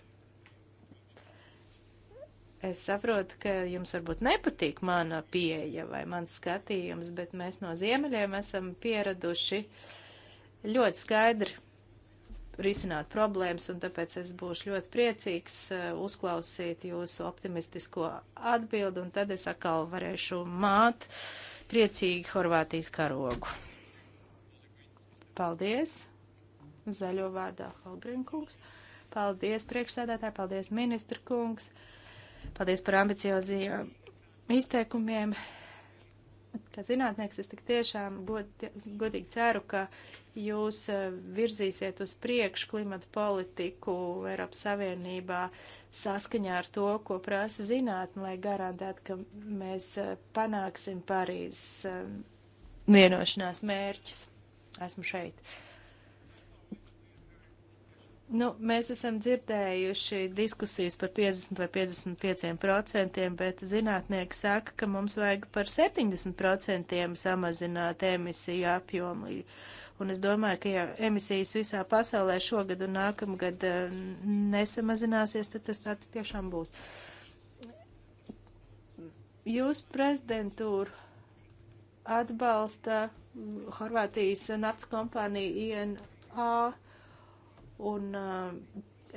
Es saprotu, ka jums varbūt nepatīk mana pieeja vai mans skatījums, bet mēs no ziemeļiem esam pieraduši ļoti skaidri risināt problēmas, un tāpēc es būšu ļoti priecīgs uh, uzklausīt jūsu optimistisko atbildi, un tad es atkal varēšu māt priecīgi Horvātijas karogu. Paldies! Zaļo vārdā Holgrinkungs. Paldies, priekšsēdētāji, paldies, ministra kungs. Paldies par ambiciozajiem izteikumiem. Kā zinātnieks, es tik tiešām god, godīgi ceru, ka jūs eh, virzīsiet uz priekšu klimata politiku Eiropas Savienībā saskaņā ar to, ko prasa zinātne, lai garantētu, ka mēs eh, panāksim Parīzes eh, vienošanās mērķus esmu šeit. Nu, mēs esam dzirdējuši diskusijas par 50 vai 55 procentiem, bet zinātnieki saka, ka mums vajag par 70 procentiem samazināt emisiju apjomu. Un es domāju, ka ja emisijas visā pasaulē šogad un nākamgad eh, nesamazināsies, tad tas tā tiešām būs. Jūs prezidentūru atbalsta Horvātijas naftas kompānija INA un uh,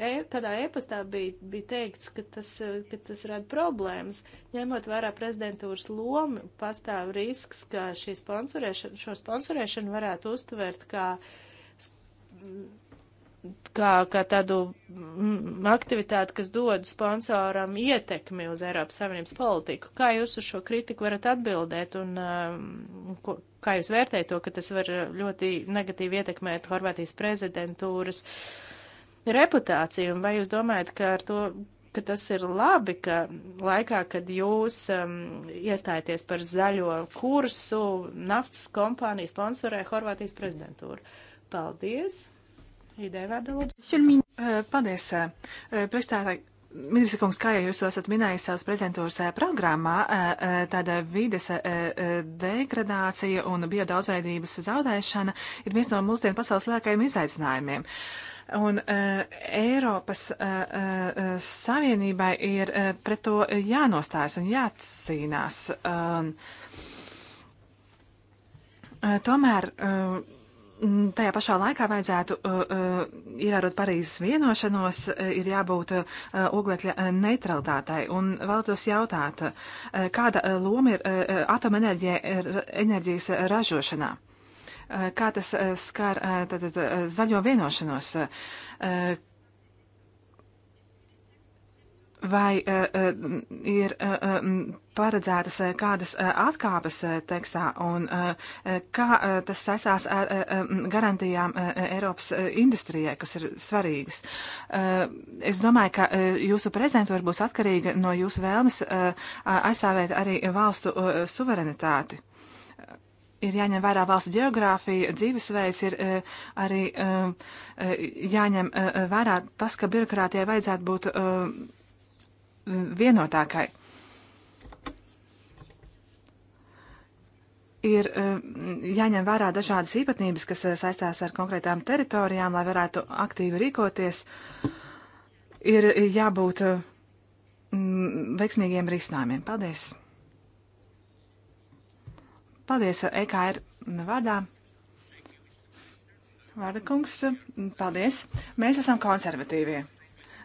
e, kādā e-pastā bija, bija teikts, ka tas, uh, ka tas rada problēmas. Ņemot vērā prezidentūras lomu, pastāv risks, ka šī sponsorēšana, šo sponsorēšanu varētu uztvert kā kā, kā tādu mm, aktivitāti, kas dod sponsoram ietekmi uz Eiropas Savienības politiku. Kā jūs uz šo kritiku varat atbildēt un um, ko, kā jūs vērtējat to, ka tas var ļoti negatīvi ietekmēt Horvātijas prezidentūras reputāciju? Un vai jūs domājat, ka ar to ka tas ir labi, ka laikā, kad jūs um, iestājaties par zaļo kursu, naftas kompānija sponsorē Horvātijas prezidentūru. Paldies! Ideja vārda lūdzu. Eh, paldies, eh, priekšstādāji. Ministra kungs, kā jau jūs to esat minējis savas prezentūras eh, programmā, tāda vides degradācija un biodaudzveidības zaudēšana ir viens no mūsdienu pasaules lielākajiem izaicinājumiem. Un uh, Eiropas uh, uh, Savienībai ir uh, pret to jānostājas un jācīnās. Uh, uh, tomēr. Uh, Mm, tajā pašā laikā vajadzētu uh, uh, ievērot Parīzes vienošanos, uh, ir jābūt uh, oglekļa uh, neutralitātei. Un vēlētos jautāt, uh, kāda uh, loma ir uh, atomenerģijas uh, er, ražošanā? Uh, kā tas uh, skar uh, tad, uh, zaļo vienošanos? Uh, vai uh, uh ir uh, uh paredzētas eh, kādas eh, atkāpes eh, tekstā un kā tas saistās ar garantijām Eiropas industrijai, kas ir svarīgas. Es domāju, ka jūsu prezentūra būs atkarīga no jūsu vēlmes aizstāvēt arī valstu suverenitāti. Ir jāņem vērā valstu geogrāfija, dzīvesveids, ir arī jāņem vērā tas, ka birokrātijai vajadzētu būt vienotākai. ir eh, jāņem vērā dažādas īpatnības, kas eh, saistās ar konkrētām teritorijām, lai varētu aktīvi rīkoties. Ir jābūt eh, mm, veiksmīgiem risinājumiem. Paldies! Paldies EKR e vārdā. Vārda kungs, paldies. Mēs esam konservatīvie.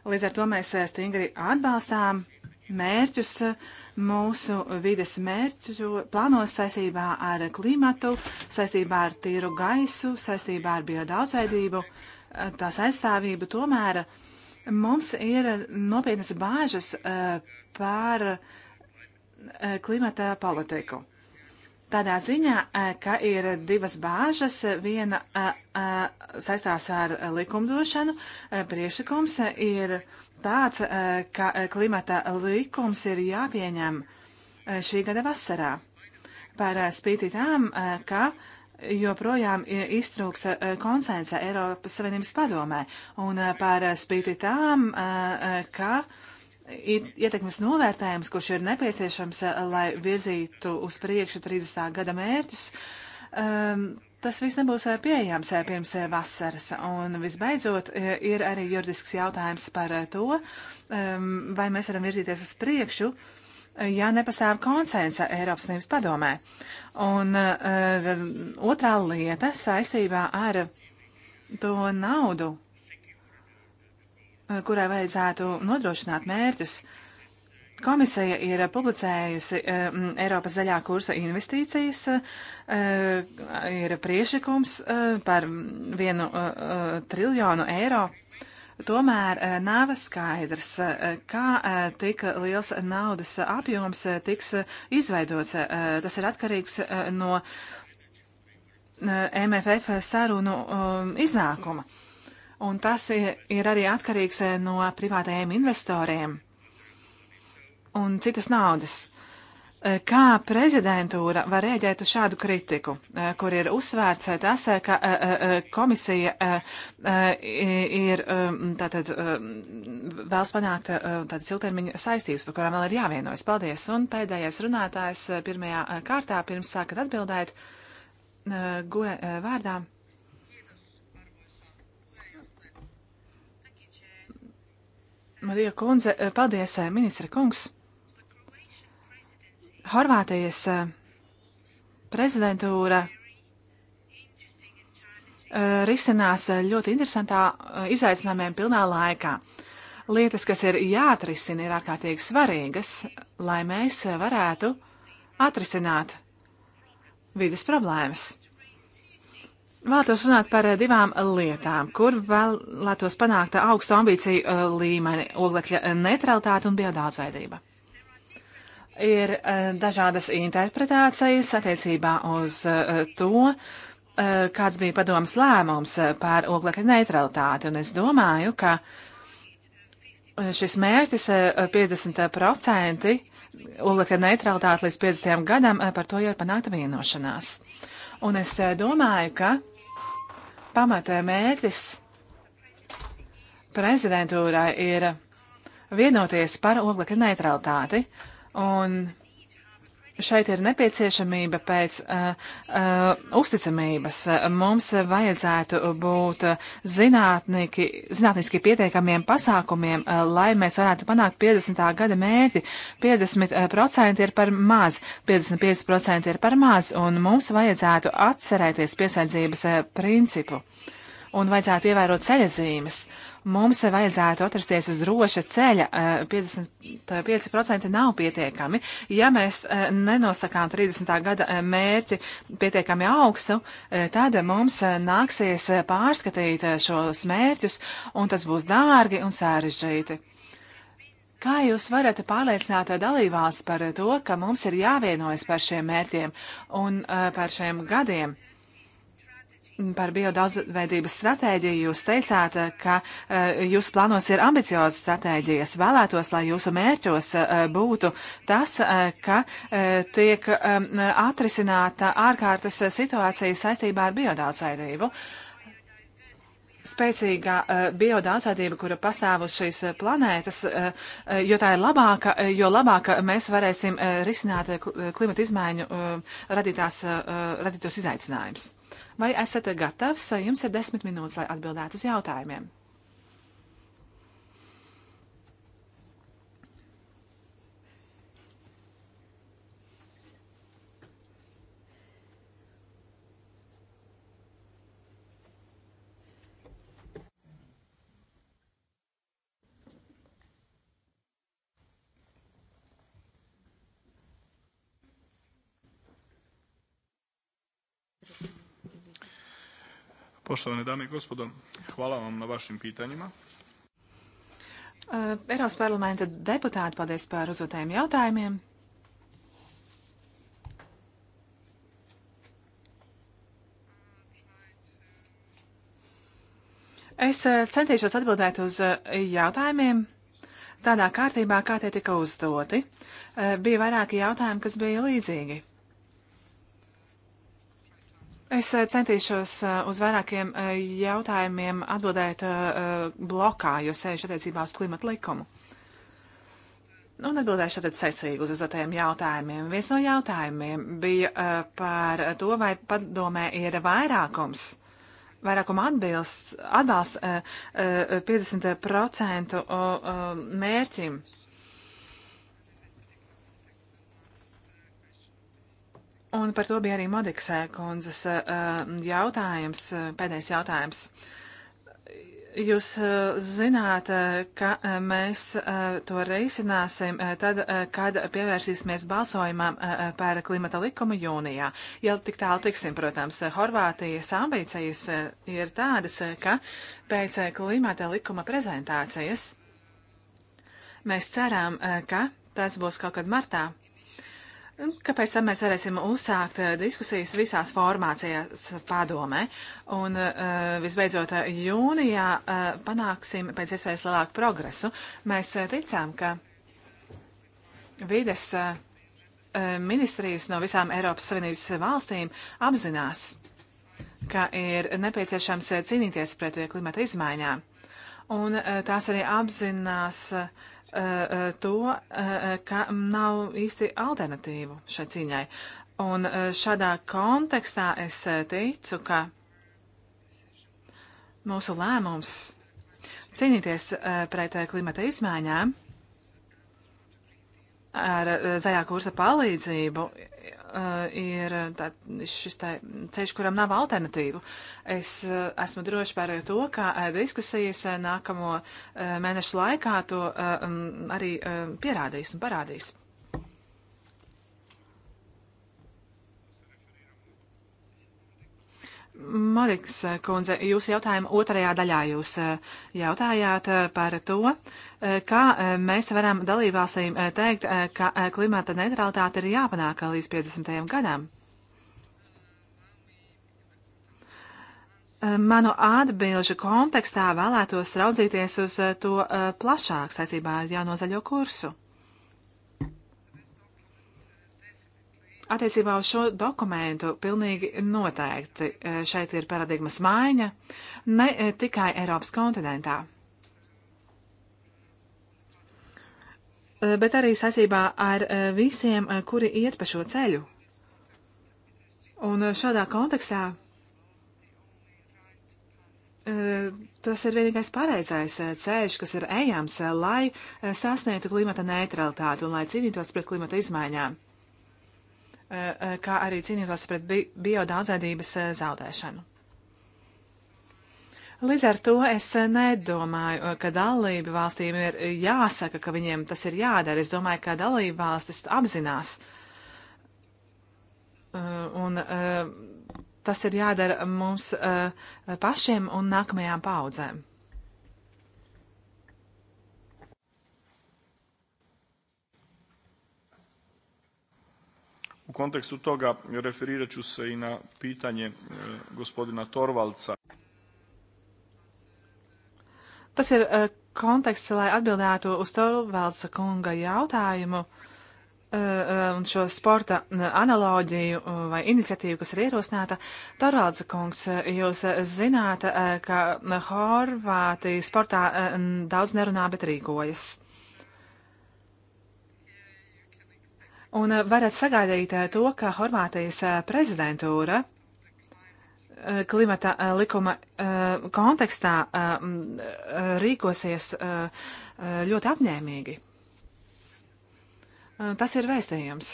Līdz ar to mēs stingri atbalstām mērķus, uh, mūsu vides mērķu plānos saistībā ar klimatu, saistībā ar tīru gaisu, saistībā ar biodaudzveidību, tās aizstāvību. Tomēr mums ir nopietnas bāžas eh, par eh, klimata politiku. Tādā ziņā, eh, ka ir divas bāžas, viena saistās ar likumdošanu, priekšlikums ir tāds, eh, ka eh, klimata likums ir jāpieņem eh, šī gada vasarā. Par spīti tām, ka joprojām iztrūks konsensa Eiropas Savienības padomē un par spīti tām, ka ietekmes novērtējums, kurš ir nepieciešams, lai virzītu uz priekšu 30. gada mērķus, um, Tas viss nebūs eh, pieejams eh, pirms eh, vasaras. Un visbeidzot, ir arī juridisks jautājums par to, ehm, vai mēs varam virzīties uz priekšu, ja nepastāv konsensa Eiropas Savienības padomē. Un otrā lieta saistībā ar to naudu, kurai vajadzētu nodrošināt mērķus. Uh, Komisija ir publicējusi um, Eiropas zaļā kursa investīcijas, uh, ir priešakums uh, eh, par vienu uh, triljonu eiro. Tomēr uh, nav skaidrs, uh, kā uh, tik liels naudas apjoms uh, tiks uh, izveidots. Uh, tas ir atkarīgs uh, no uh, MFF sarunu uh, iznākuma. Un tas ir, ir arī atkarīgs uh, no privātajiem investoriem un citas naudas. Eh, Kā prezidentūra var rēģēt uz šādu kritiku, eh, kur ir uzsvērts tas, ka komisija ir tātad vēlas panākt eh, tādas ilgtermiņa saistības, par kurām vēl ir jāvienojas. Paldies! Un pēdējais runātājs pirmajā kārtā, pirms sākat atbildēt, goe vārdā. Marija Kunze, paldies, ministra kungs! Horvātijas eh, prezidentūra eh, risinās eh, ļoti interesantā izaicinājumiem pilnā laikā. Lietas, kas ir jāatrisina, ir ārkārtīgi svarīgas, lai mēs varētu atrisināt vidas problēmas. Vēlētos runāt par divām lietām, kur vēlētos panākt augstu ambīciju līmeni - oglekļa neutralitāte un biodaudzveidība ir e, dažādas interpretācijas attiecībā uz e, to, e, kāds bija padomas lēmums par oglekļa neutralitāti. Un es domāju, ka šis mērķis 50% oglekļa neutralitāte līdz 50. gadam, par to jau ir panākta vienošanās. Un es domāju, ka pamatē mērķis prezidentūrai ir vienoties par oglekļa neutralitāti Un šeit ir nepieciešamība pēc uh, uh, uzticamības. Mums vajadzētu būt zinātniski pietiekamiem pasākumiem, uh, lai mēs varētu panākt 50. gada mērķi. 50% uh, ir par maz, 55% ir par maz, un mums vajadzētu atcerēties piesardzības uh, principu. Un vajadzētu ievērot ceļazīmes. Uh, mums vajadzētu atrasties uz droša ceļa. 55% eh, nav pietiekami. Ja mēs eh, nenosakām 30. gada eh, mērķi pietiekami augstu, tad mums nāksies pārskatīt šos mērķus, un tas būs dārgi un sarežģīti. Kā jūs varat pārliecināt dalībvalsts par to, ka mums ir jāvienojas par šiem mērķiem un par šiem gadiem? Par biodaudzveidības stratēģiju jūs teicāt, ka eh, jūsu plānos ir ambiciozas stratēģijas. Vēlētos, lai jūsu mērķos eh, būtu tas, eh, ka tiek atrisināta ārkārtas situācija saistībā ar biodaudzveidību. Spēcīgā biodaudzveidība, kura pastāv uz šīs planētas, jo tā ir labāka, jo labāk mēs varēsim risināt klimata izmaiņu radītās, radītos izaicinājumus. Vai esat gatavs? Jums ir desmit minūtes, lai atbildētu uz jautājumiem. Poštovane dame i gospodo, hvala vam na vašim pitanjima. Uh, Eiropas parlamenta deputāti, paldies par uzdotajiem jautājumiem. Es eh, centīšos atbildēt uz eh, jautājumiem tādā kārtībā, kā tie tika uzdoti. Bija vairāki jautājumi, kas bija līdzīgi. Es eh, centīšos eh, uz vairākiem eh, jautājumiem atbildēt blokā, jo sēžu attiecībā uz klimatu likumu. Nu, un atbildēšu tad secīgi uz uzdotajiem jautājumiem. Viens no jautājumiem bija par to, vai padomē ir vairākums. Vairākuma atbilsts, atbalsts 50% mērķim. Un par to bija arī Modiksē kundzes eh, jautājums, eh, pēdējais jautājums. Jūs eh, zināt, ka mēs to reizināsim tad, kad pievērsīsimies balsojumam par klimata likumu jūnijā. Ja tik tālu tiksim, protams, Horvātijas ambīcijas ir tādas, ka pēc klimata likuma prezentācijas mēs ceram, ka tas būs kaut kad martā. Kāpēc tam mēs varēsim uzsākt eh, diskusijas visās formācijās padomē? Un eh, visbeidzot, jūnijā eh, panāksim pēc iespējas lielāku progresu. Mēs ticām, ka vides ministrijas no visām Eiropas Savienības valstīm apzinās, ka ir nepieciešams cīnīties pret klimata izmaiņām. Un tās arī apzinās, uh, Eh, eh, to, eh, ka nav īsti alternatīvu šai cīņai. Un šādā kontekstā es teicu, ka mūsu lēmums cīnīties pret klimata izmaiņām ar zaļā kursa palīdzību Uh, ir uh, tā, šis tā, ceļš, kuram nav alternatīvu. Es uh, esmu droši par to, ka diskusijas nākamo mēnešu laikā to um, arī pierādīs un parādīs. Mariks eh, kundze, jūs jautājuma otrajā daļā jūs eh, jautājāt eh, par to, kā mēs varam dalībvalstīm teikt, ka klimata neutralitāte ir jāpanāk līdz 50. gadam. Manu atbilžu kontekstā vēlētos raudzīties uz to plašāk saistībā ar jauno zaļo kursu. Attiecībā uz šo dokumentu pilnīgi noteikti e, šeit ir paradigmas maiņa, ne e, tikai Eiropas kontinentā, e, bet arī saistībā ar visiem, kuri iet pa šo ceļu. Un šādā kontekstā tas ir vienīgais pareizais ceļš, kas ir ejams, lai sasniegtu klimata neutralitāti un lai cīnītos pret klimata izmaiņām. Eh, kā arī cīnītos pret biodaudzveidības eh, zaudēšanu. Līdz ar to es nedomāju, eh, ka dalību valstīm ir jāsaka, ka viņiem tas ir jādara. Es domāju, ka dalību valstis apzinās. Un tas ir jādara mums pašiem un nākamajām paudzēm. kontekstu toga referirat ću se i na pitanje e, gospodina Torvalca. Tas ir e, konteksts, lai atbildētu uz Torvalca kunga jautājumu e, un šo sporta analoģiju vai iniciatīvu, kas ir ierosināta. Torvalds kungs, jūs zināt, ka Horvātija sportā daudz nerunā, bet rīkojas. Un eh, varat sagaidīt eh, to, ka Horvātijas eh, prezidentūra klimata likuma kontekstā rīkosies ļoti apņēmīgi. Tas ir vēstījums,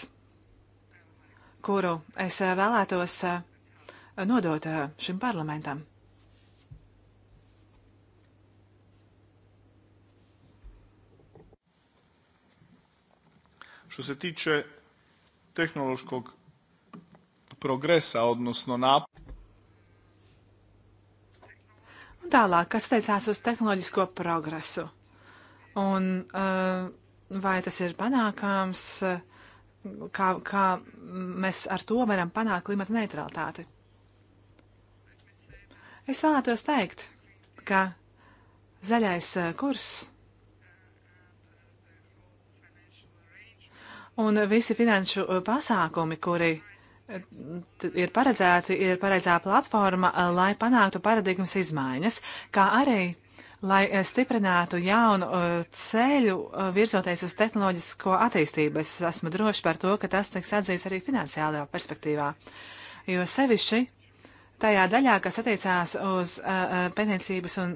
kuru es vēlētos nodot šim parlamentam. Što se tiče tehnološkog progresa, odnosno nap... Un tālāk, kas teicās uz tehnoloģisko progresu? Un uh, vai tas ir panākāms, kā, kā mēs ar to varam panākt klimata neutralitāti? Es vēlētos teikt, ka zaļais eh, kurs Un visi finanšu uh, pasākumi, kuri uh, ir paredzēti, ir pareizā platforma, uh, lai panāktu paradigmas izmaiņas, kā arī lai stiprinātu jaunu ceļu virzoties uz tehnoloģisko attīstību. Es esmu droši par to, ka tas tiks atzīts arī finansiālajā perspektīvā. Jo sevišķi tajā daļā, kas attiecās uz pētniecības un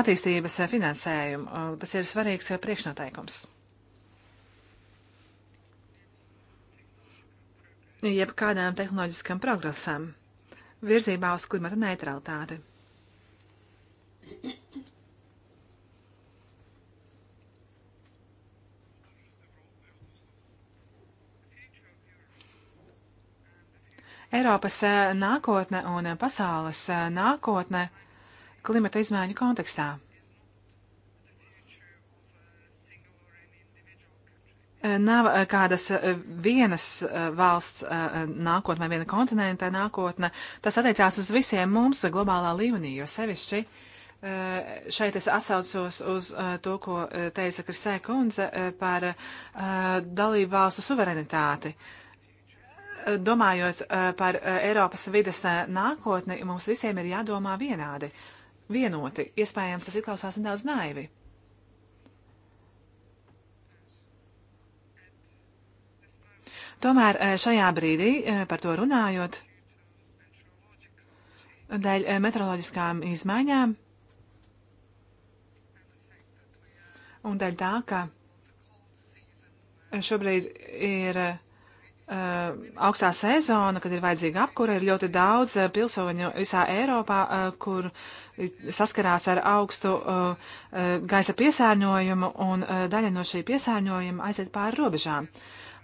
attīstības finansējumu, tas ir svarīgs priekšnoteikums. jebkādām tehnoloģiskam progresam virzībā uz klimata neutralitāti. Eiropas eh, nākotne un eh, pasaules eh, nākotne klimata izmaiņu kontekstā. Nav eh, kādas eh, vienas eh, valsts nākotnē, viena kontinenta nākotne. Tas attiecās uz visiem mums globālā līmenī, jo sevišķi šeit es atsaucos uz to, ko teica Krisē Kunze par dalību valstu suverenitāti. Domājot par Eiropas vides nākotni, mums visiem ir jādomā vienādi, vienoti. Iespējams, tas izklausās nedaudz naivi Tomēr eh, šajā brīdī, eh, par to runājot, dēļ eh, meteoroloģiskām izmaiņām un dēļ tā, ka šobrīd ir Uh, augstā sezona, kad ir vajadzīga apkura, ir ļoti daudz uh, pilsoņu visā Eiropā, uh, kur saskarās ar augstu gaisa piesārņojumu, un daļa no šī piesārņojuma aiziet pāri robežām. Uh,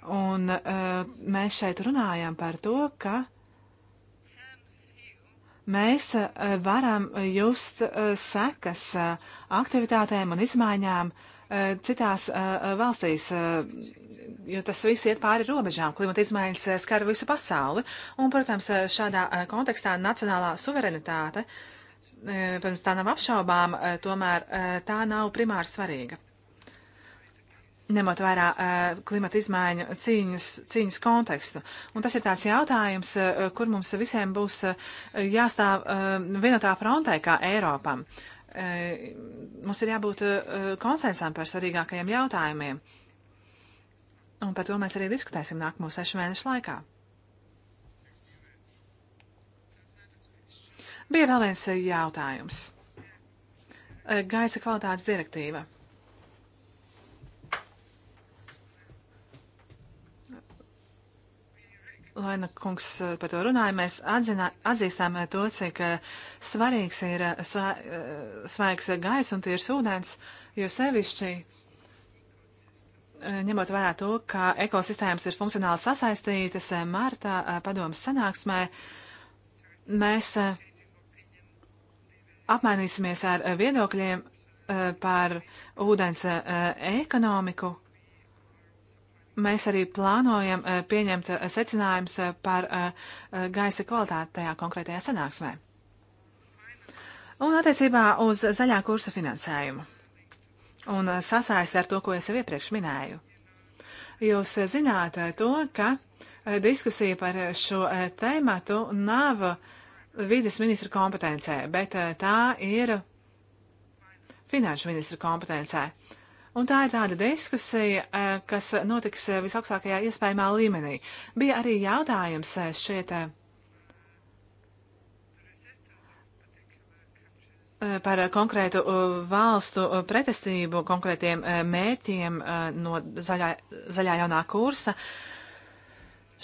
Un eh, mēs šeit runājam par to, ka mēs eh, varam just eh, sekas aktivitātēm un izmaiņām citās valstīs, jo tas viss iet pāri robežām. Klimata izmaiņas skar visu pasauli, un, protams, šādā kontekstā nacionālā suverenitāte, pirms tā nav apšaubām, tomēr tā nav primāri svarīga ņemot vērā uh, klimata izmaiņu cīņas, cīņas kontekstu. Un tas ir tāds jautājums, uh, kur mums visiem būs uh, jāstāv uh, vienotā frontē kā Eiropam. Uh, mums ir jābūt uh, konsensām par svarīgākajiem jautājumiem. Un par to mēs arī diskutēsim nākamo sešu mēnešu laikā. Bija vēl viens jautājums. Gaisa kvalitātes direktīva. Laina kungs eh, par to runāja, mēs atzinā, atzīstām eh, to, cik eh, svarīgs ir svā, svaigs gaiss un tīrs ūdens, jo sevišķi ņemot vērā to, ka ekosistēmas ir funkcionāli sasaistītas, martā padomas sanāksmē mēs apmainīsimies ar viedokļiem par ūdens ekonomiku Mēs arī plānojam eh, pieņemt eh, secinājumus eh, par gaisa kvalitāti tajā konkrētajā sanāksmē. Un attiecībā uz zaļā kursa finansējumu. Un sasaisti ar to, ko es jau iepriekš minēju. Jūs zināt to, ka diskusija par šo tēmatu nav vides ministra kompetencē, bet tā ir finanšu ministra kompetencē. Un tā ir tāda diskusija, eh, kas notiks eh, visaugstākajā iespējamā līmenī. Bija arī jautājums eh, šeit par konkrētu valstu pretestību konkrētiem mērķiem no zaļā, zaļā jaunā kursa.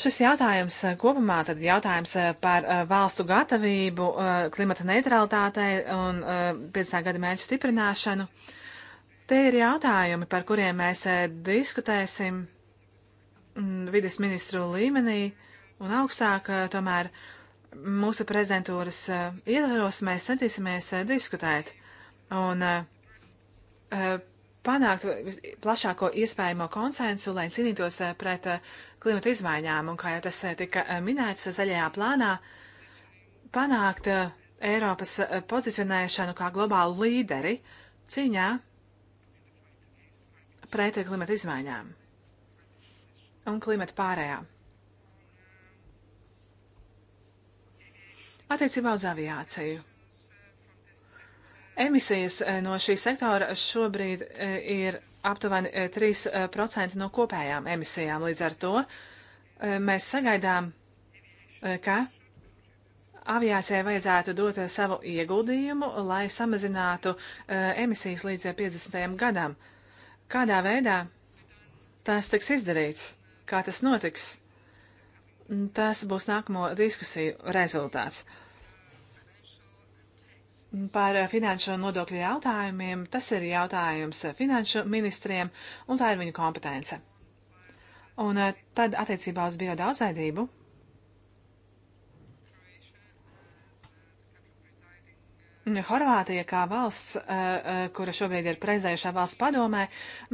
Šis jautājums kopumā tad jautājums par valstu gatavību klimata neutralitātei un 50. gada mērķu stiprināšanu. Uh, Tie ir jautājumi, par kuriem mēs e, diskutēsim mm, vides ministru līmenī un augstāk, e, tomēr mūsu prezidentūras e, ietvaros mēs centīsimies diskutēt un panākt plašāko iespējamo konsensu, lai cīnītos pret klimata izmaiņām un, kā jau tas tika minēts, zaļajā plānā panākt Eiropas pozicionēšanu kā globālu līderi cīņā pret klimata izmaiņām un klimata pārējām. Attiecībā uz aviāciju. Emisijas eh, no šī sektora šobrīd eh, ir aptuveni 3% eh, no kopējām emisijām. Līdz ar to mēs sagaidām, ka aviācijai vajadzētu dot savu ieguldījumu, lai samazinātu emisijas līdz 50. gadam. Kādā veidā tas tiks izdarīts? Kā tas notiks? Tas būs nākamo diskusiju rezultāts. Par finanšu nodokļu jautājumiem tas ir jautājums finanšu ministriem, un tā ir viņu kompetence. Un eh, tad attiecībā uz biodaudzveidību Horvātija kā valsts, eh, eh, kura šobrīd ir prezidējušā valsts padomē,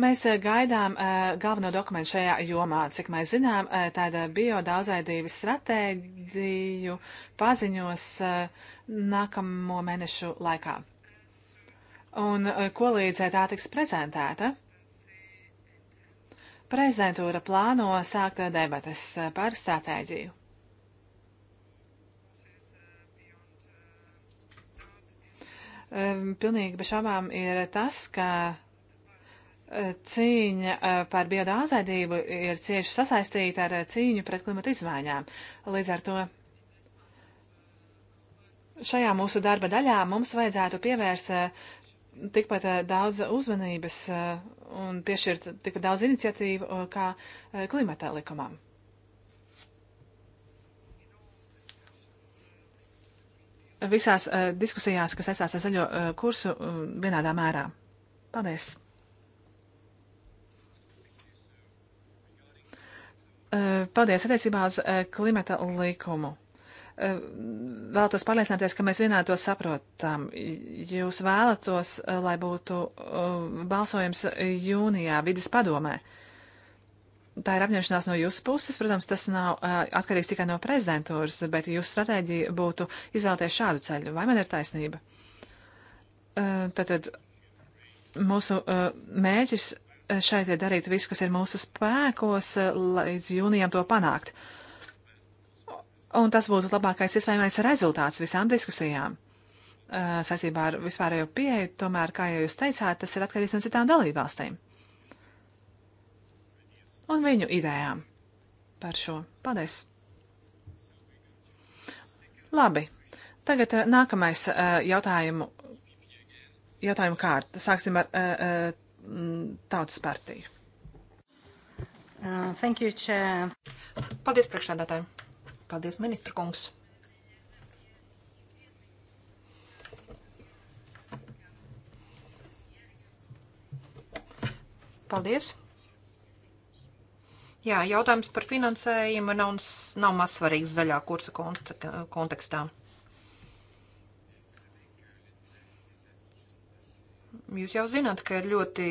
mēs eh, gaidām galveno dokumentu šajā jomā. Cik mēs zinām, tāda biodaudzveidības stratēģiju paziņos nākamo mēnešu laikā. Un ko līdzē tā tiks prezentēta? Prezidentūra plāno sākt debates par stratēģiju. pilnīgi bez šabām ir tas, ka e, cīņa e, par biodāzēdību ir cieši sasaistīta ar e, cīņu pret klimata izmaiņām. Līdz ar to šajā mūsu darba daļā mums vajadzētu pievērst tikpat daudz uzmanības un piešķirt tikpat daudz iniciatīvu kā klimata likumam. visās uh, diskusijās, kas saistās ar zaļo uh, kursu, uh, vienādā mērā. Paldies! Uh, paldies attiecībā uz uh, klimata likumu. Uh, vēlētos pārliecināties, ka mēs vienādi to saprotam. Jūs vēlatos, lai būtu balsojums jūnijā vidas padomē. Uh, tā ir apņemšanās no jūsu puses. Protams, tas nav uh, atkarīgs tikai no prezidentūras, bet jūsu stratēģija būtu izvēlēties šādu ceļu. Vai man ir taisnība? Uh, tātad mūsu uh, mēģis šeit ir darīt visu, kas ir mūsu spēkos, uh, līdz jūnijam to panākt. Un tas būtu labākais iespējamais rezultāts visām diskusijām. Uh, saistībā ar vispārējo pieeju, tomēr, kā jau jūs teicāt, tas ir atkarīgs no citām dalībvalstīm un viņu idejām par šo. Paldies! Labi, tagad eh, nākamais eh, jautājumu, jautājumu kārta. Sāksim ar eh, Tautas partiju. Uh, thank you, Chair. Paldies, priekšsēdētāji. Paldies, ministru kungs. Paldies Jā, jautājums par finansējumu nav, nav maz svarīgs zaļā kursa kontekstā. Jūs jau zināt, ka ir ļoti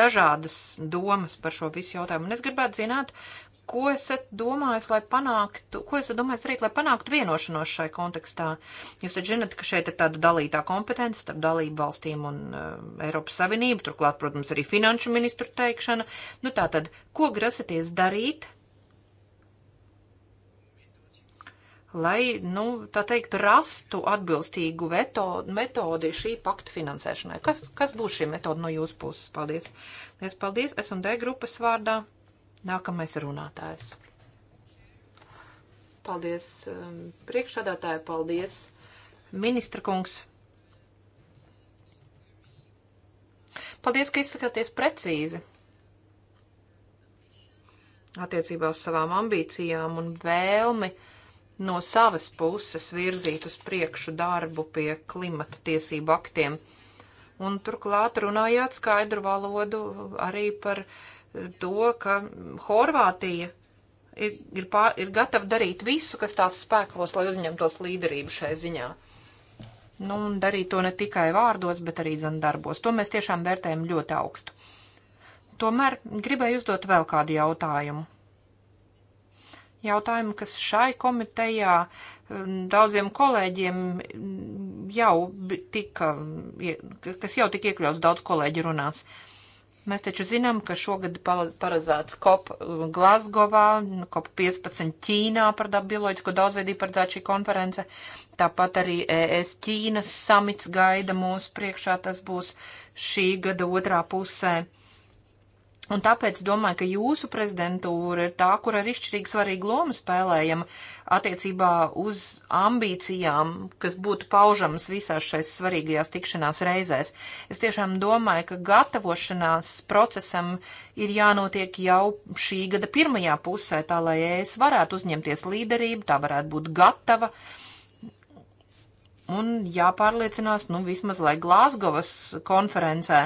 dažādas domas par šo visu jautājumu, un es gribētu zināt, ko esat domājis, lai panāktu, ko esat domājis darīt, lai panāktu vienošanos šai kontekstā? Jūs taču zinat, ka šeit ir tāda dalītā kompetence starp dalību valstīm un uh, Eiropas Savienību, turklāt, protams, arī finanšu ministru teikšana. Nu tā tad, ko grasaties darīt? Lai, nu, tā teikt, rastu atbilstīgu metodi, metodi šī pakta finansēšanai. Kas, kas būs šī metode no jūsu puses? Paldies! Lies, paldies! Es un D grupas vārdā. Nākamais runātājs. Paldies um, priekšsādātāju, paldies ministra kungs. Paldies, ka izsakāties precīzi attiecībā uz savām ambīcijām un vēlmi no savas puses virzīt uz priekšu darbu pie klimata tiesību aktiem. Un turklāt runājāt skaidru valodu arī par uh, to, ka Horvātija ir, ir, pār, ir gatava darīt visu, kas tās spēkos, lai uzņemtos līderību šai ziņā. Nu, un darīt to ne tikai vārdos, bet arī zem darbos. To mēs tiešām vērtējam ļoti augstu. Tomēr gribēju uzdot vēl kādu jautājumu. Jautājumu, kas šai komitejā um, daudziem kolēģiem jau tika, um, kas jau tika iekļauts daudz kolēģi runās. Uh, Mēs taču zinām, ka šogad paredzēts COP Glasgowā, COP 15 Ķīnā par bioloģisko daudzveidību paredzēta šī konference. Tāpat arī ES Ķīnas samits gaida mūsu priekšā. Tas būs šī gada otrā pusē. Un tāpēc domāju, ka jūsu prezidentūra ir tā, kur ar izšķirīgi svarīgu lomu spēlējama attiecībā uz ambīcijām, kas būtu paužamas visās šais svarīgajās tikšanās reizēs. Es tiešām domāju, ka gatavošanās procesam ir jānotiek jau šī gada pirmajā pusē, tā lai es varētu uzņemties līderību, tā varētu būt gatava un jāpārliecinās, nu, vismaz lai Glāzgovas konferencē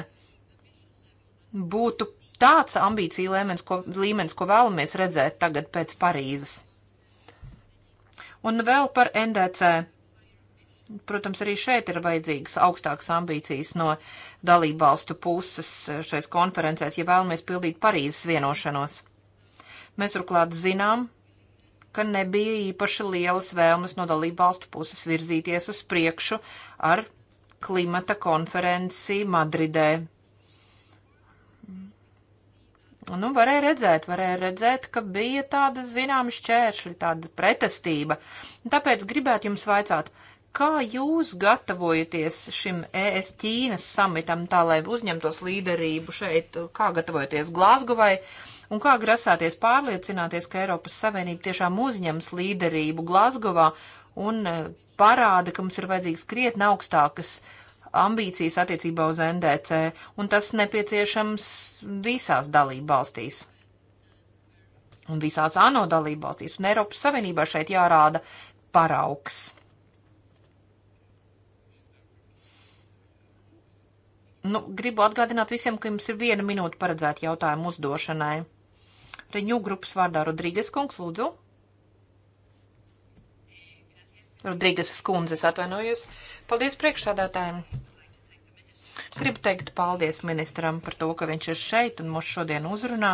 būtu tāds ambīcija līmenis, ko, līmenis, ko vēlamies redzēt tagad pēc Parīzes. Un vēl par NDC. Protams, arī šeit ir vajadzīgas augstākas ambīcijas no dalību valstu puses šais konferencēs, ja vēlamies pildīt Parīzes vienošanos. Mēs turklāt zinām, ka nebija īpaši lielas vēlmes no dalību valstu puses virzīties uz priekšu ar klimata konferenci Madridē Nu, varēja redzēt, varēja redzēt, ka bija tāda zināma šķēršļa, tāda pretestība. Tāpēc gribētu jums vaicāt, kā jūs gatavojaties šim ES Ķīnas samitam, tā lai uzņemtos līderību šeit, kā gatavojaties Glāzgovai un kā grasāties pārliecināties, ka Eiropas Savienība tiešām uzņems līderību Glāzgovā un eh, parāda, ka mums ir vajadzīgas krietni augstākas uh, ambīcijas attiecībā uz NDC, un tas nepieciešams visās dalību valstīs. Un visās ANO dalību valstīs, un Eiropas Savienībā šeit jārāda paraugs. Nu, gribu atgādināt visiem, ka jums ir viena minūte paredzēta jautājumu uzdošanai. Reņģu grupas vārdā Rodrīgas kungs, lūdzu. Rodrīgas skundzes atvainojos. Paldies priekšsādātājiem! Gribu teikt paldies ministram par to, ka viņš ir šeit un mūs šodien uzrunā,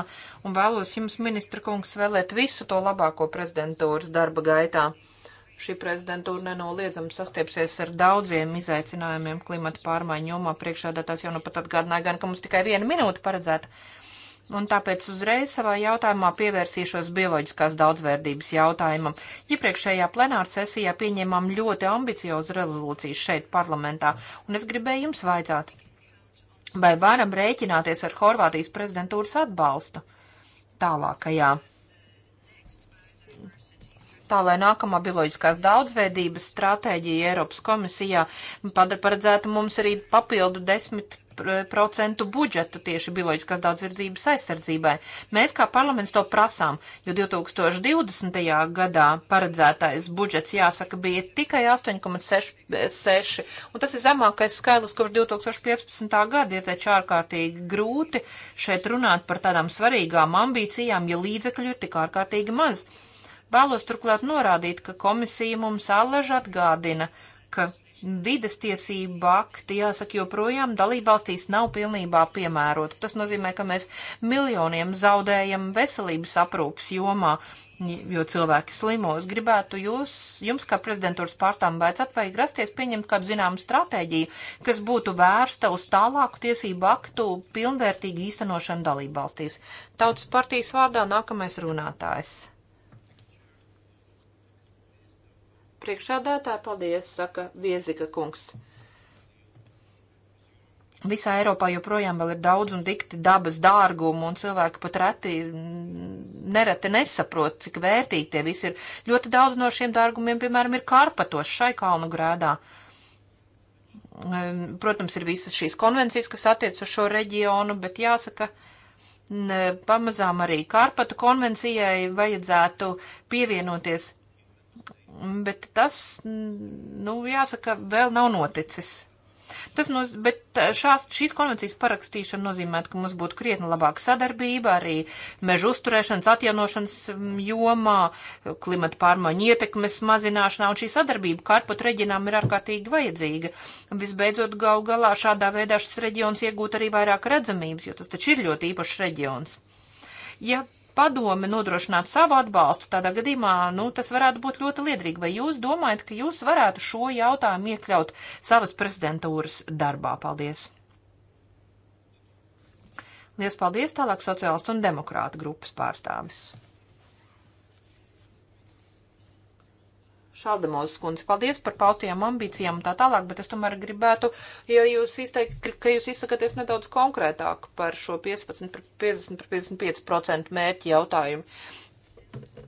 un vēlos jums, ministra kungs, vēlēt visu to labāko prezidentūras darba gaitā. Šī prezidentūra nenoliedzami sastiepsies ar daudziem izaicinājumiem klimata pārmaiņu jomā. Priekšādātās jau nu pat atgādināja gan, ka mums tikai viena minūte paredzēta un tāpēc uzreiz savā jautājumā pievērsīšos bioloģiskās daudzveidības jautājumam. Iepriekšējā ja plenāra sesijā pieņēmām ļoti ambiciozu rezolūciju šeit parlamentā, un es gribēju jums vaicāt, vai varam rēķināties ar Horvātijas prezidentūras atbalstu tālākajā. Tā lai nākamā bioloģiskās daudzveidības stratēģija Eiropas komisijā paredzētu mums arī papildu desmit 5% budžetu tieši bioloģiskās daudzvirdzības aizsardzībai. Mēs kā parlaments to prasām, jo 2020. gadā paredzētais budžets, jāsaka, bija tikai 8,6, un tas ir zemākais skaidrs kopš 2015. gada, ir taču ārkārtīgi grūti šeit runāt par tādām svarīgām ambīcijām, ja līdzekļu ir tik ārkārtīgi maz. Vēlos turklāt norādīt, ka komisija mums allaž atgādina, ka vides tiesību akti, jāsaka, joprojām dalībvalstīs nav pilnībā piemēroti. Tas nozīmē, ka mēs miljoniem zaudējam veselības aprūpas jomā, jo cilvēki slimos. Gribētu jūs, jums kā prezidentūras pārstāvam vajadzētu vai grasties pieņemt kādu zināmu stratēģiju, kas būtu vērsta uz tālāku tiesību aktu pilnvērtīgu īstenošanu dalībvalstīs. Tautas partijas vārdā nākamais runātājs. Priekšādātāji, paldies, saka Viezika kungs. Visā Eiropā joprojām vēl ir daudz un dikti dabas dārgumu, un cilvēki pat reti, nereti nesaprot, cik vērtīgi tie visi ir. Ļoti daudz no šiem dārgumiem, piemēram, ir karpatos šai kalnu grēdā. Ehm, protams, ir visas šīs konvencijas, kas attiec uz šo reģionu, bet jāsaka, pamazām arī Karpatu konvencijai vajadzētu pievienoties bet tas, nu, jāsaka, vēl nav noticis. Tas noz, bet šās, šīs konvencijas parakstīšana nozīmē, ka mums būtu krietni labāka sadarbība arī mežu uzturēšanas, atjaunošanas jomā, klimata pārmaiņu ietekmes mazināšanā, un šī sadarbība kārpot reģionām ir ārkārtīgi vajadzīga. Visbeidzot, gau galā šādā veidā šis reģions iegūt arī vairāk redzamības, jo tas taču ir ļoti īpašs reģions. Ja padome nodrošinātu savu atbalstu, tādā gadījumā, nu, tas varētu būt ļoti liederīgi. Vai jūs domājat, ka jūs varētu šo jautājumu iekļaut savas prezidentūras darbā? Paldies! Lies paldies tālāk sociālistu un demokrātu grupas pārstāvis. Šaldemos skundze, paldies par paustajām ambīcijām un tā tālāk, bet es tomēr gribētu, ja jūs izteikt, ka jūs izsakaties nedaudz konkrētāk par šo 15, par 50, par 55% mērķi jautājumu.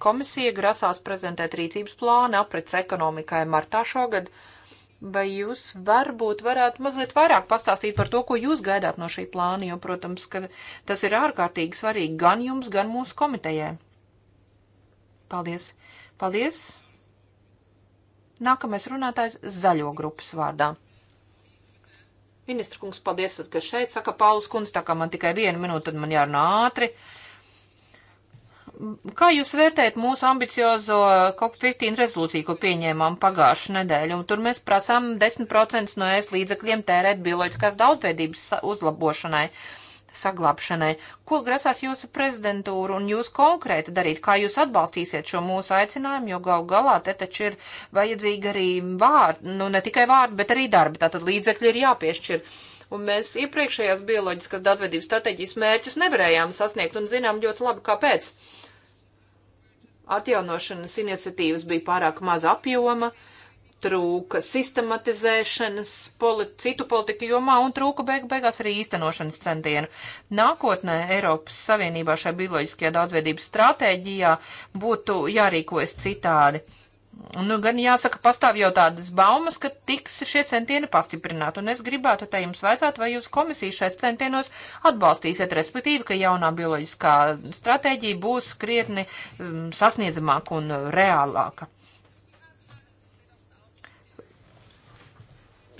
Komisija grasās prezentēt rīcības plānu aprits ekonomikai martā šogad. Vai jūs varbūt varētu mazliet vairāk pastāstīt par to, ko jūs gaidāt no šī plāna, jo, protams, ka tas ir ārkārtīgi svarīgi gan jums, gan mūsu komitejai? Paldies! Paldies! Nākamais runātājs zaļo grupas vārdā. Ministra kungs, paldies, ka šeit saka Paulus kungs, tā kā man tikai viena minūte, tad man jārunā ātri. Kā jūs vērtējat mūsu ambiciozo COP15 rezolūciju, ko pieņēmām pagājušu nedēļu? Un tur mēs prasām 10% no ES līdzekļiem tērēt bioloģiskās daudzveidības uzlabošanai. Uh, saglabšanai. Ko grasās jūsu prezidentūra un jūs konkrēti darīt? Kā jūs atbalstīsiet šo mūsu aicinājumu? Jo gal galā te taču ir vajadzīgi arī vārdi, nu ne tikai vārdi, bet arī darbi. Tātad līdzekļi ir jāpiešķir. Un mēs iepriekšējās bioloģiskās daudzveidības stratēģijas mērķus nevarējām sasniegt un zinām ļoti labi, kāpēc. Atjaunošanas iniciatīvas bija pārāk maza apjoma, uh, trūka sistematizēšanas, polit, citu politiku jomā un trūka beig beigās arī īstenošanas centienu. Nākotnē Eiropas Savienībā šai bioloģiskajā daudzveidības stratēģijā būtu jārīkojas citādi. Nu, gan jāsaka, pastāv jau tādas baumas, ka tiks šie centieni pastiprināti, un es gribētu te jums vajadzētu, vai jūs komisiju šais centienos atbalstīsiet, respektīvi, ka jaunā bioloģiskā stratēģija būs krietni um, sasniedzamāka un reālāka.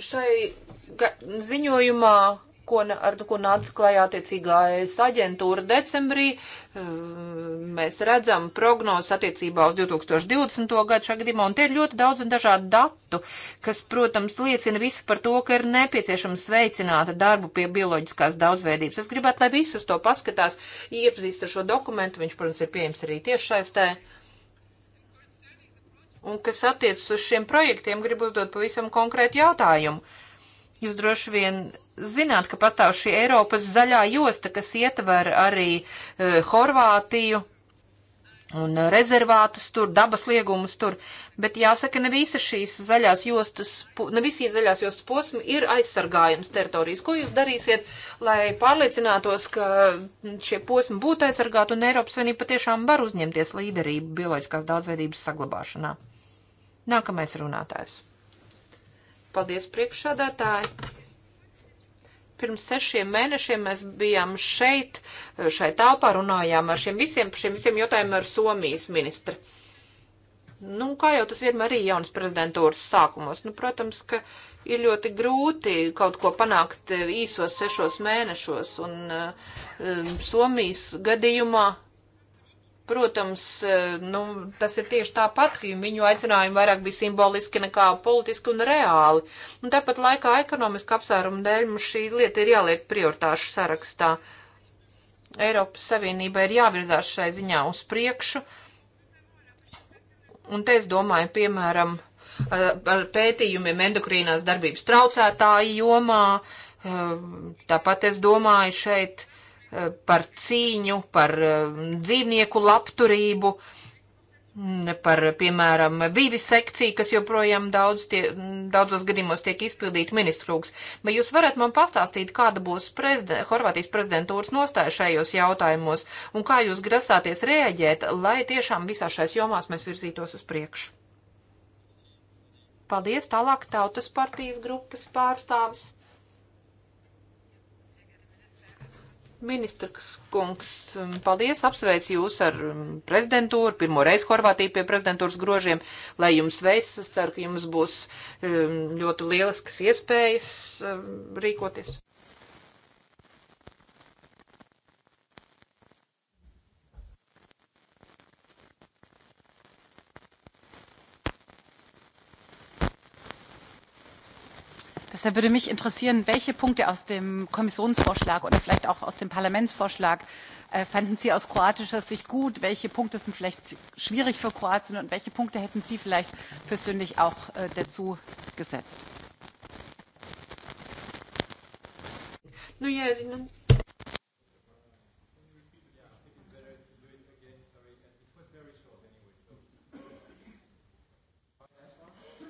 šai ziņojumā, ko, ar ko nāca klajā attiecīgā ES aģentūra decembrī, eh, mēs redzam prognozes attiecībā uz 2020. gadu šā gadījumā, un te ir ļoti daudz un dažādu datu, kas, protams, liecina visi par to, ka ir nepieciešams veicināta darbu pie bioloģiskās daudzveidības. Es gribētu, lai visas to paskatās, iepazīst ar šo dokumentu, viņš, protams, ir pieejams arī tiešsaistē. Ar Un kas attiecas uz šiem projektiem, gribu uzdot pavisam konkrētu jautājumu. Jūs droši vien zināt, ka pastāv šī Eiropas zaļā josta, kas ietver arī uh, Horvātiju un rezervātus tur, dabas liegumus tur, bet jāsaka, ne visas šīs zaļās jostas, ne visi zaļās jostas posmi ir aizsargājums teritorijas. Ko jūs darīsiet, lai pārliecinātos, ka šie posmi būtu aizsargāti un Eiropas Savienība patiešām var uzņemties līderību bioloģiskās daudzveidības saglabāšanā? Nākamais runātājs. Paldies, priekšsādātāji! pirms sešiem mēnešiem mēs bijām šeit, šai telpā runājām ar šiem visiem, šiem visiem jautājumiem ar Somijas ministru. Nu, kā jau tas vienmēr ir jaunas prezidentūras sākumos, nu, protams, ka ir ļoti grūti kaut ko panākt īsos sešos mēnešos, un um, Somijas gadījumā Protams, e, nu, tas ir tieši tāpat, ka viņu aicinājumi vairāk bija simboliski nekā politiski un reāli. Un tāpat laikā ekonomiski apsvērumu dēļ mums šī lieta ir jāliek prioritāšu sarakstā. Eiropas Savienība ir jāvirzās šai ziņā uz priekšu. Un te es domāju, piemēram, par e, pētījumiem endokrīnās darbības traucētāju jomā. E, tāpat es domāju šeit Eh, par cīņu, par eh, dzīvnieku labturību, mm, par, piemēram, vīvi sekciju, kas joprojām daudz tie, daudzos gadījumos tiek izpildīta ministrūks. Vai jūs varat man pastāstīt, kāda būs prezident, Horvātijas prezidentūras nostāja šajos jautājumos un kā jūs grasāties rēģēt, lai tiešām visā šais jomās mēs virzītos uz priekšu? Paldies, tālāk tautas partijas grupas pārstāvis. Ministrs kungs, um, paldies, apsveicu jūs ar um, prezidentūru, pirmo reizi Horvātiju pie prezidentūras grožiem, lai jums veicas, es ceru, ka jums būs um, ļoti lieliskas iespējas rīkoties. Deshalb würde mich interessieren, welche Punkte aus dem Kommissionsvorschlag oder vielleicht auch aus dem Parlamentsvorschlag äh, fanden Sie aus kroatischer Sicht gut? Welche Punkte sind vielleicht schwierig für Kroatien und welche Punkte hätten Sie vielleicht persönlich auch äh, dazu gesetzt? Nu, ja, es nu...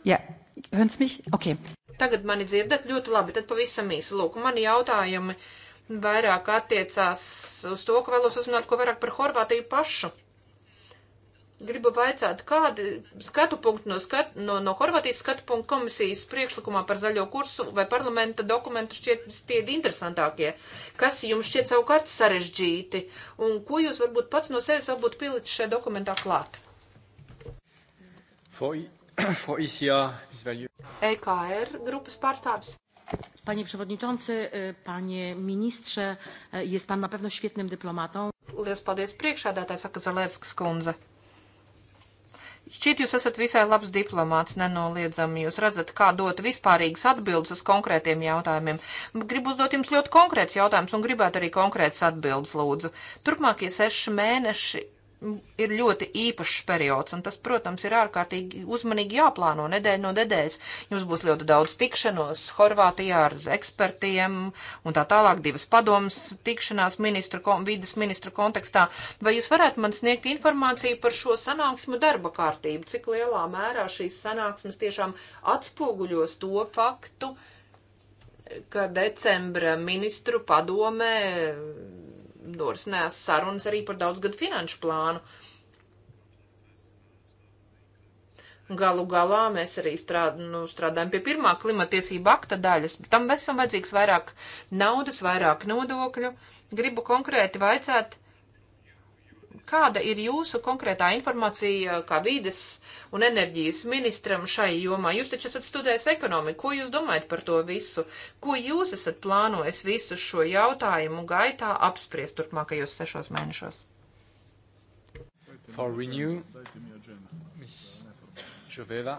Ja, hören Sie mich? Okay. Tagad mani dzirdat ļoti labi, tad pavisam īsi. Lūk, mani jautājumi vairāk attiecās uz to, ka vēlos uzzināt, ko vairāk par Horvātiju pašu. Gribu vaicāt, kādi skatu punkti no, skat, no, no Horvātijas skatu punktu komisijas priekšlikumā par zaļo kursu vai parlamenta dokumentu šķiet tie interesantākie? Kas jums šķiet savukārt sarežģīti? Un ko jūs varbūt pats no sevis varbūt pielicis šajā dokumentā klāt? Foi <clears throat> for ECR is value. EKR grupy pārstāvis. Panie przewodniczący, panie ministrze, jest pan na pewno świetnym dyplomatą. Lielas paldies priekšādātāji, saka Zalevskas kundze. Šķiet, jūs esat visai labs diplomāts, nenoliedzami. Jūs redzat, kā dot vispārīgas atbildes uz konkrētiem jautājumiem. Gribu uzdot jums ļoti konkrēts jautājums un gribētu arī konkrēts atbildes, lūdzu. Turpmākie seši mēneši ir ļoti īpašs periods, un tas, protams, ir ārkārtīgi uzmanīgi jāplāno nedēļa no nedēļas. Jums būs ļoti daudz tikšanos Horvātijā ar ekspertiem un tā tālāk divas padomas tikšanās ministra, vidas ministra kontekstā. Vai jūs varētu man sniegt informāciju par šo sanāksmu darba kārtību? Cik lielā mērā šīs sanāksmes tiešām atspoguļos to faktu, ka decembra ministru padomē norisinājās sarunas arī par daudzgadu finanšu plānu. Galu galā mēs arī strād, nu, strādājam pie pirmā klimatiesība akta daļas, bet tam visam vajadzīgs vairāk naudas, vairāk nodokļu. Gribu konkrēti vaicāt, Kāda ir jūsu konkrētā informācija kā vīdes un enerģijas ministram šai jomā? Jūs taču esat studējis ekonomiku. Ko jūs domājat par to visu? Ko jūs esat plānojis visu šo jautājumu gaitā apspriest turpmākajos sešos mēnešos? For Renew, Miss Žovela.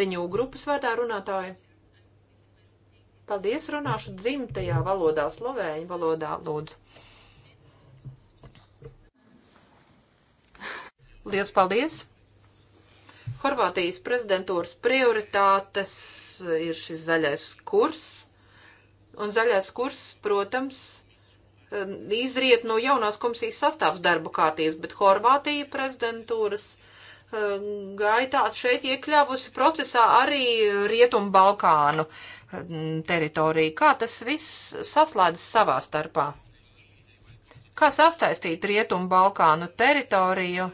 Renew grupas vārdā runātāji. Paldies, runāšu dzimtajā valodā, slovēņu valodā, lūdzu. Lielas paldies! Horvātijas prezidentūras prioritātes ir šis zaļais kurs. Un zaļais kurs, protams, eh, izriet no jaunās komisijas sastāvs darba kārtības, bet Horvātija prezidentūras eh, gaitā šeit iekļāvusi procesā arī Rietumu Balkānu eh, teritoriju. Kā tas viss saslēdzas savā starpā? Kā sastaistīt Rietumu Balkānu teritoriju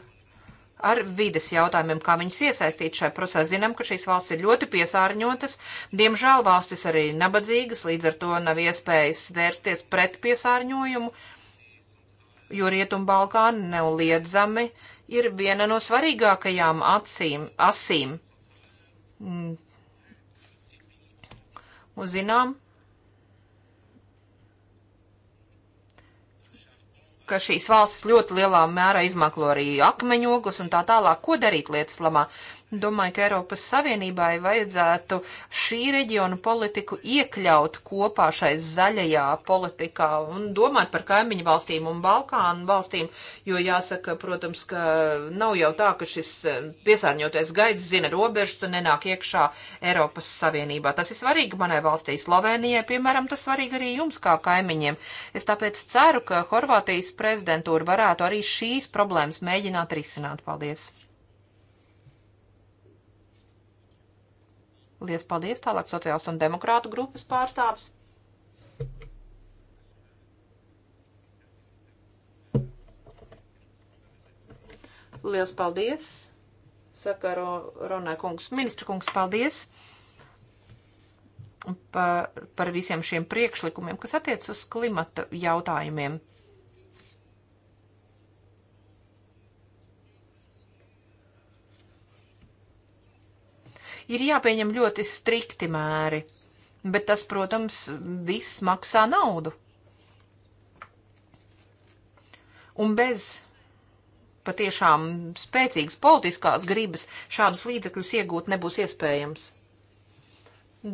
ar vides jautājumiem, kā viņus iesaistīt šajā procesā. Zinām, ka šīs valsts ir ļoti piesārņotas. Diemžēl valstis arī nabadzīgas, līdz ar to nav iespējas vērsties pret piesārņojumu, jo Rietumbalkāni neuliedzami ir viena no svarīgākajām acīm, asīm. Mm. Un zinām, ka šīs valsts ļoti lielā mērā izmaklo arī akmeņoglus un tā tālāk. Ko darīt lietas labā? Domāju, ka Eiropas Savienībai vajadzētu šī reģiona politiku iekļaut kopā šai zaļajā politikā un domāt par kaimiņu valstīm un Balkānu valstīm, jo jāsaka, protams, ka nav jau tā, ka šis eh, piesārņotais gaids zina robežas un nenāk iekšā Eiropas Savienībā. Tas ir svarīgi manai valstī Slovenijai, piemēram, tas svarīgi arī jums kā kaimiņiem. Es tāpēc ceru, ka Horvātijas prezidentūra varētu arī šīs problēmas mēģināt risināt. Paldies! Lies paldies tālāk sociālistu un demokrātu grupas pārstāvs. Liels paldies, saka Ronē kungs. Ministra kungs, paldies par, par visiem šiem priekšlikumiem, kas attiec uz klimata jautājumiem. ir jāpieņem ļoti strikti mēri, bet tas, protams, viss maksā naudu. Un bez patiešām spēcīgas politiskās gribas šādus līdzekļus iegūt nebūs iespējams.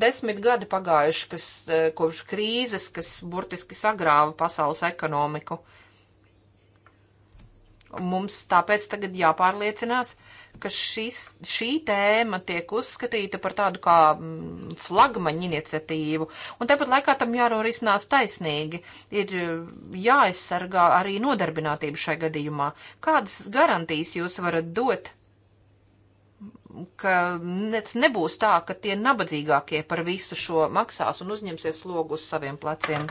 Desmit gadi pagājuši, kas, eh, kopš krīzes, kas burtiski sagrāva pasaules ekonomiku. Uh, Mums tāpēc tagad jāpārliecinās, ka šis, šī tēma tiek uzskatīta par tādu kā mm, flagmaņa iniciatīvu, un tāpat laikā tam jārorisinās taisnīgi. Ir mm, jāaizsargā arī nodarbinātība šai gadījumā. Kādas garantijas jūs varat dot? Mm, ka nebūs tā, ka tie nabadzīgākie par visu šo maksās un uzņemsies slogu uz saviem pleciem.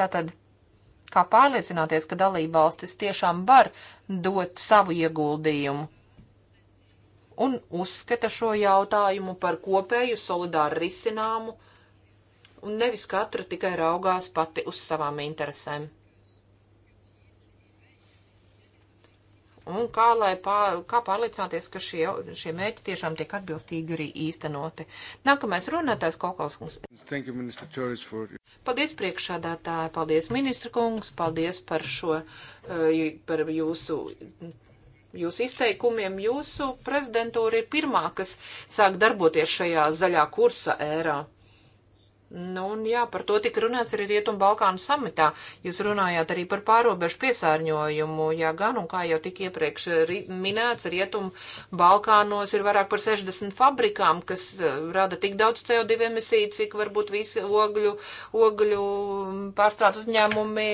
Tātad, kā pārliecināties, ka dalībvalstis tiešām var dot savu ieguldījumu un uzskata šo jautājumu par kopēju solidāru risinājumu un nevis katra tikai raugās pati uz savām interesēm. un kā, lai, pār, kā pārliecināties, ka šie, šie mērķi tiešām tiek atbilstīgi arī īstenoti. Nākamais runātājs Kokals kungs. Thank you, Minister Čoris, for... Paldies priekšādātāji, paldies ministra kungs, paldies par šo, eh, par jūsu jūsu izteikumiem, jūsu prezidentūra ir pirmā, kas sāk darboties šajā zaļā kursa ērā. Nu, un jā, par to tika runāts arī Rietumu Balkānu samitā. Jūs runājāt arī par pārobežu piesārņojumu. Jā, gan, un kā jau tik iepriekš eh, minēts, Rietumu Balkānos ir vairāk par 60 fabrikām, kas eh, rada tik daudz CO2 emisiju, cik varbūt visi ogļu, ogļu mm, pārstrādes uzņēmumi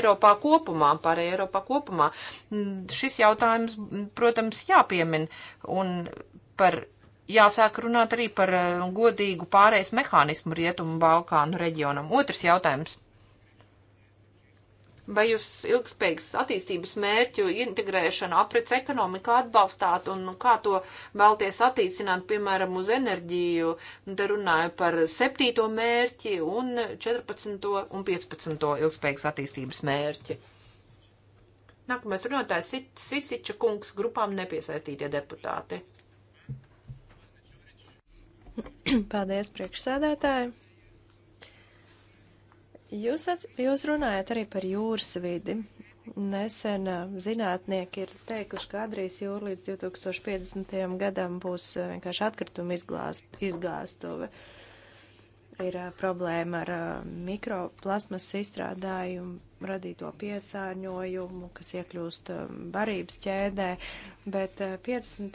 Eiropā kopumā, pārējā Eiropā kopumā. Mm, šis jautājums, protams, jāpiemin. Un par jāsāk runāt arī par eh, godīgu pārējais mehānismu Rietumu Balkānu reģionam. Otrs jautājums. Vai jūs ilgspējīgas attīstības mērķu integrēšanu aprits ekonomikā atbalstāt un kā to vēlties attīstināt, piemēram, uz enerģiju? Nu, te runāju par 7. mērķi un 14. un 15. ilgspējīgas attīstības mērķi. Nākamais runātājs Sisiča kungs grupām nepiesaistītie deputāti. <clears throat> Paldies, priekšsēdētāji! Jūs, ats, jūs runājat arī par jūras vidi. Nesen uh, zinātnieki ir teikuši, ka Adrijas jūra līdz 2050. gadam būs uh, vienkārši atkrituma izglāst, izgāstuve. Ir uh, problēma ar mikroplasmas izstrādājumu radīto piesārņojumu, kas iekļūst um, barības ķēdē, bet 50%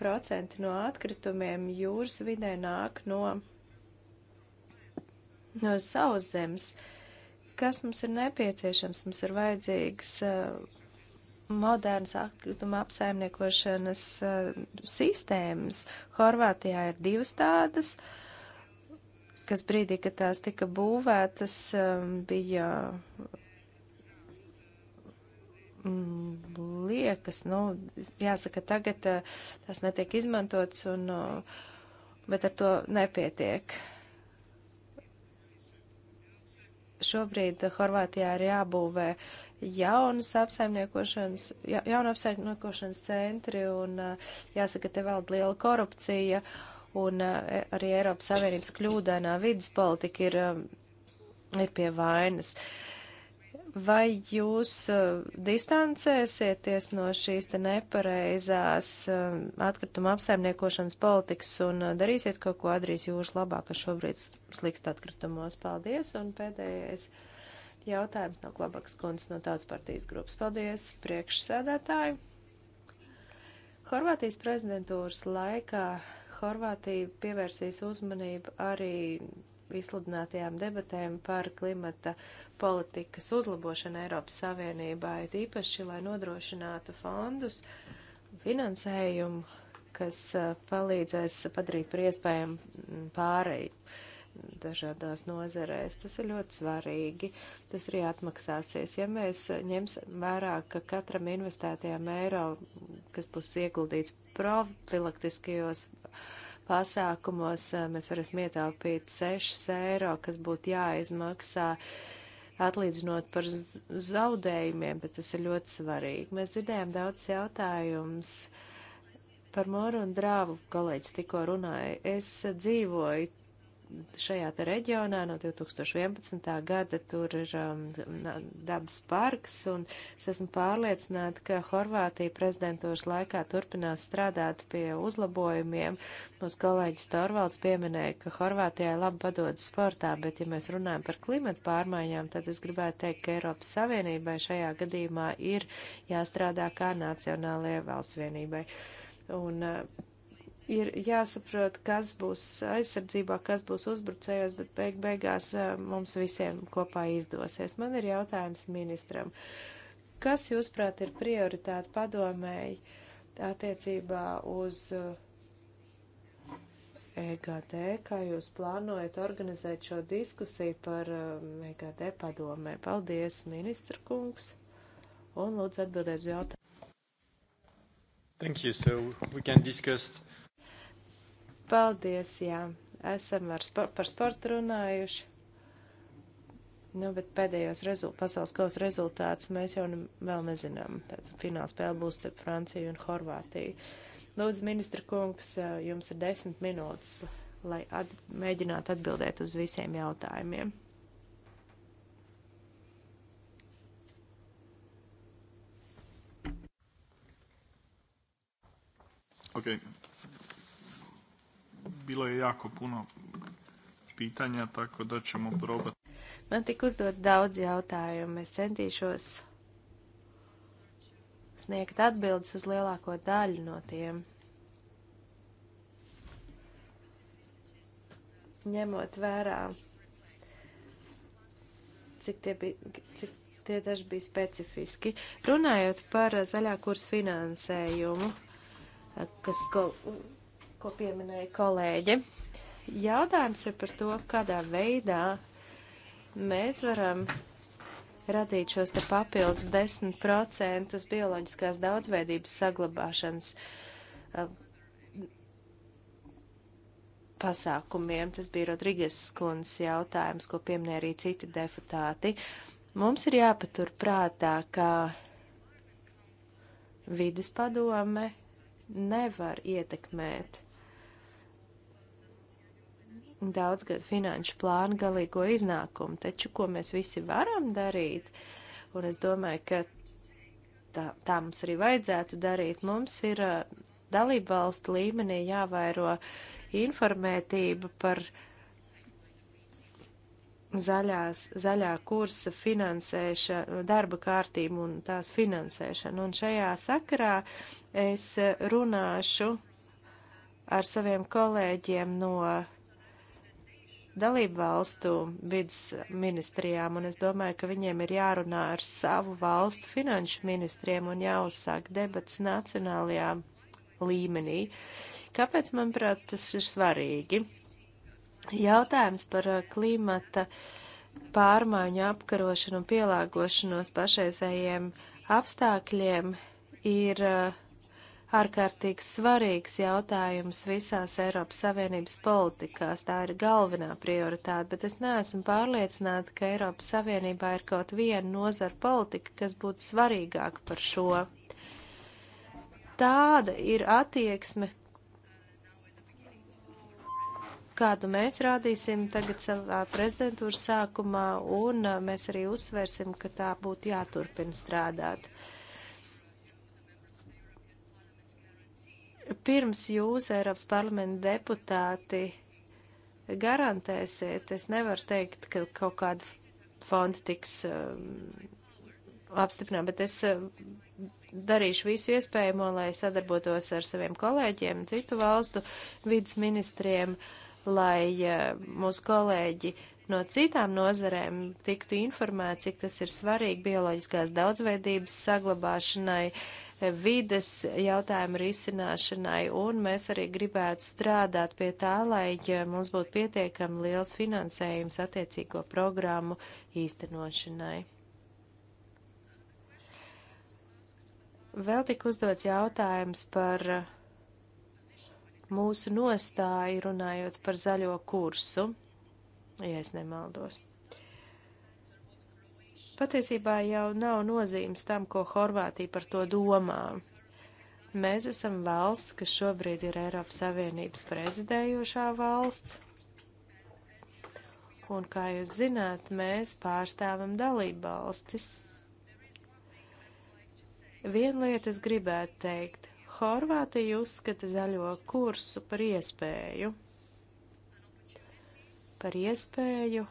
uh, no atkritumiem jūras vidē nāk no, no sauszemes. Kas mums ir nepieciešams? Mums ir vajadzīgs uh, modernas atkrituma apsaimniekošanas uh, sistēmas. Horvātijā ir divas tādas kas brīdī, kad tās tika būvētas, um, bija Mm, liekas, nu, jāsaka, tagad eh, tas netiek izmantots, un, eh, bet ar to nepietiek. Šobrīd Horvātijā ir jābūvē jaunas apsaimniekošanas, ja, jauna apsaimniekošanas centri, un eh, jāsaka, te valda liela korupcija, un arī Eiropas Savienības kļūdainā vidas politika ir, ir pie vainas. Uh, Vai jūs uh, distancēsieties no šīs te nepareizās uh, atkrituma apsaimniekošanas politikas un uh, darīsiet kaut ko Adrijas jūras labā, kas šobrīd slikst atkritumos? Paldies! Un pēdējais jautājums no Klabakas kundzes no Tautas partijas grupas. Paldies, priekšsēdētāji! Horvātijas prezidentūras laikā Horvātija pievērsīs uzmanību arī izsludinātajām debatēm par klimata politikas uzlabošanu Eiropas Savienībā, it īpaši, lai nodrošinātu fondus, finansējumu, kas eh, palīdzēs padarīt par iespējamu pārēju dažādās nozerēs. Tas ir ļoti svarīgi. Tas arī atmaksāsies. Ja mēs ņemsim vērā, ka katram investētajam eiro, kas būs ieguldīts profilaktiskajos uh, pasākumos eh, mēs varēsim ietaupīt 6 eiro, kas būtu jāizmaksā atlīdzinot par zaudējumiem, bet tas ir ļoti svarīgi. Mēs dzirdējām daudz jautājumus par moru un drāvu, kolēģis tikko runāja. Es dzīvoju šajā te reģionā no 2011. gada tur ir um, dabas parks, un es esmu pārliecināta, ka Horvātija prezidentūras laikā turpinās strādāt pie uzlabojumiem. Mūsu kolēģis Torvalds pieminēja, ka Horvātijai labi padodas sportā, bet ja mēs runājam par klimatu pārmaiņām, tad es gribētu teikt, ka Eiropas Savienībai šajā gadījumā ir jāstrādā kā nacionālajai valsts vienībai. Un, uh, ir jāsaprot, kas būs aizsardzībā, kas būs uzbrucējos, bet beig beigās eh, mums visiem kopā izdosies. Man ir jautājums ministram. Kas, jūsprāt, ir prioritāte padomēji attiecībā uz EGD, eh, e kā jūs plānojat organizēt šo diskusiju par EGD eh, e padomē? Paldies, ministra kungs, un lūdzu atbildēt uz jautājumu. Thank you. So we can discuss Paldies, jā. Esam ar spo par sportu runājuši. Nu, bet pēdējos rezult, pasaules kausa rezultātus mēs jau ne, vēl nezinām. Tad fināla spēle būs starp Franciju un Horvātiju. Lūdzu, ministra kungs, jums ir desmit minūtes, lai at, mēģinātu atbildēt uz visiem jautājumiem. Okay. Bilo je jako puno pitanja, tako da ćemo probati. Man tik uzdot daudz jautājumu. Es centīšos sniegt atbildes uz lielāko daļu no tiem. Ņemot vērā, cik tie, bija, cik tie daži bija specifiski. Runājot par zaļā kursa finansējumu, kas ko pieminēja kolēģe. Jautājums ir par to, kādā veidā mēs varam radīt šos te papildus 10% bioloģiskās daudzveidības saglabāšanas uh, pasākumiem. Tas bija Rodrīgas skundas jautājums, ko pieminēja arī citi deputāti. Mums ir jāpatur prātā, ka vides padome nevar ietekmēt daudzgadu finanšu plānu galīgo iznākumu. Taču, ko mēs visi varam darīt, un es domāju, ka tā, tā mums arī vajadzētu darīt, mums ir dalību valstu līmenī jāvairo informētība par zaļās, zaļā kursa finansēšanu, darba kārtību un tās finansēšanu. Un šajā sakarā es runāšu ar saviem kolēģiem no dalību valstu vidas ministrijām, un es domāju, ka viņiem ir jārunā ar savu valstu finanšu ministriem un jāuzsāk debats nacionālajā līmenī. Kāpēc, manuprāt, tas ir svarīgi? Jautājums par uh, klimata pārmaiņu apkarošanu un pielāgošanos pašreizējiem apstākļiem ir uh, ārkārtīgi svarīgs jautājums visās Eiropas Savienības politikās. Tā ir galvenā prioritāte, bet es neesmu pārliecināta, ka Eiropas Savienībā ir kaut viena nozara politika, kas būtu svarīgāka par šo. Tāda ir attieksme, kādu mēs rādīsim tagad savā prezidentūras sākumā, un mēs arī uzsversim, ka tā būtu jāturpina strādāt. Uh, pirms jūs, Eiropas parlamenta deputāti, garantēsiet, es nevaru teikt, ka kaut kāda fonda tiks um, apstiprināta, bet es uh, darīšu visu iespējamo, lai sadarbotos ar saviem kolēģiem, citu valstu vidas ministriem, lai uh, mūsu kolēģi no citām nozarēm tiktu informēti, cik tas ir svarīgi bioloģiskās daudzveidības saglabāšanai. Uh, vides jautājumu risināšanai, un mēs arī gribētu strādāt pie tā, lai mums būtu pietiekami liels finansējums attiecīgo programmu īstenošanai. Vēl tik uzdots jautājums par mūsu nostāju runājot par zaļo kursu, ja es nemaldos. Patiesībā jau nav nozīmes tam, ko Horvātija par to domā. Mēs esam valsts, kas šobrīd ir Eiropas Savienības prezidējošā valsts. Un, kā jūs zināt, mēs pārstāvam dalību valstis. Vienu lietu es gribētu teikt. Horvātija uzskata zaļo kursu par iespēju. Par iespēju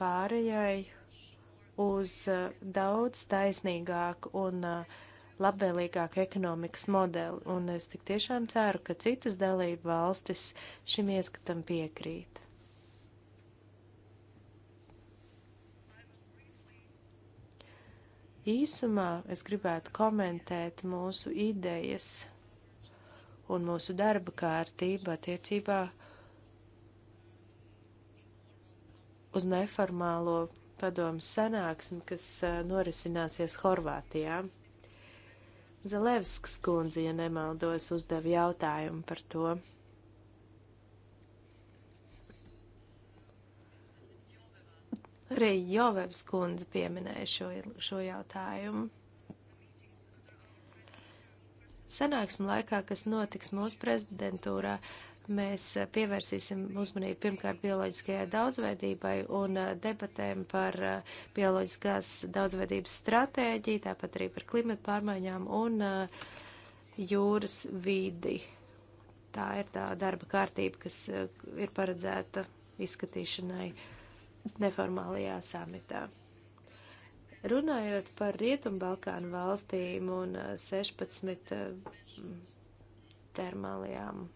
pārējai uz uh, daudz taisnīgāku un uh, labvēlīgāku ekonomikas modeli, un es tik tiešām ceru, ka citas dalība valstis šim ieskatam piekrīt. Īsumā es gribētu komentēt mūsu idejas un mūsu darba kārtība attiecībā uz neformālo padomu sanāksmi, kas norisināsies Horvātijā. Zalevskas kundze, ja nemaldos, uzdeva jautājumu par to. Arī Jovevs kundze pieminēja šo, šo jautājumu. Sanāksmu laikā, kas notiks mūsu prezidentūrā, uh, Mēs eh, pievērsīsim uzmanību pirmkārt bioloģiskajai daudzveidībai un eh, debatēm par eh, bioloģiskās daudzveidības stratēģiju, tāpat arī par klimatu pārmaiņām un jūras vidi. Tā ir tā darba kārtība, kas ir paredzēta izskatīšanai neformālajā samitā. Runājot par Rietumbalkānu valstīm un 16 termālajām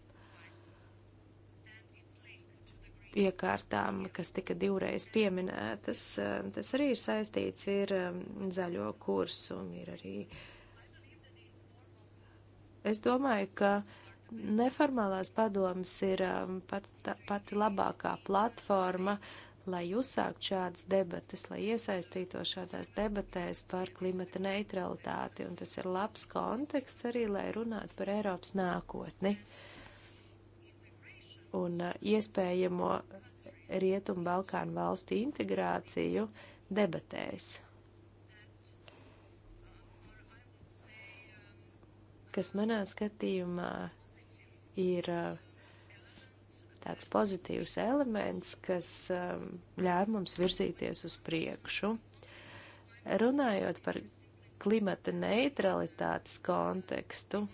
iekārtām, kas tika divreiz pieminētas, eh, tas arī ir saistīts ar ehm, zaļo kursu. Ir arī... Es domāju, ka neformālās padomas ir ehm, pat, tā, pati labākā platforma, lai uzsākt šādas debates, lai iesaistītos šādās debatēs par klimata neutralitāti, un tas ir labs konteksts arī, lai runātu par Eiropas nākotni. Uh, un uh, iespējamo Rietumu Balkānu valstu integrāciju debatēs. Kas manā skatījumā ir uh, tāds pozitīvs elements, kas um, ļāva mums virzīties uz priekšu. Runājot par klimata neutralitātes kontekstu,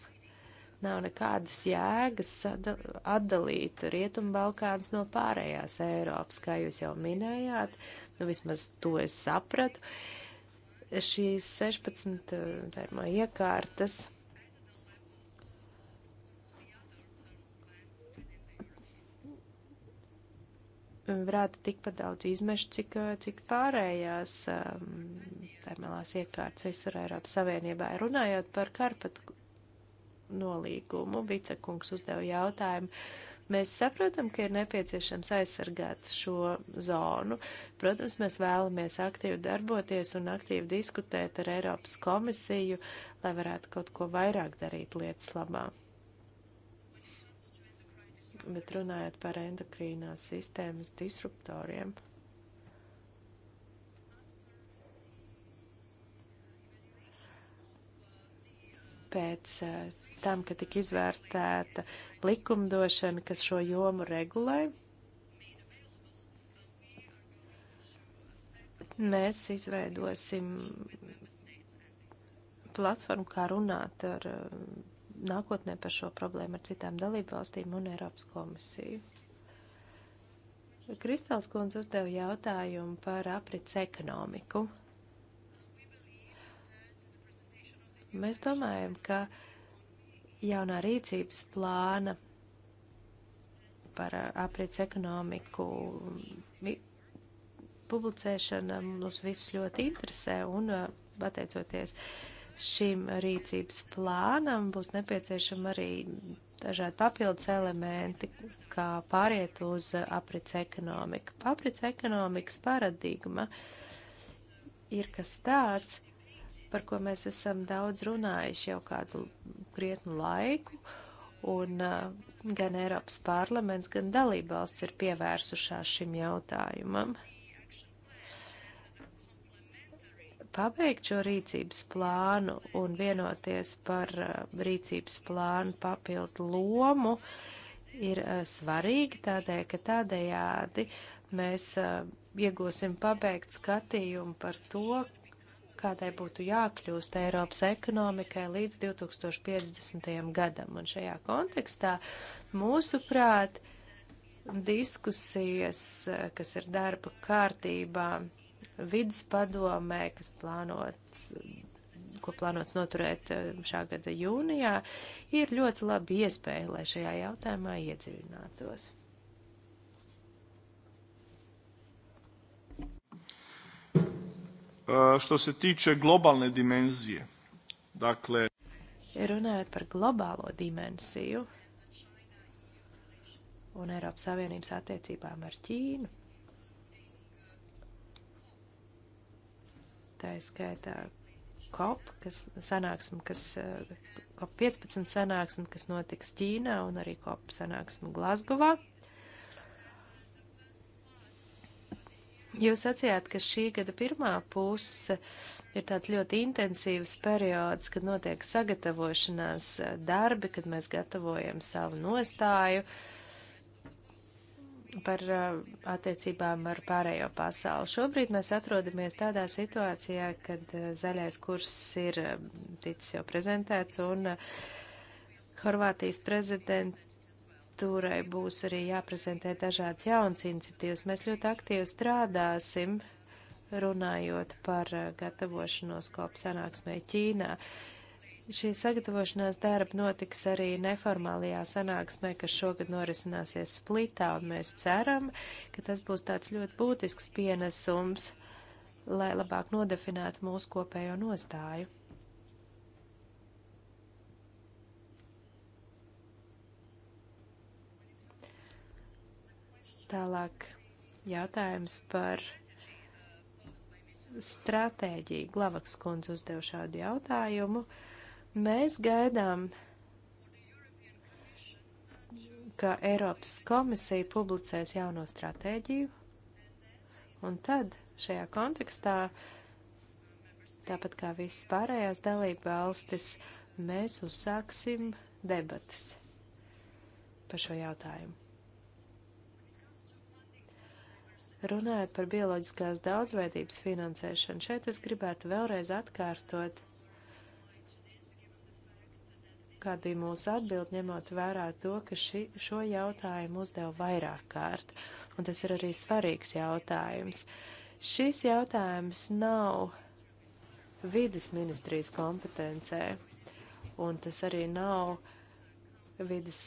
nav nekādas jēgas atdalīt Rietumbalkāns no pārējās Eiropas, kā jūs jau minējāt, nu vismaz to es sapratu. Šīs 16 termo iekārtas rāda tikpat daudz izmešu, cik, cik pārējās um, termālās iekārtas visur Eiropas Savienībā. Runājot par Karpatu nolīgumu. Vicekungs uzdeva jautājumu. Mēs saprotam, ka ir nepieciešams aizsargāt šo zonu. Protams, mēs vēlamies aktīvi darboties un aktīvi diskutēt ar Eiropas komisiju, lai varētu kaut ko vairāk darīt lietas labā. Bet runājot par endokrīnās sistēmas disruptoriem. Pēc uh, tam, ka tika izvērtēta likumdošana, kas šo jomu regulē. Mēs izveidosim platformu, kā runāt ar um, nākotnē par šo problēmu ar citām dalību valstīm un Eiropas komisiju. Kristāls kundze uzdeva jautājumu par aprits ekonomiku. Mēs domājam, ka uh, jaunā rīcības plāna par uh, aprits ekonomiku publicēšana mūs visus ļoti interesē un uh, pateicoties šim rīcības plānam būs nepieciešama arī dažādi papildus elementi, kā pāriet uz uh, aprits ekonomiku. Aprits ekonomikas paradigma ir kas tāds, par ko mēs esam daudz runājuši jau kādu krietnu laiku, un uh, gan Eiropas parlaments, gan dalībvalsts ir pievērsušās šim jautājumam. Pabeigt šo rīcības plānu un vienoties par uh, rīcības plānu papildu lomu ir uh, svarīgi tādēļ, ka tādējādi mēs iegūsim pabeigt skatījumu par to, kādai būtu jākļūst Eiropas ekonomikai līdz 2050. gadam. Un šajā kontekstā, mūsuprāt, diskusijas, kas ir darba kārtībā, vidas padomē, kas plānots ko plānots noturēt eh, šā gada jūnijā, ir ļoti laba iespēja, lai šajā jautājumā iedziļinātos. E, što se tiče globalne dimenzije, dakle... Runājot par globālo dimensiju un Eiropas Savienības attiecībām ar Ķīnu, tā ir skaitā COP, kas sanāksim, kas COP e, 15 sanāksim, kas notiks Ķīnā un arī COP sanāksim Glasgovā. Jūs sacījāt, ka šī gada pirmā puse ir tāds ļoti intensīvs periods, kad notiek sagatavošanās eh, darbi, kad mēs gatavojam savu nostāju par eh, attiecībām ar pārējo pasauli. Šobrīd mēs atrodamies tādā situācijā, kad eh, zaļais kurs ir ticis jau prezentēts un Horvātijas prezidents Turai būs arī jāprezentē dažādas jaunas iniciatīvas. Mēs ļoti aktīvi strādāsim, runājot par eh, gatavošanos kopu sanāksmē Ķīnā. Šī sagatavošanās darba notiks arī neformālajā sanāksmē, kas šogad norisināsies splitā, un mēs ceram, ka tas būs tāds ļoti būtisks pienesums, lai labāk nodefinētu mūsu kopējo nostāju. Tālāk jautājums par stratēģiju. Glavaks kundze uzdev šādu jautājumu. Mēs gaidām, ka Eiropas komisija publicēs jauno stratēģiju, un tad šajā kontekstā, tāpat kā visas pārējās dalība valstis, mēs uzsāksim debatas par šo jautājumu. Runājot par bioloģiskās daudzveidības finansēšanu, šeit es gribētu vēlreiz atkārtot, kāda bija mūsu atbild, ņemot vērā to, ka ši, šo jautājumu uzdev vairāk kārt, un tas ir arī svarīgs jautājums. Šis jautājums nav vidas ministrijas kompetencē, un tas arī nav vidas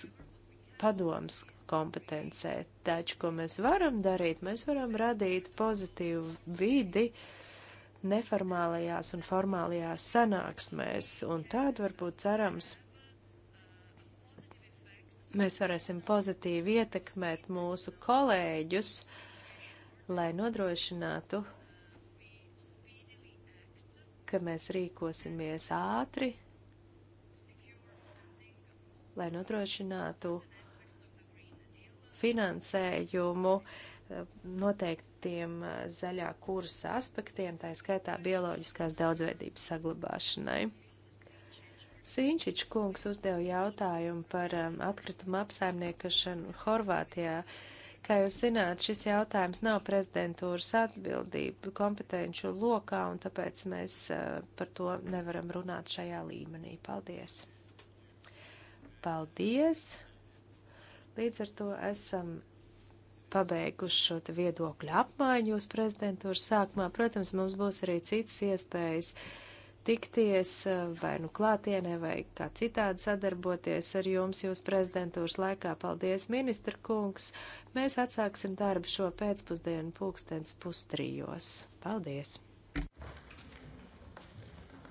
padoms kompetencē. Taču, ko mēs varam darīt, mēs varam radīt pozitīvu vidi neformālajās un formālajās sanāksmēs, un tādu varbūt cerams mēs varēsim pozitīvi ietekmēt mūsu kolēģus, lai nodrošinātu, ka mēs rīkosimies ātri, lai nodrošinātu finansējumu eh, noteiktiem eh, zaļā kursa aspektiem, tā skaitā bioloģiskās daudzveidības saglabāšanai. Sīņčič kungs uzdeva jautājumu par eh, atkritumu apsaimniekašanu Horvātijā. Kā jūs zināt, šis jautājums nav prezidentūras atbildība kompetenču lokā, un tāpēc mēs par to nevaram runāt šajā līmenī. Paldies! Paldies! Līdz ar to esam pabeiguši šo viedokļu apmaiņu uz prezidentūras sākumā. Protams, mums būs arī citas iespējas tikties eh, vai nu klātienē vai kā citādi sadarboties ar jums jūs prezidentūras laikā. Paldies, ministra kungs! Mēs atsāksim darbu šo pēcpusdienu pulkstens pustrijos. Paldies!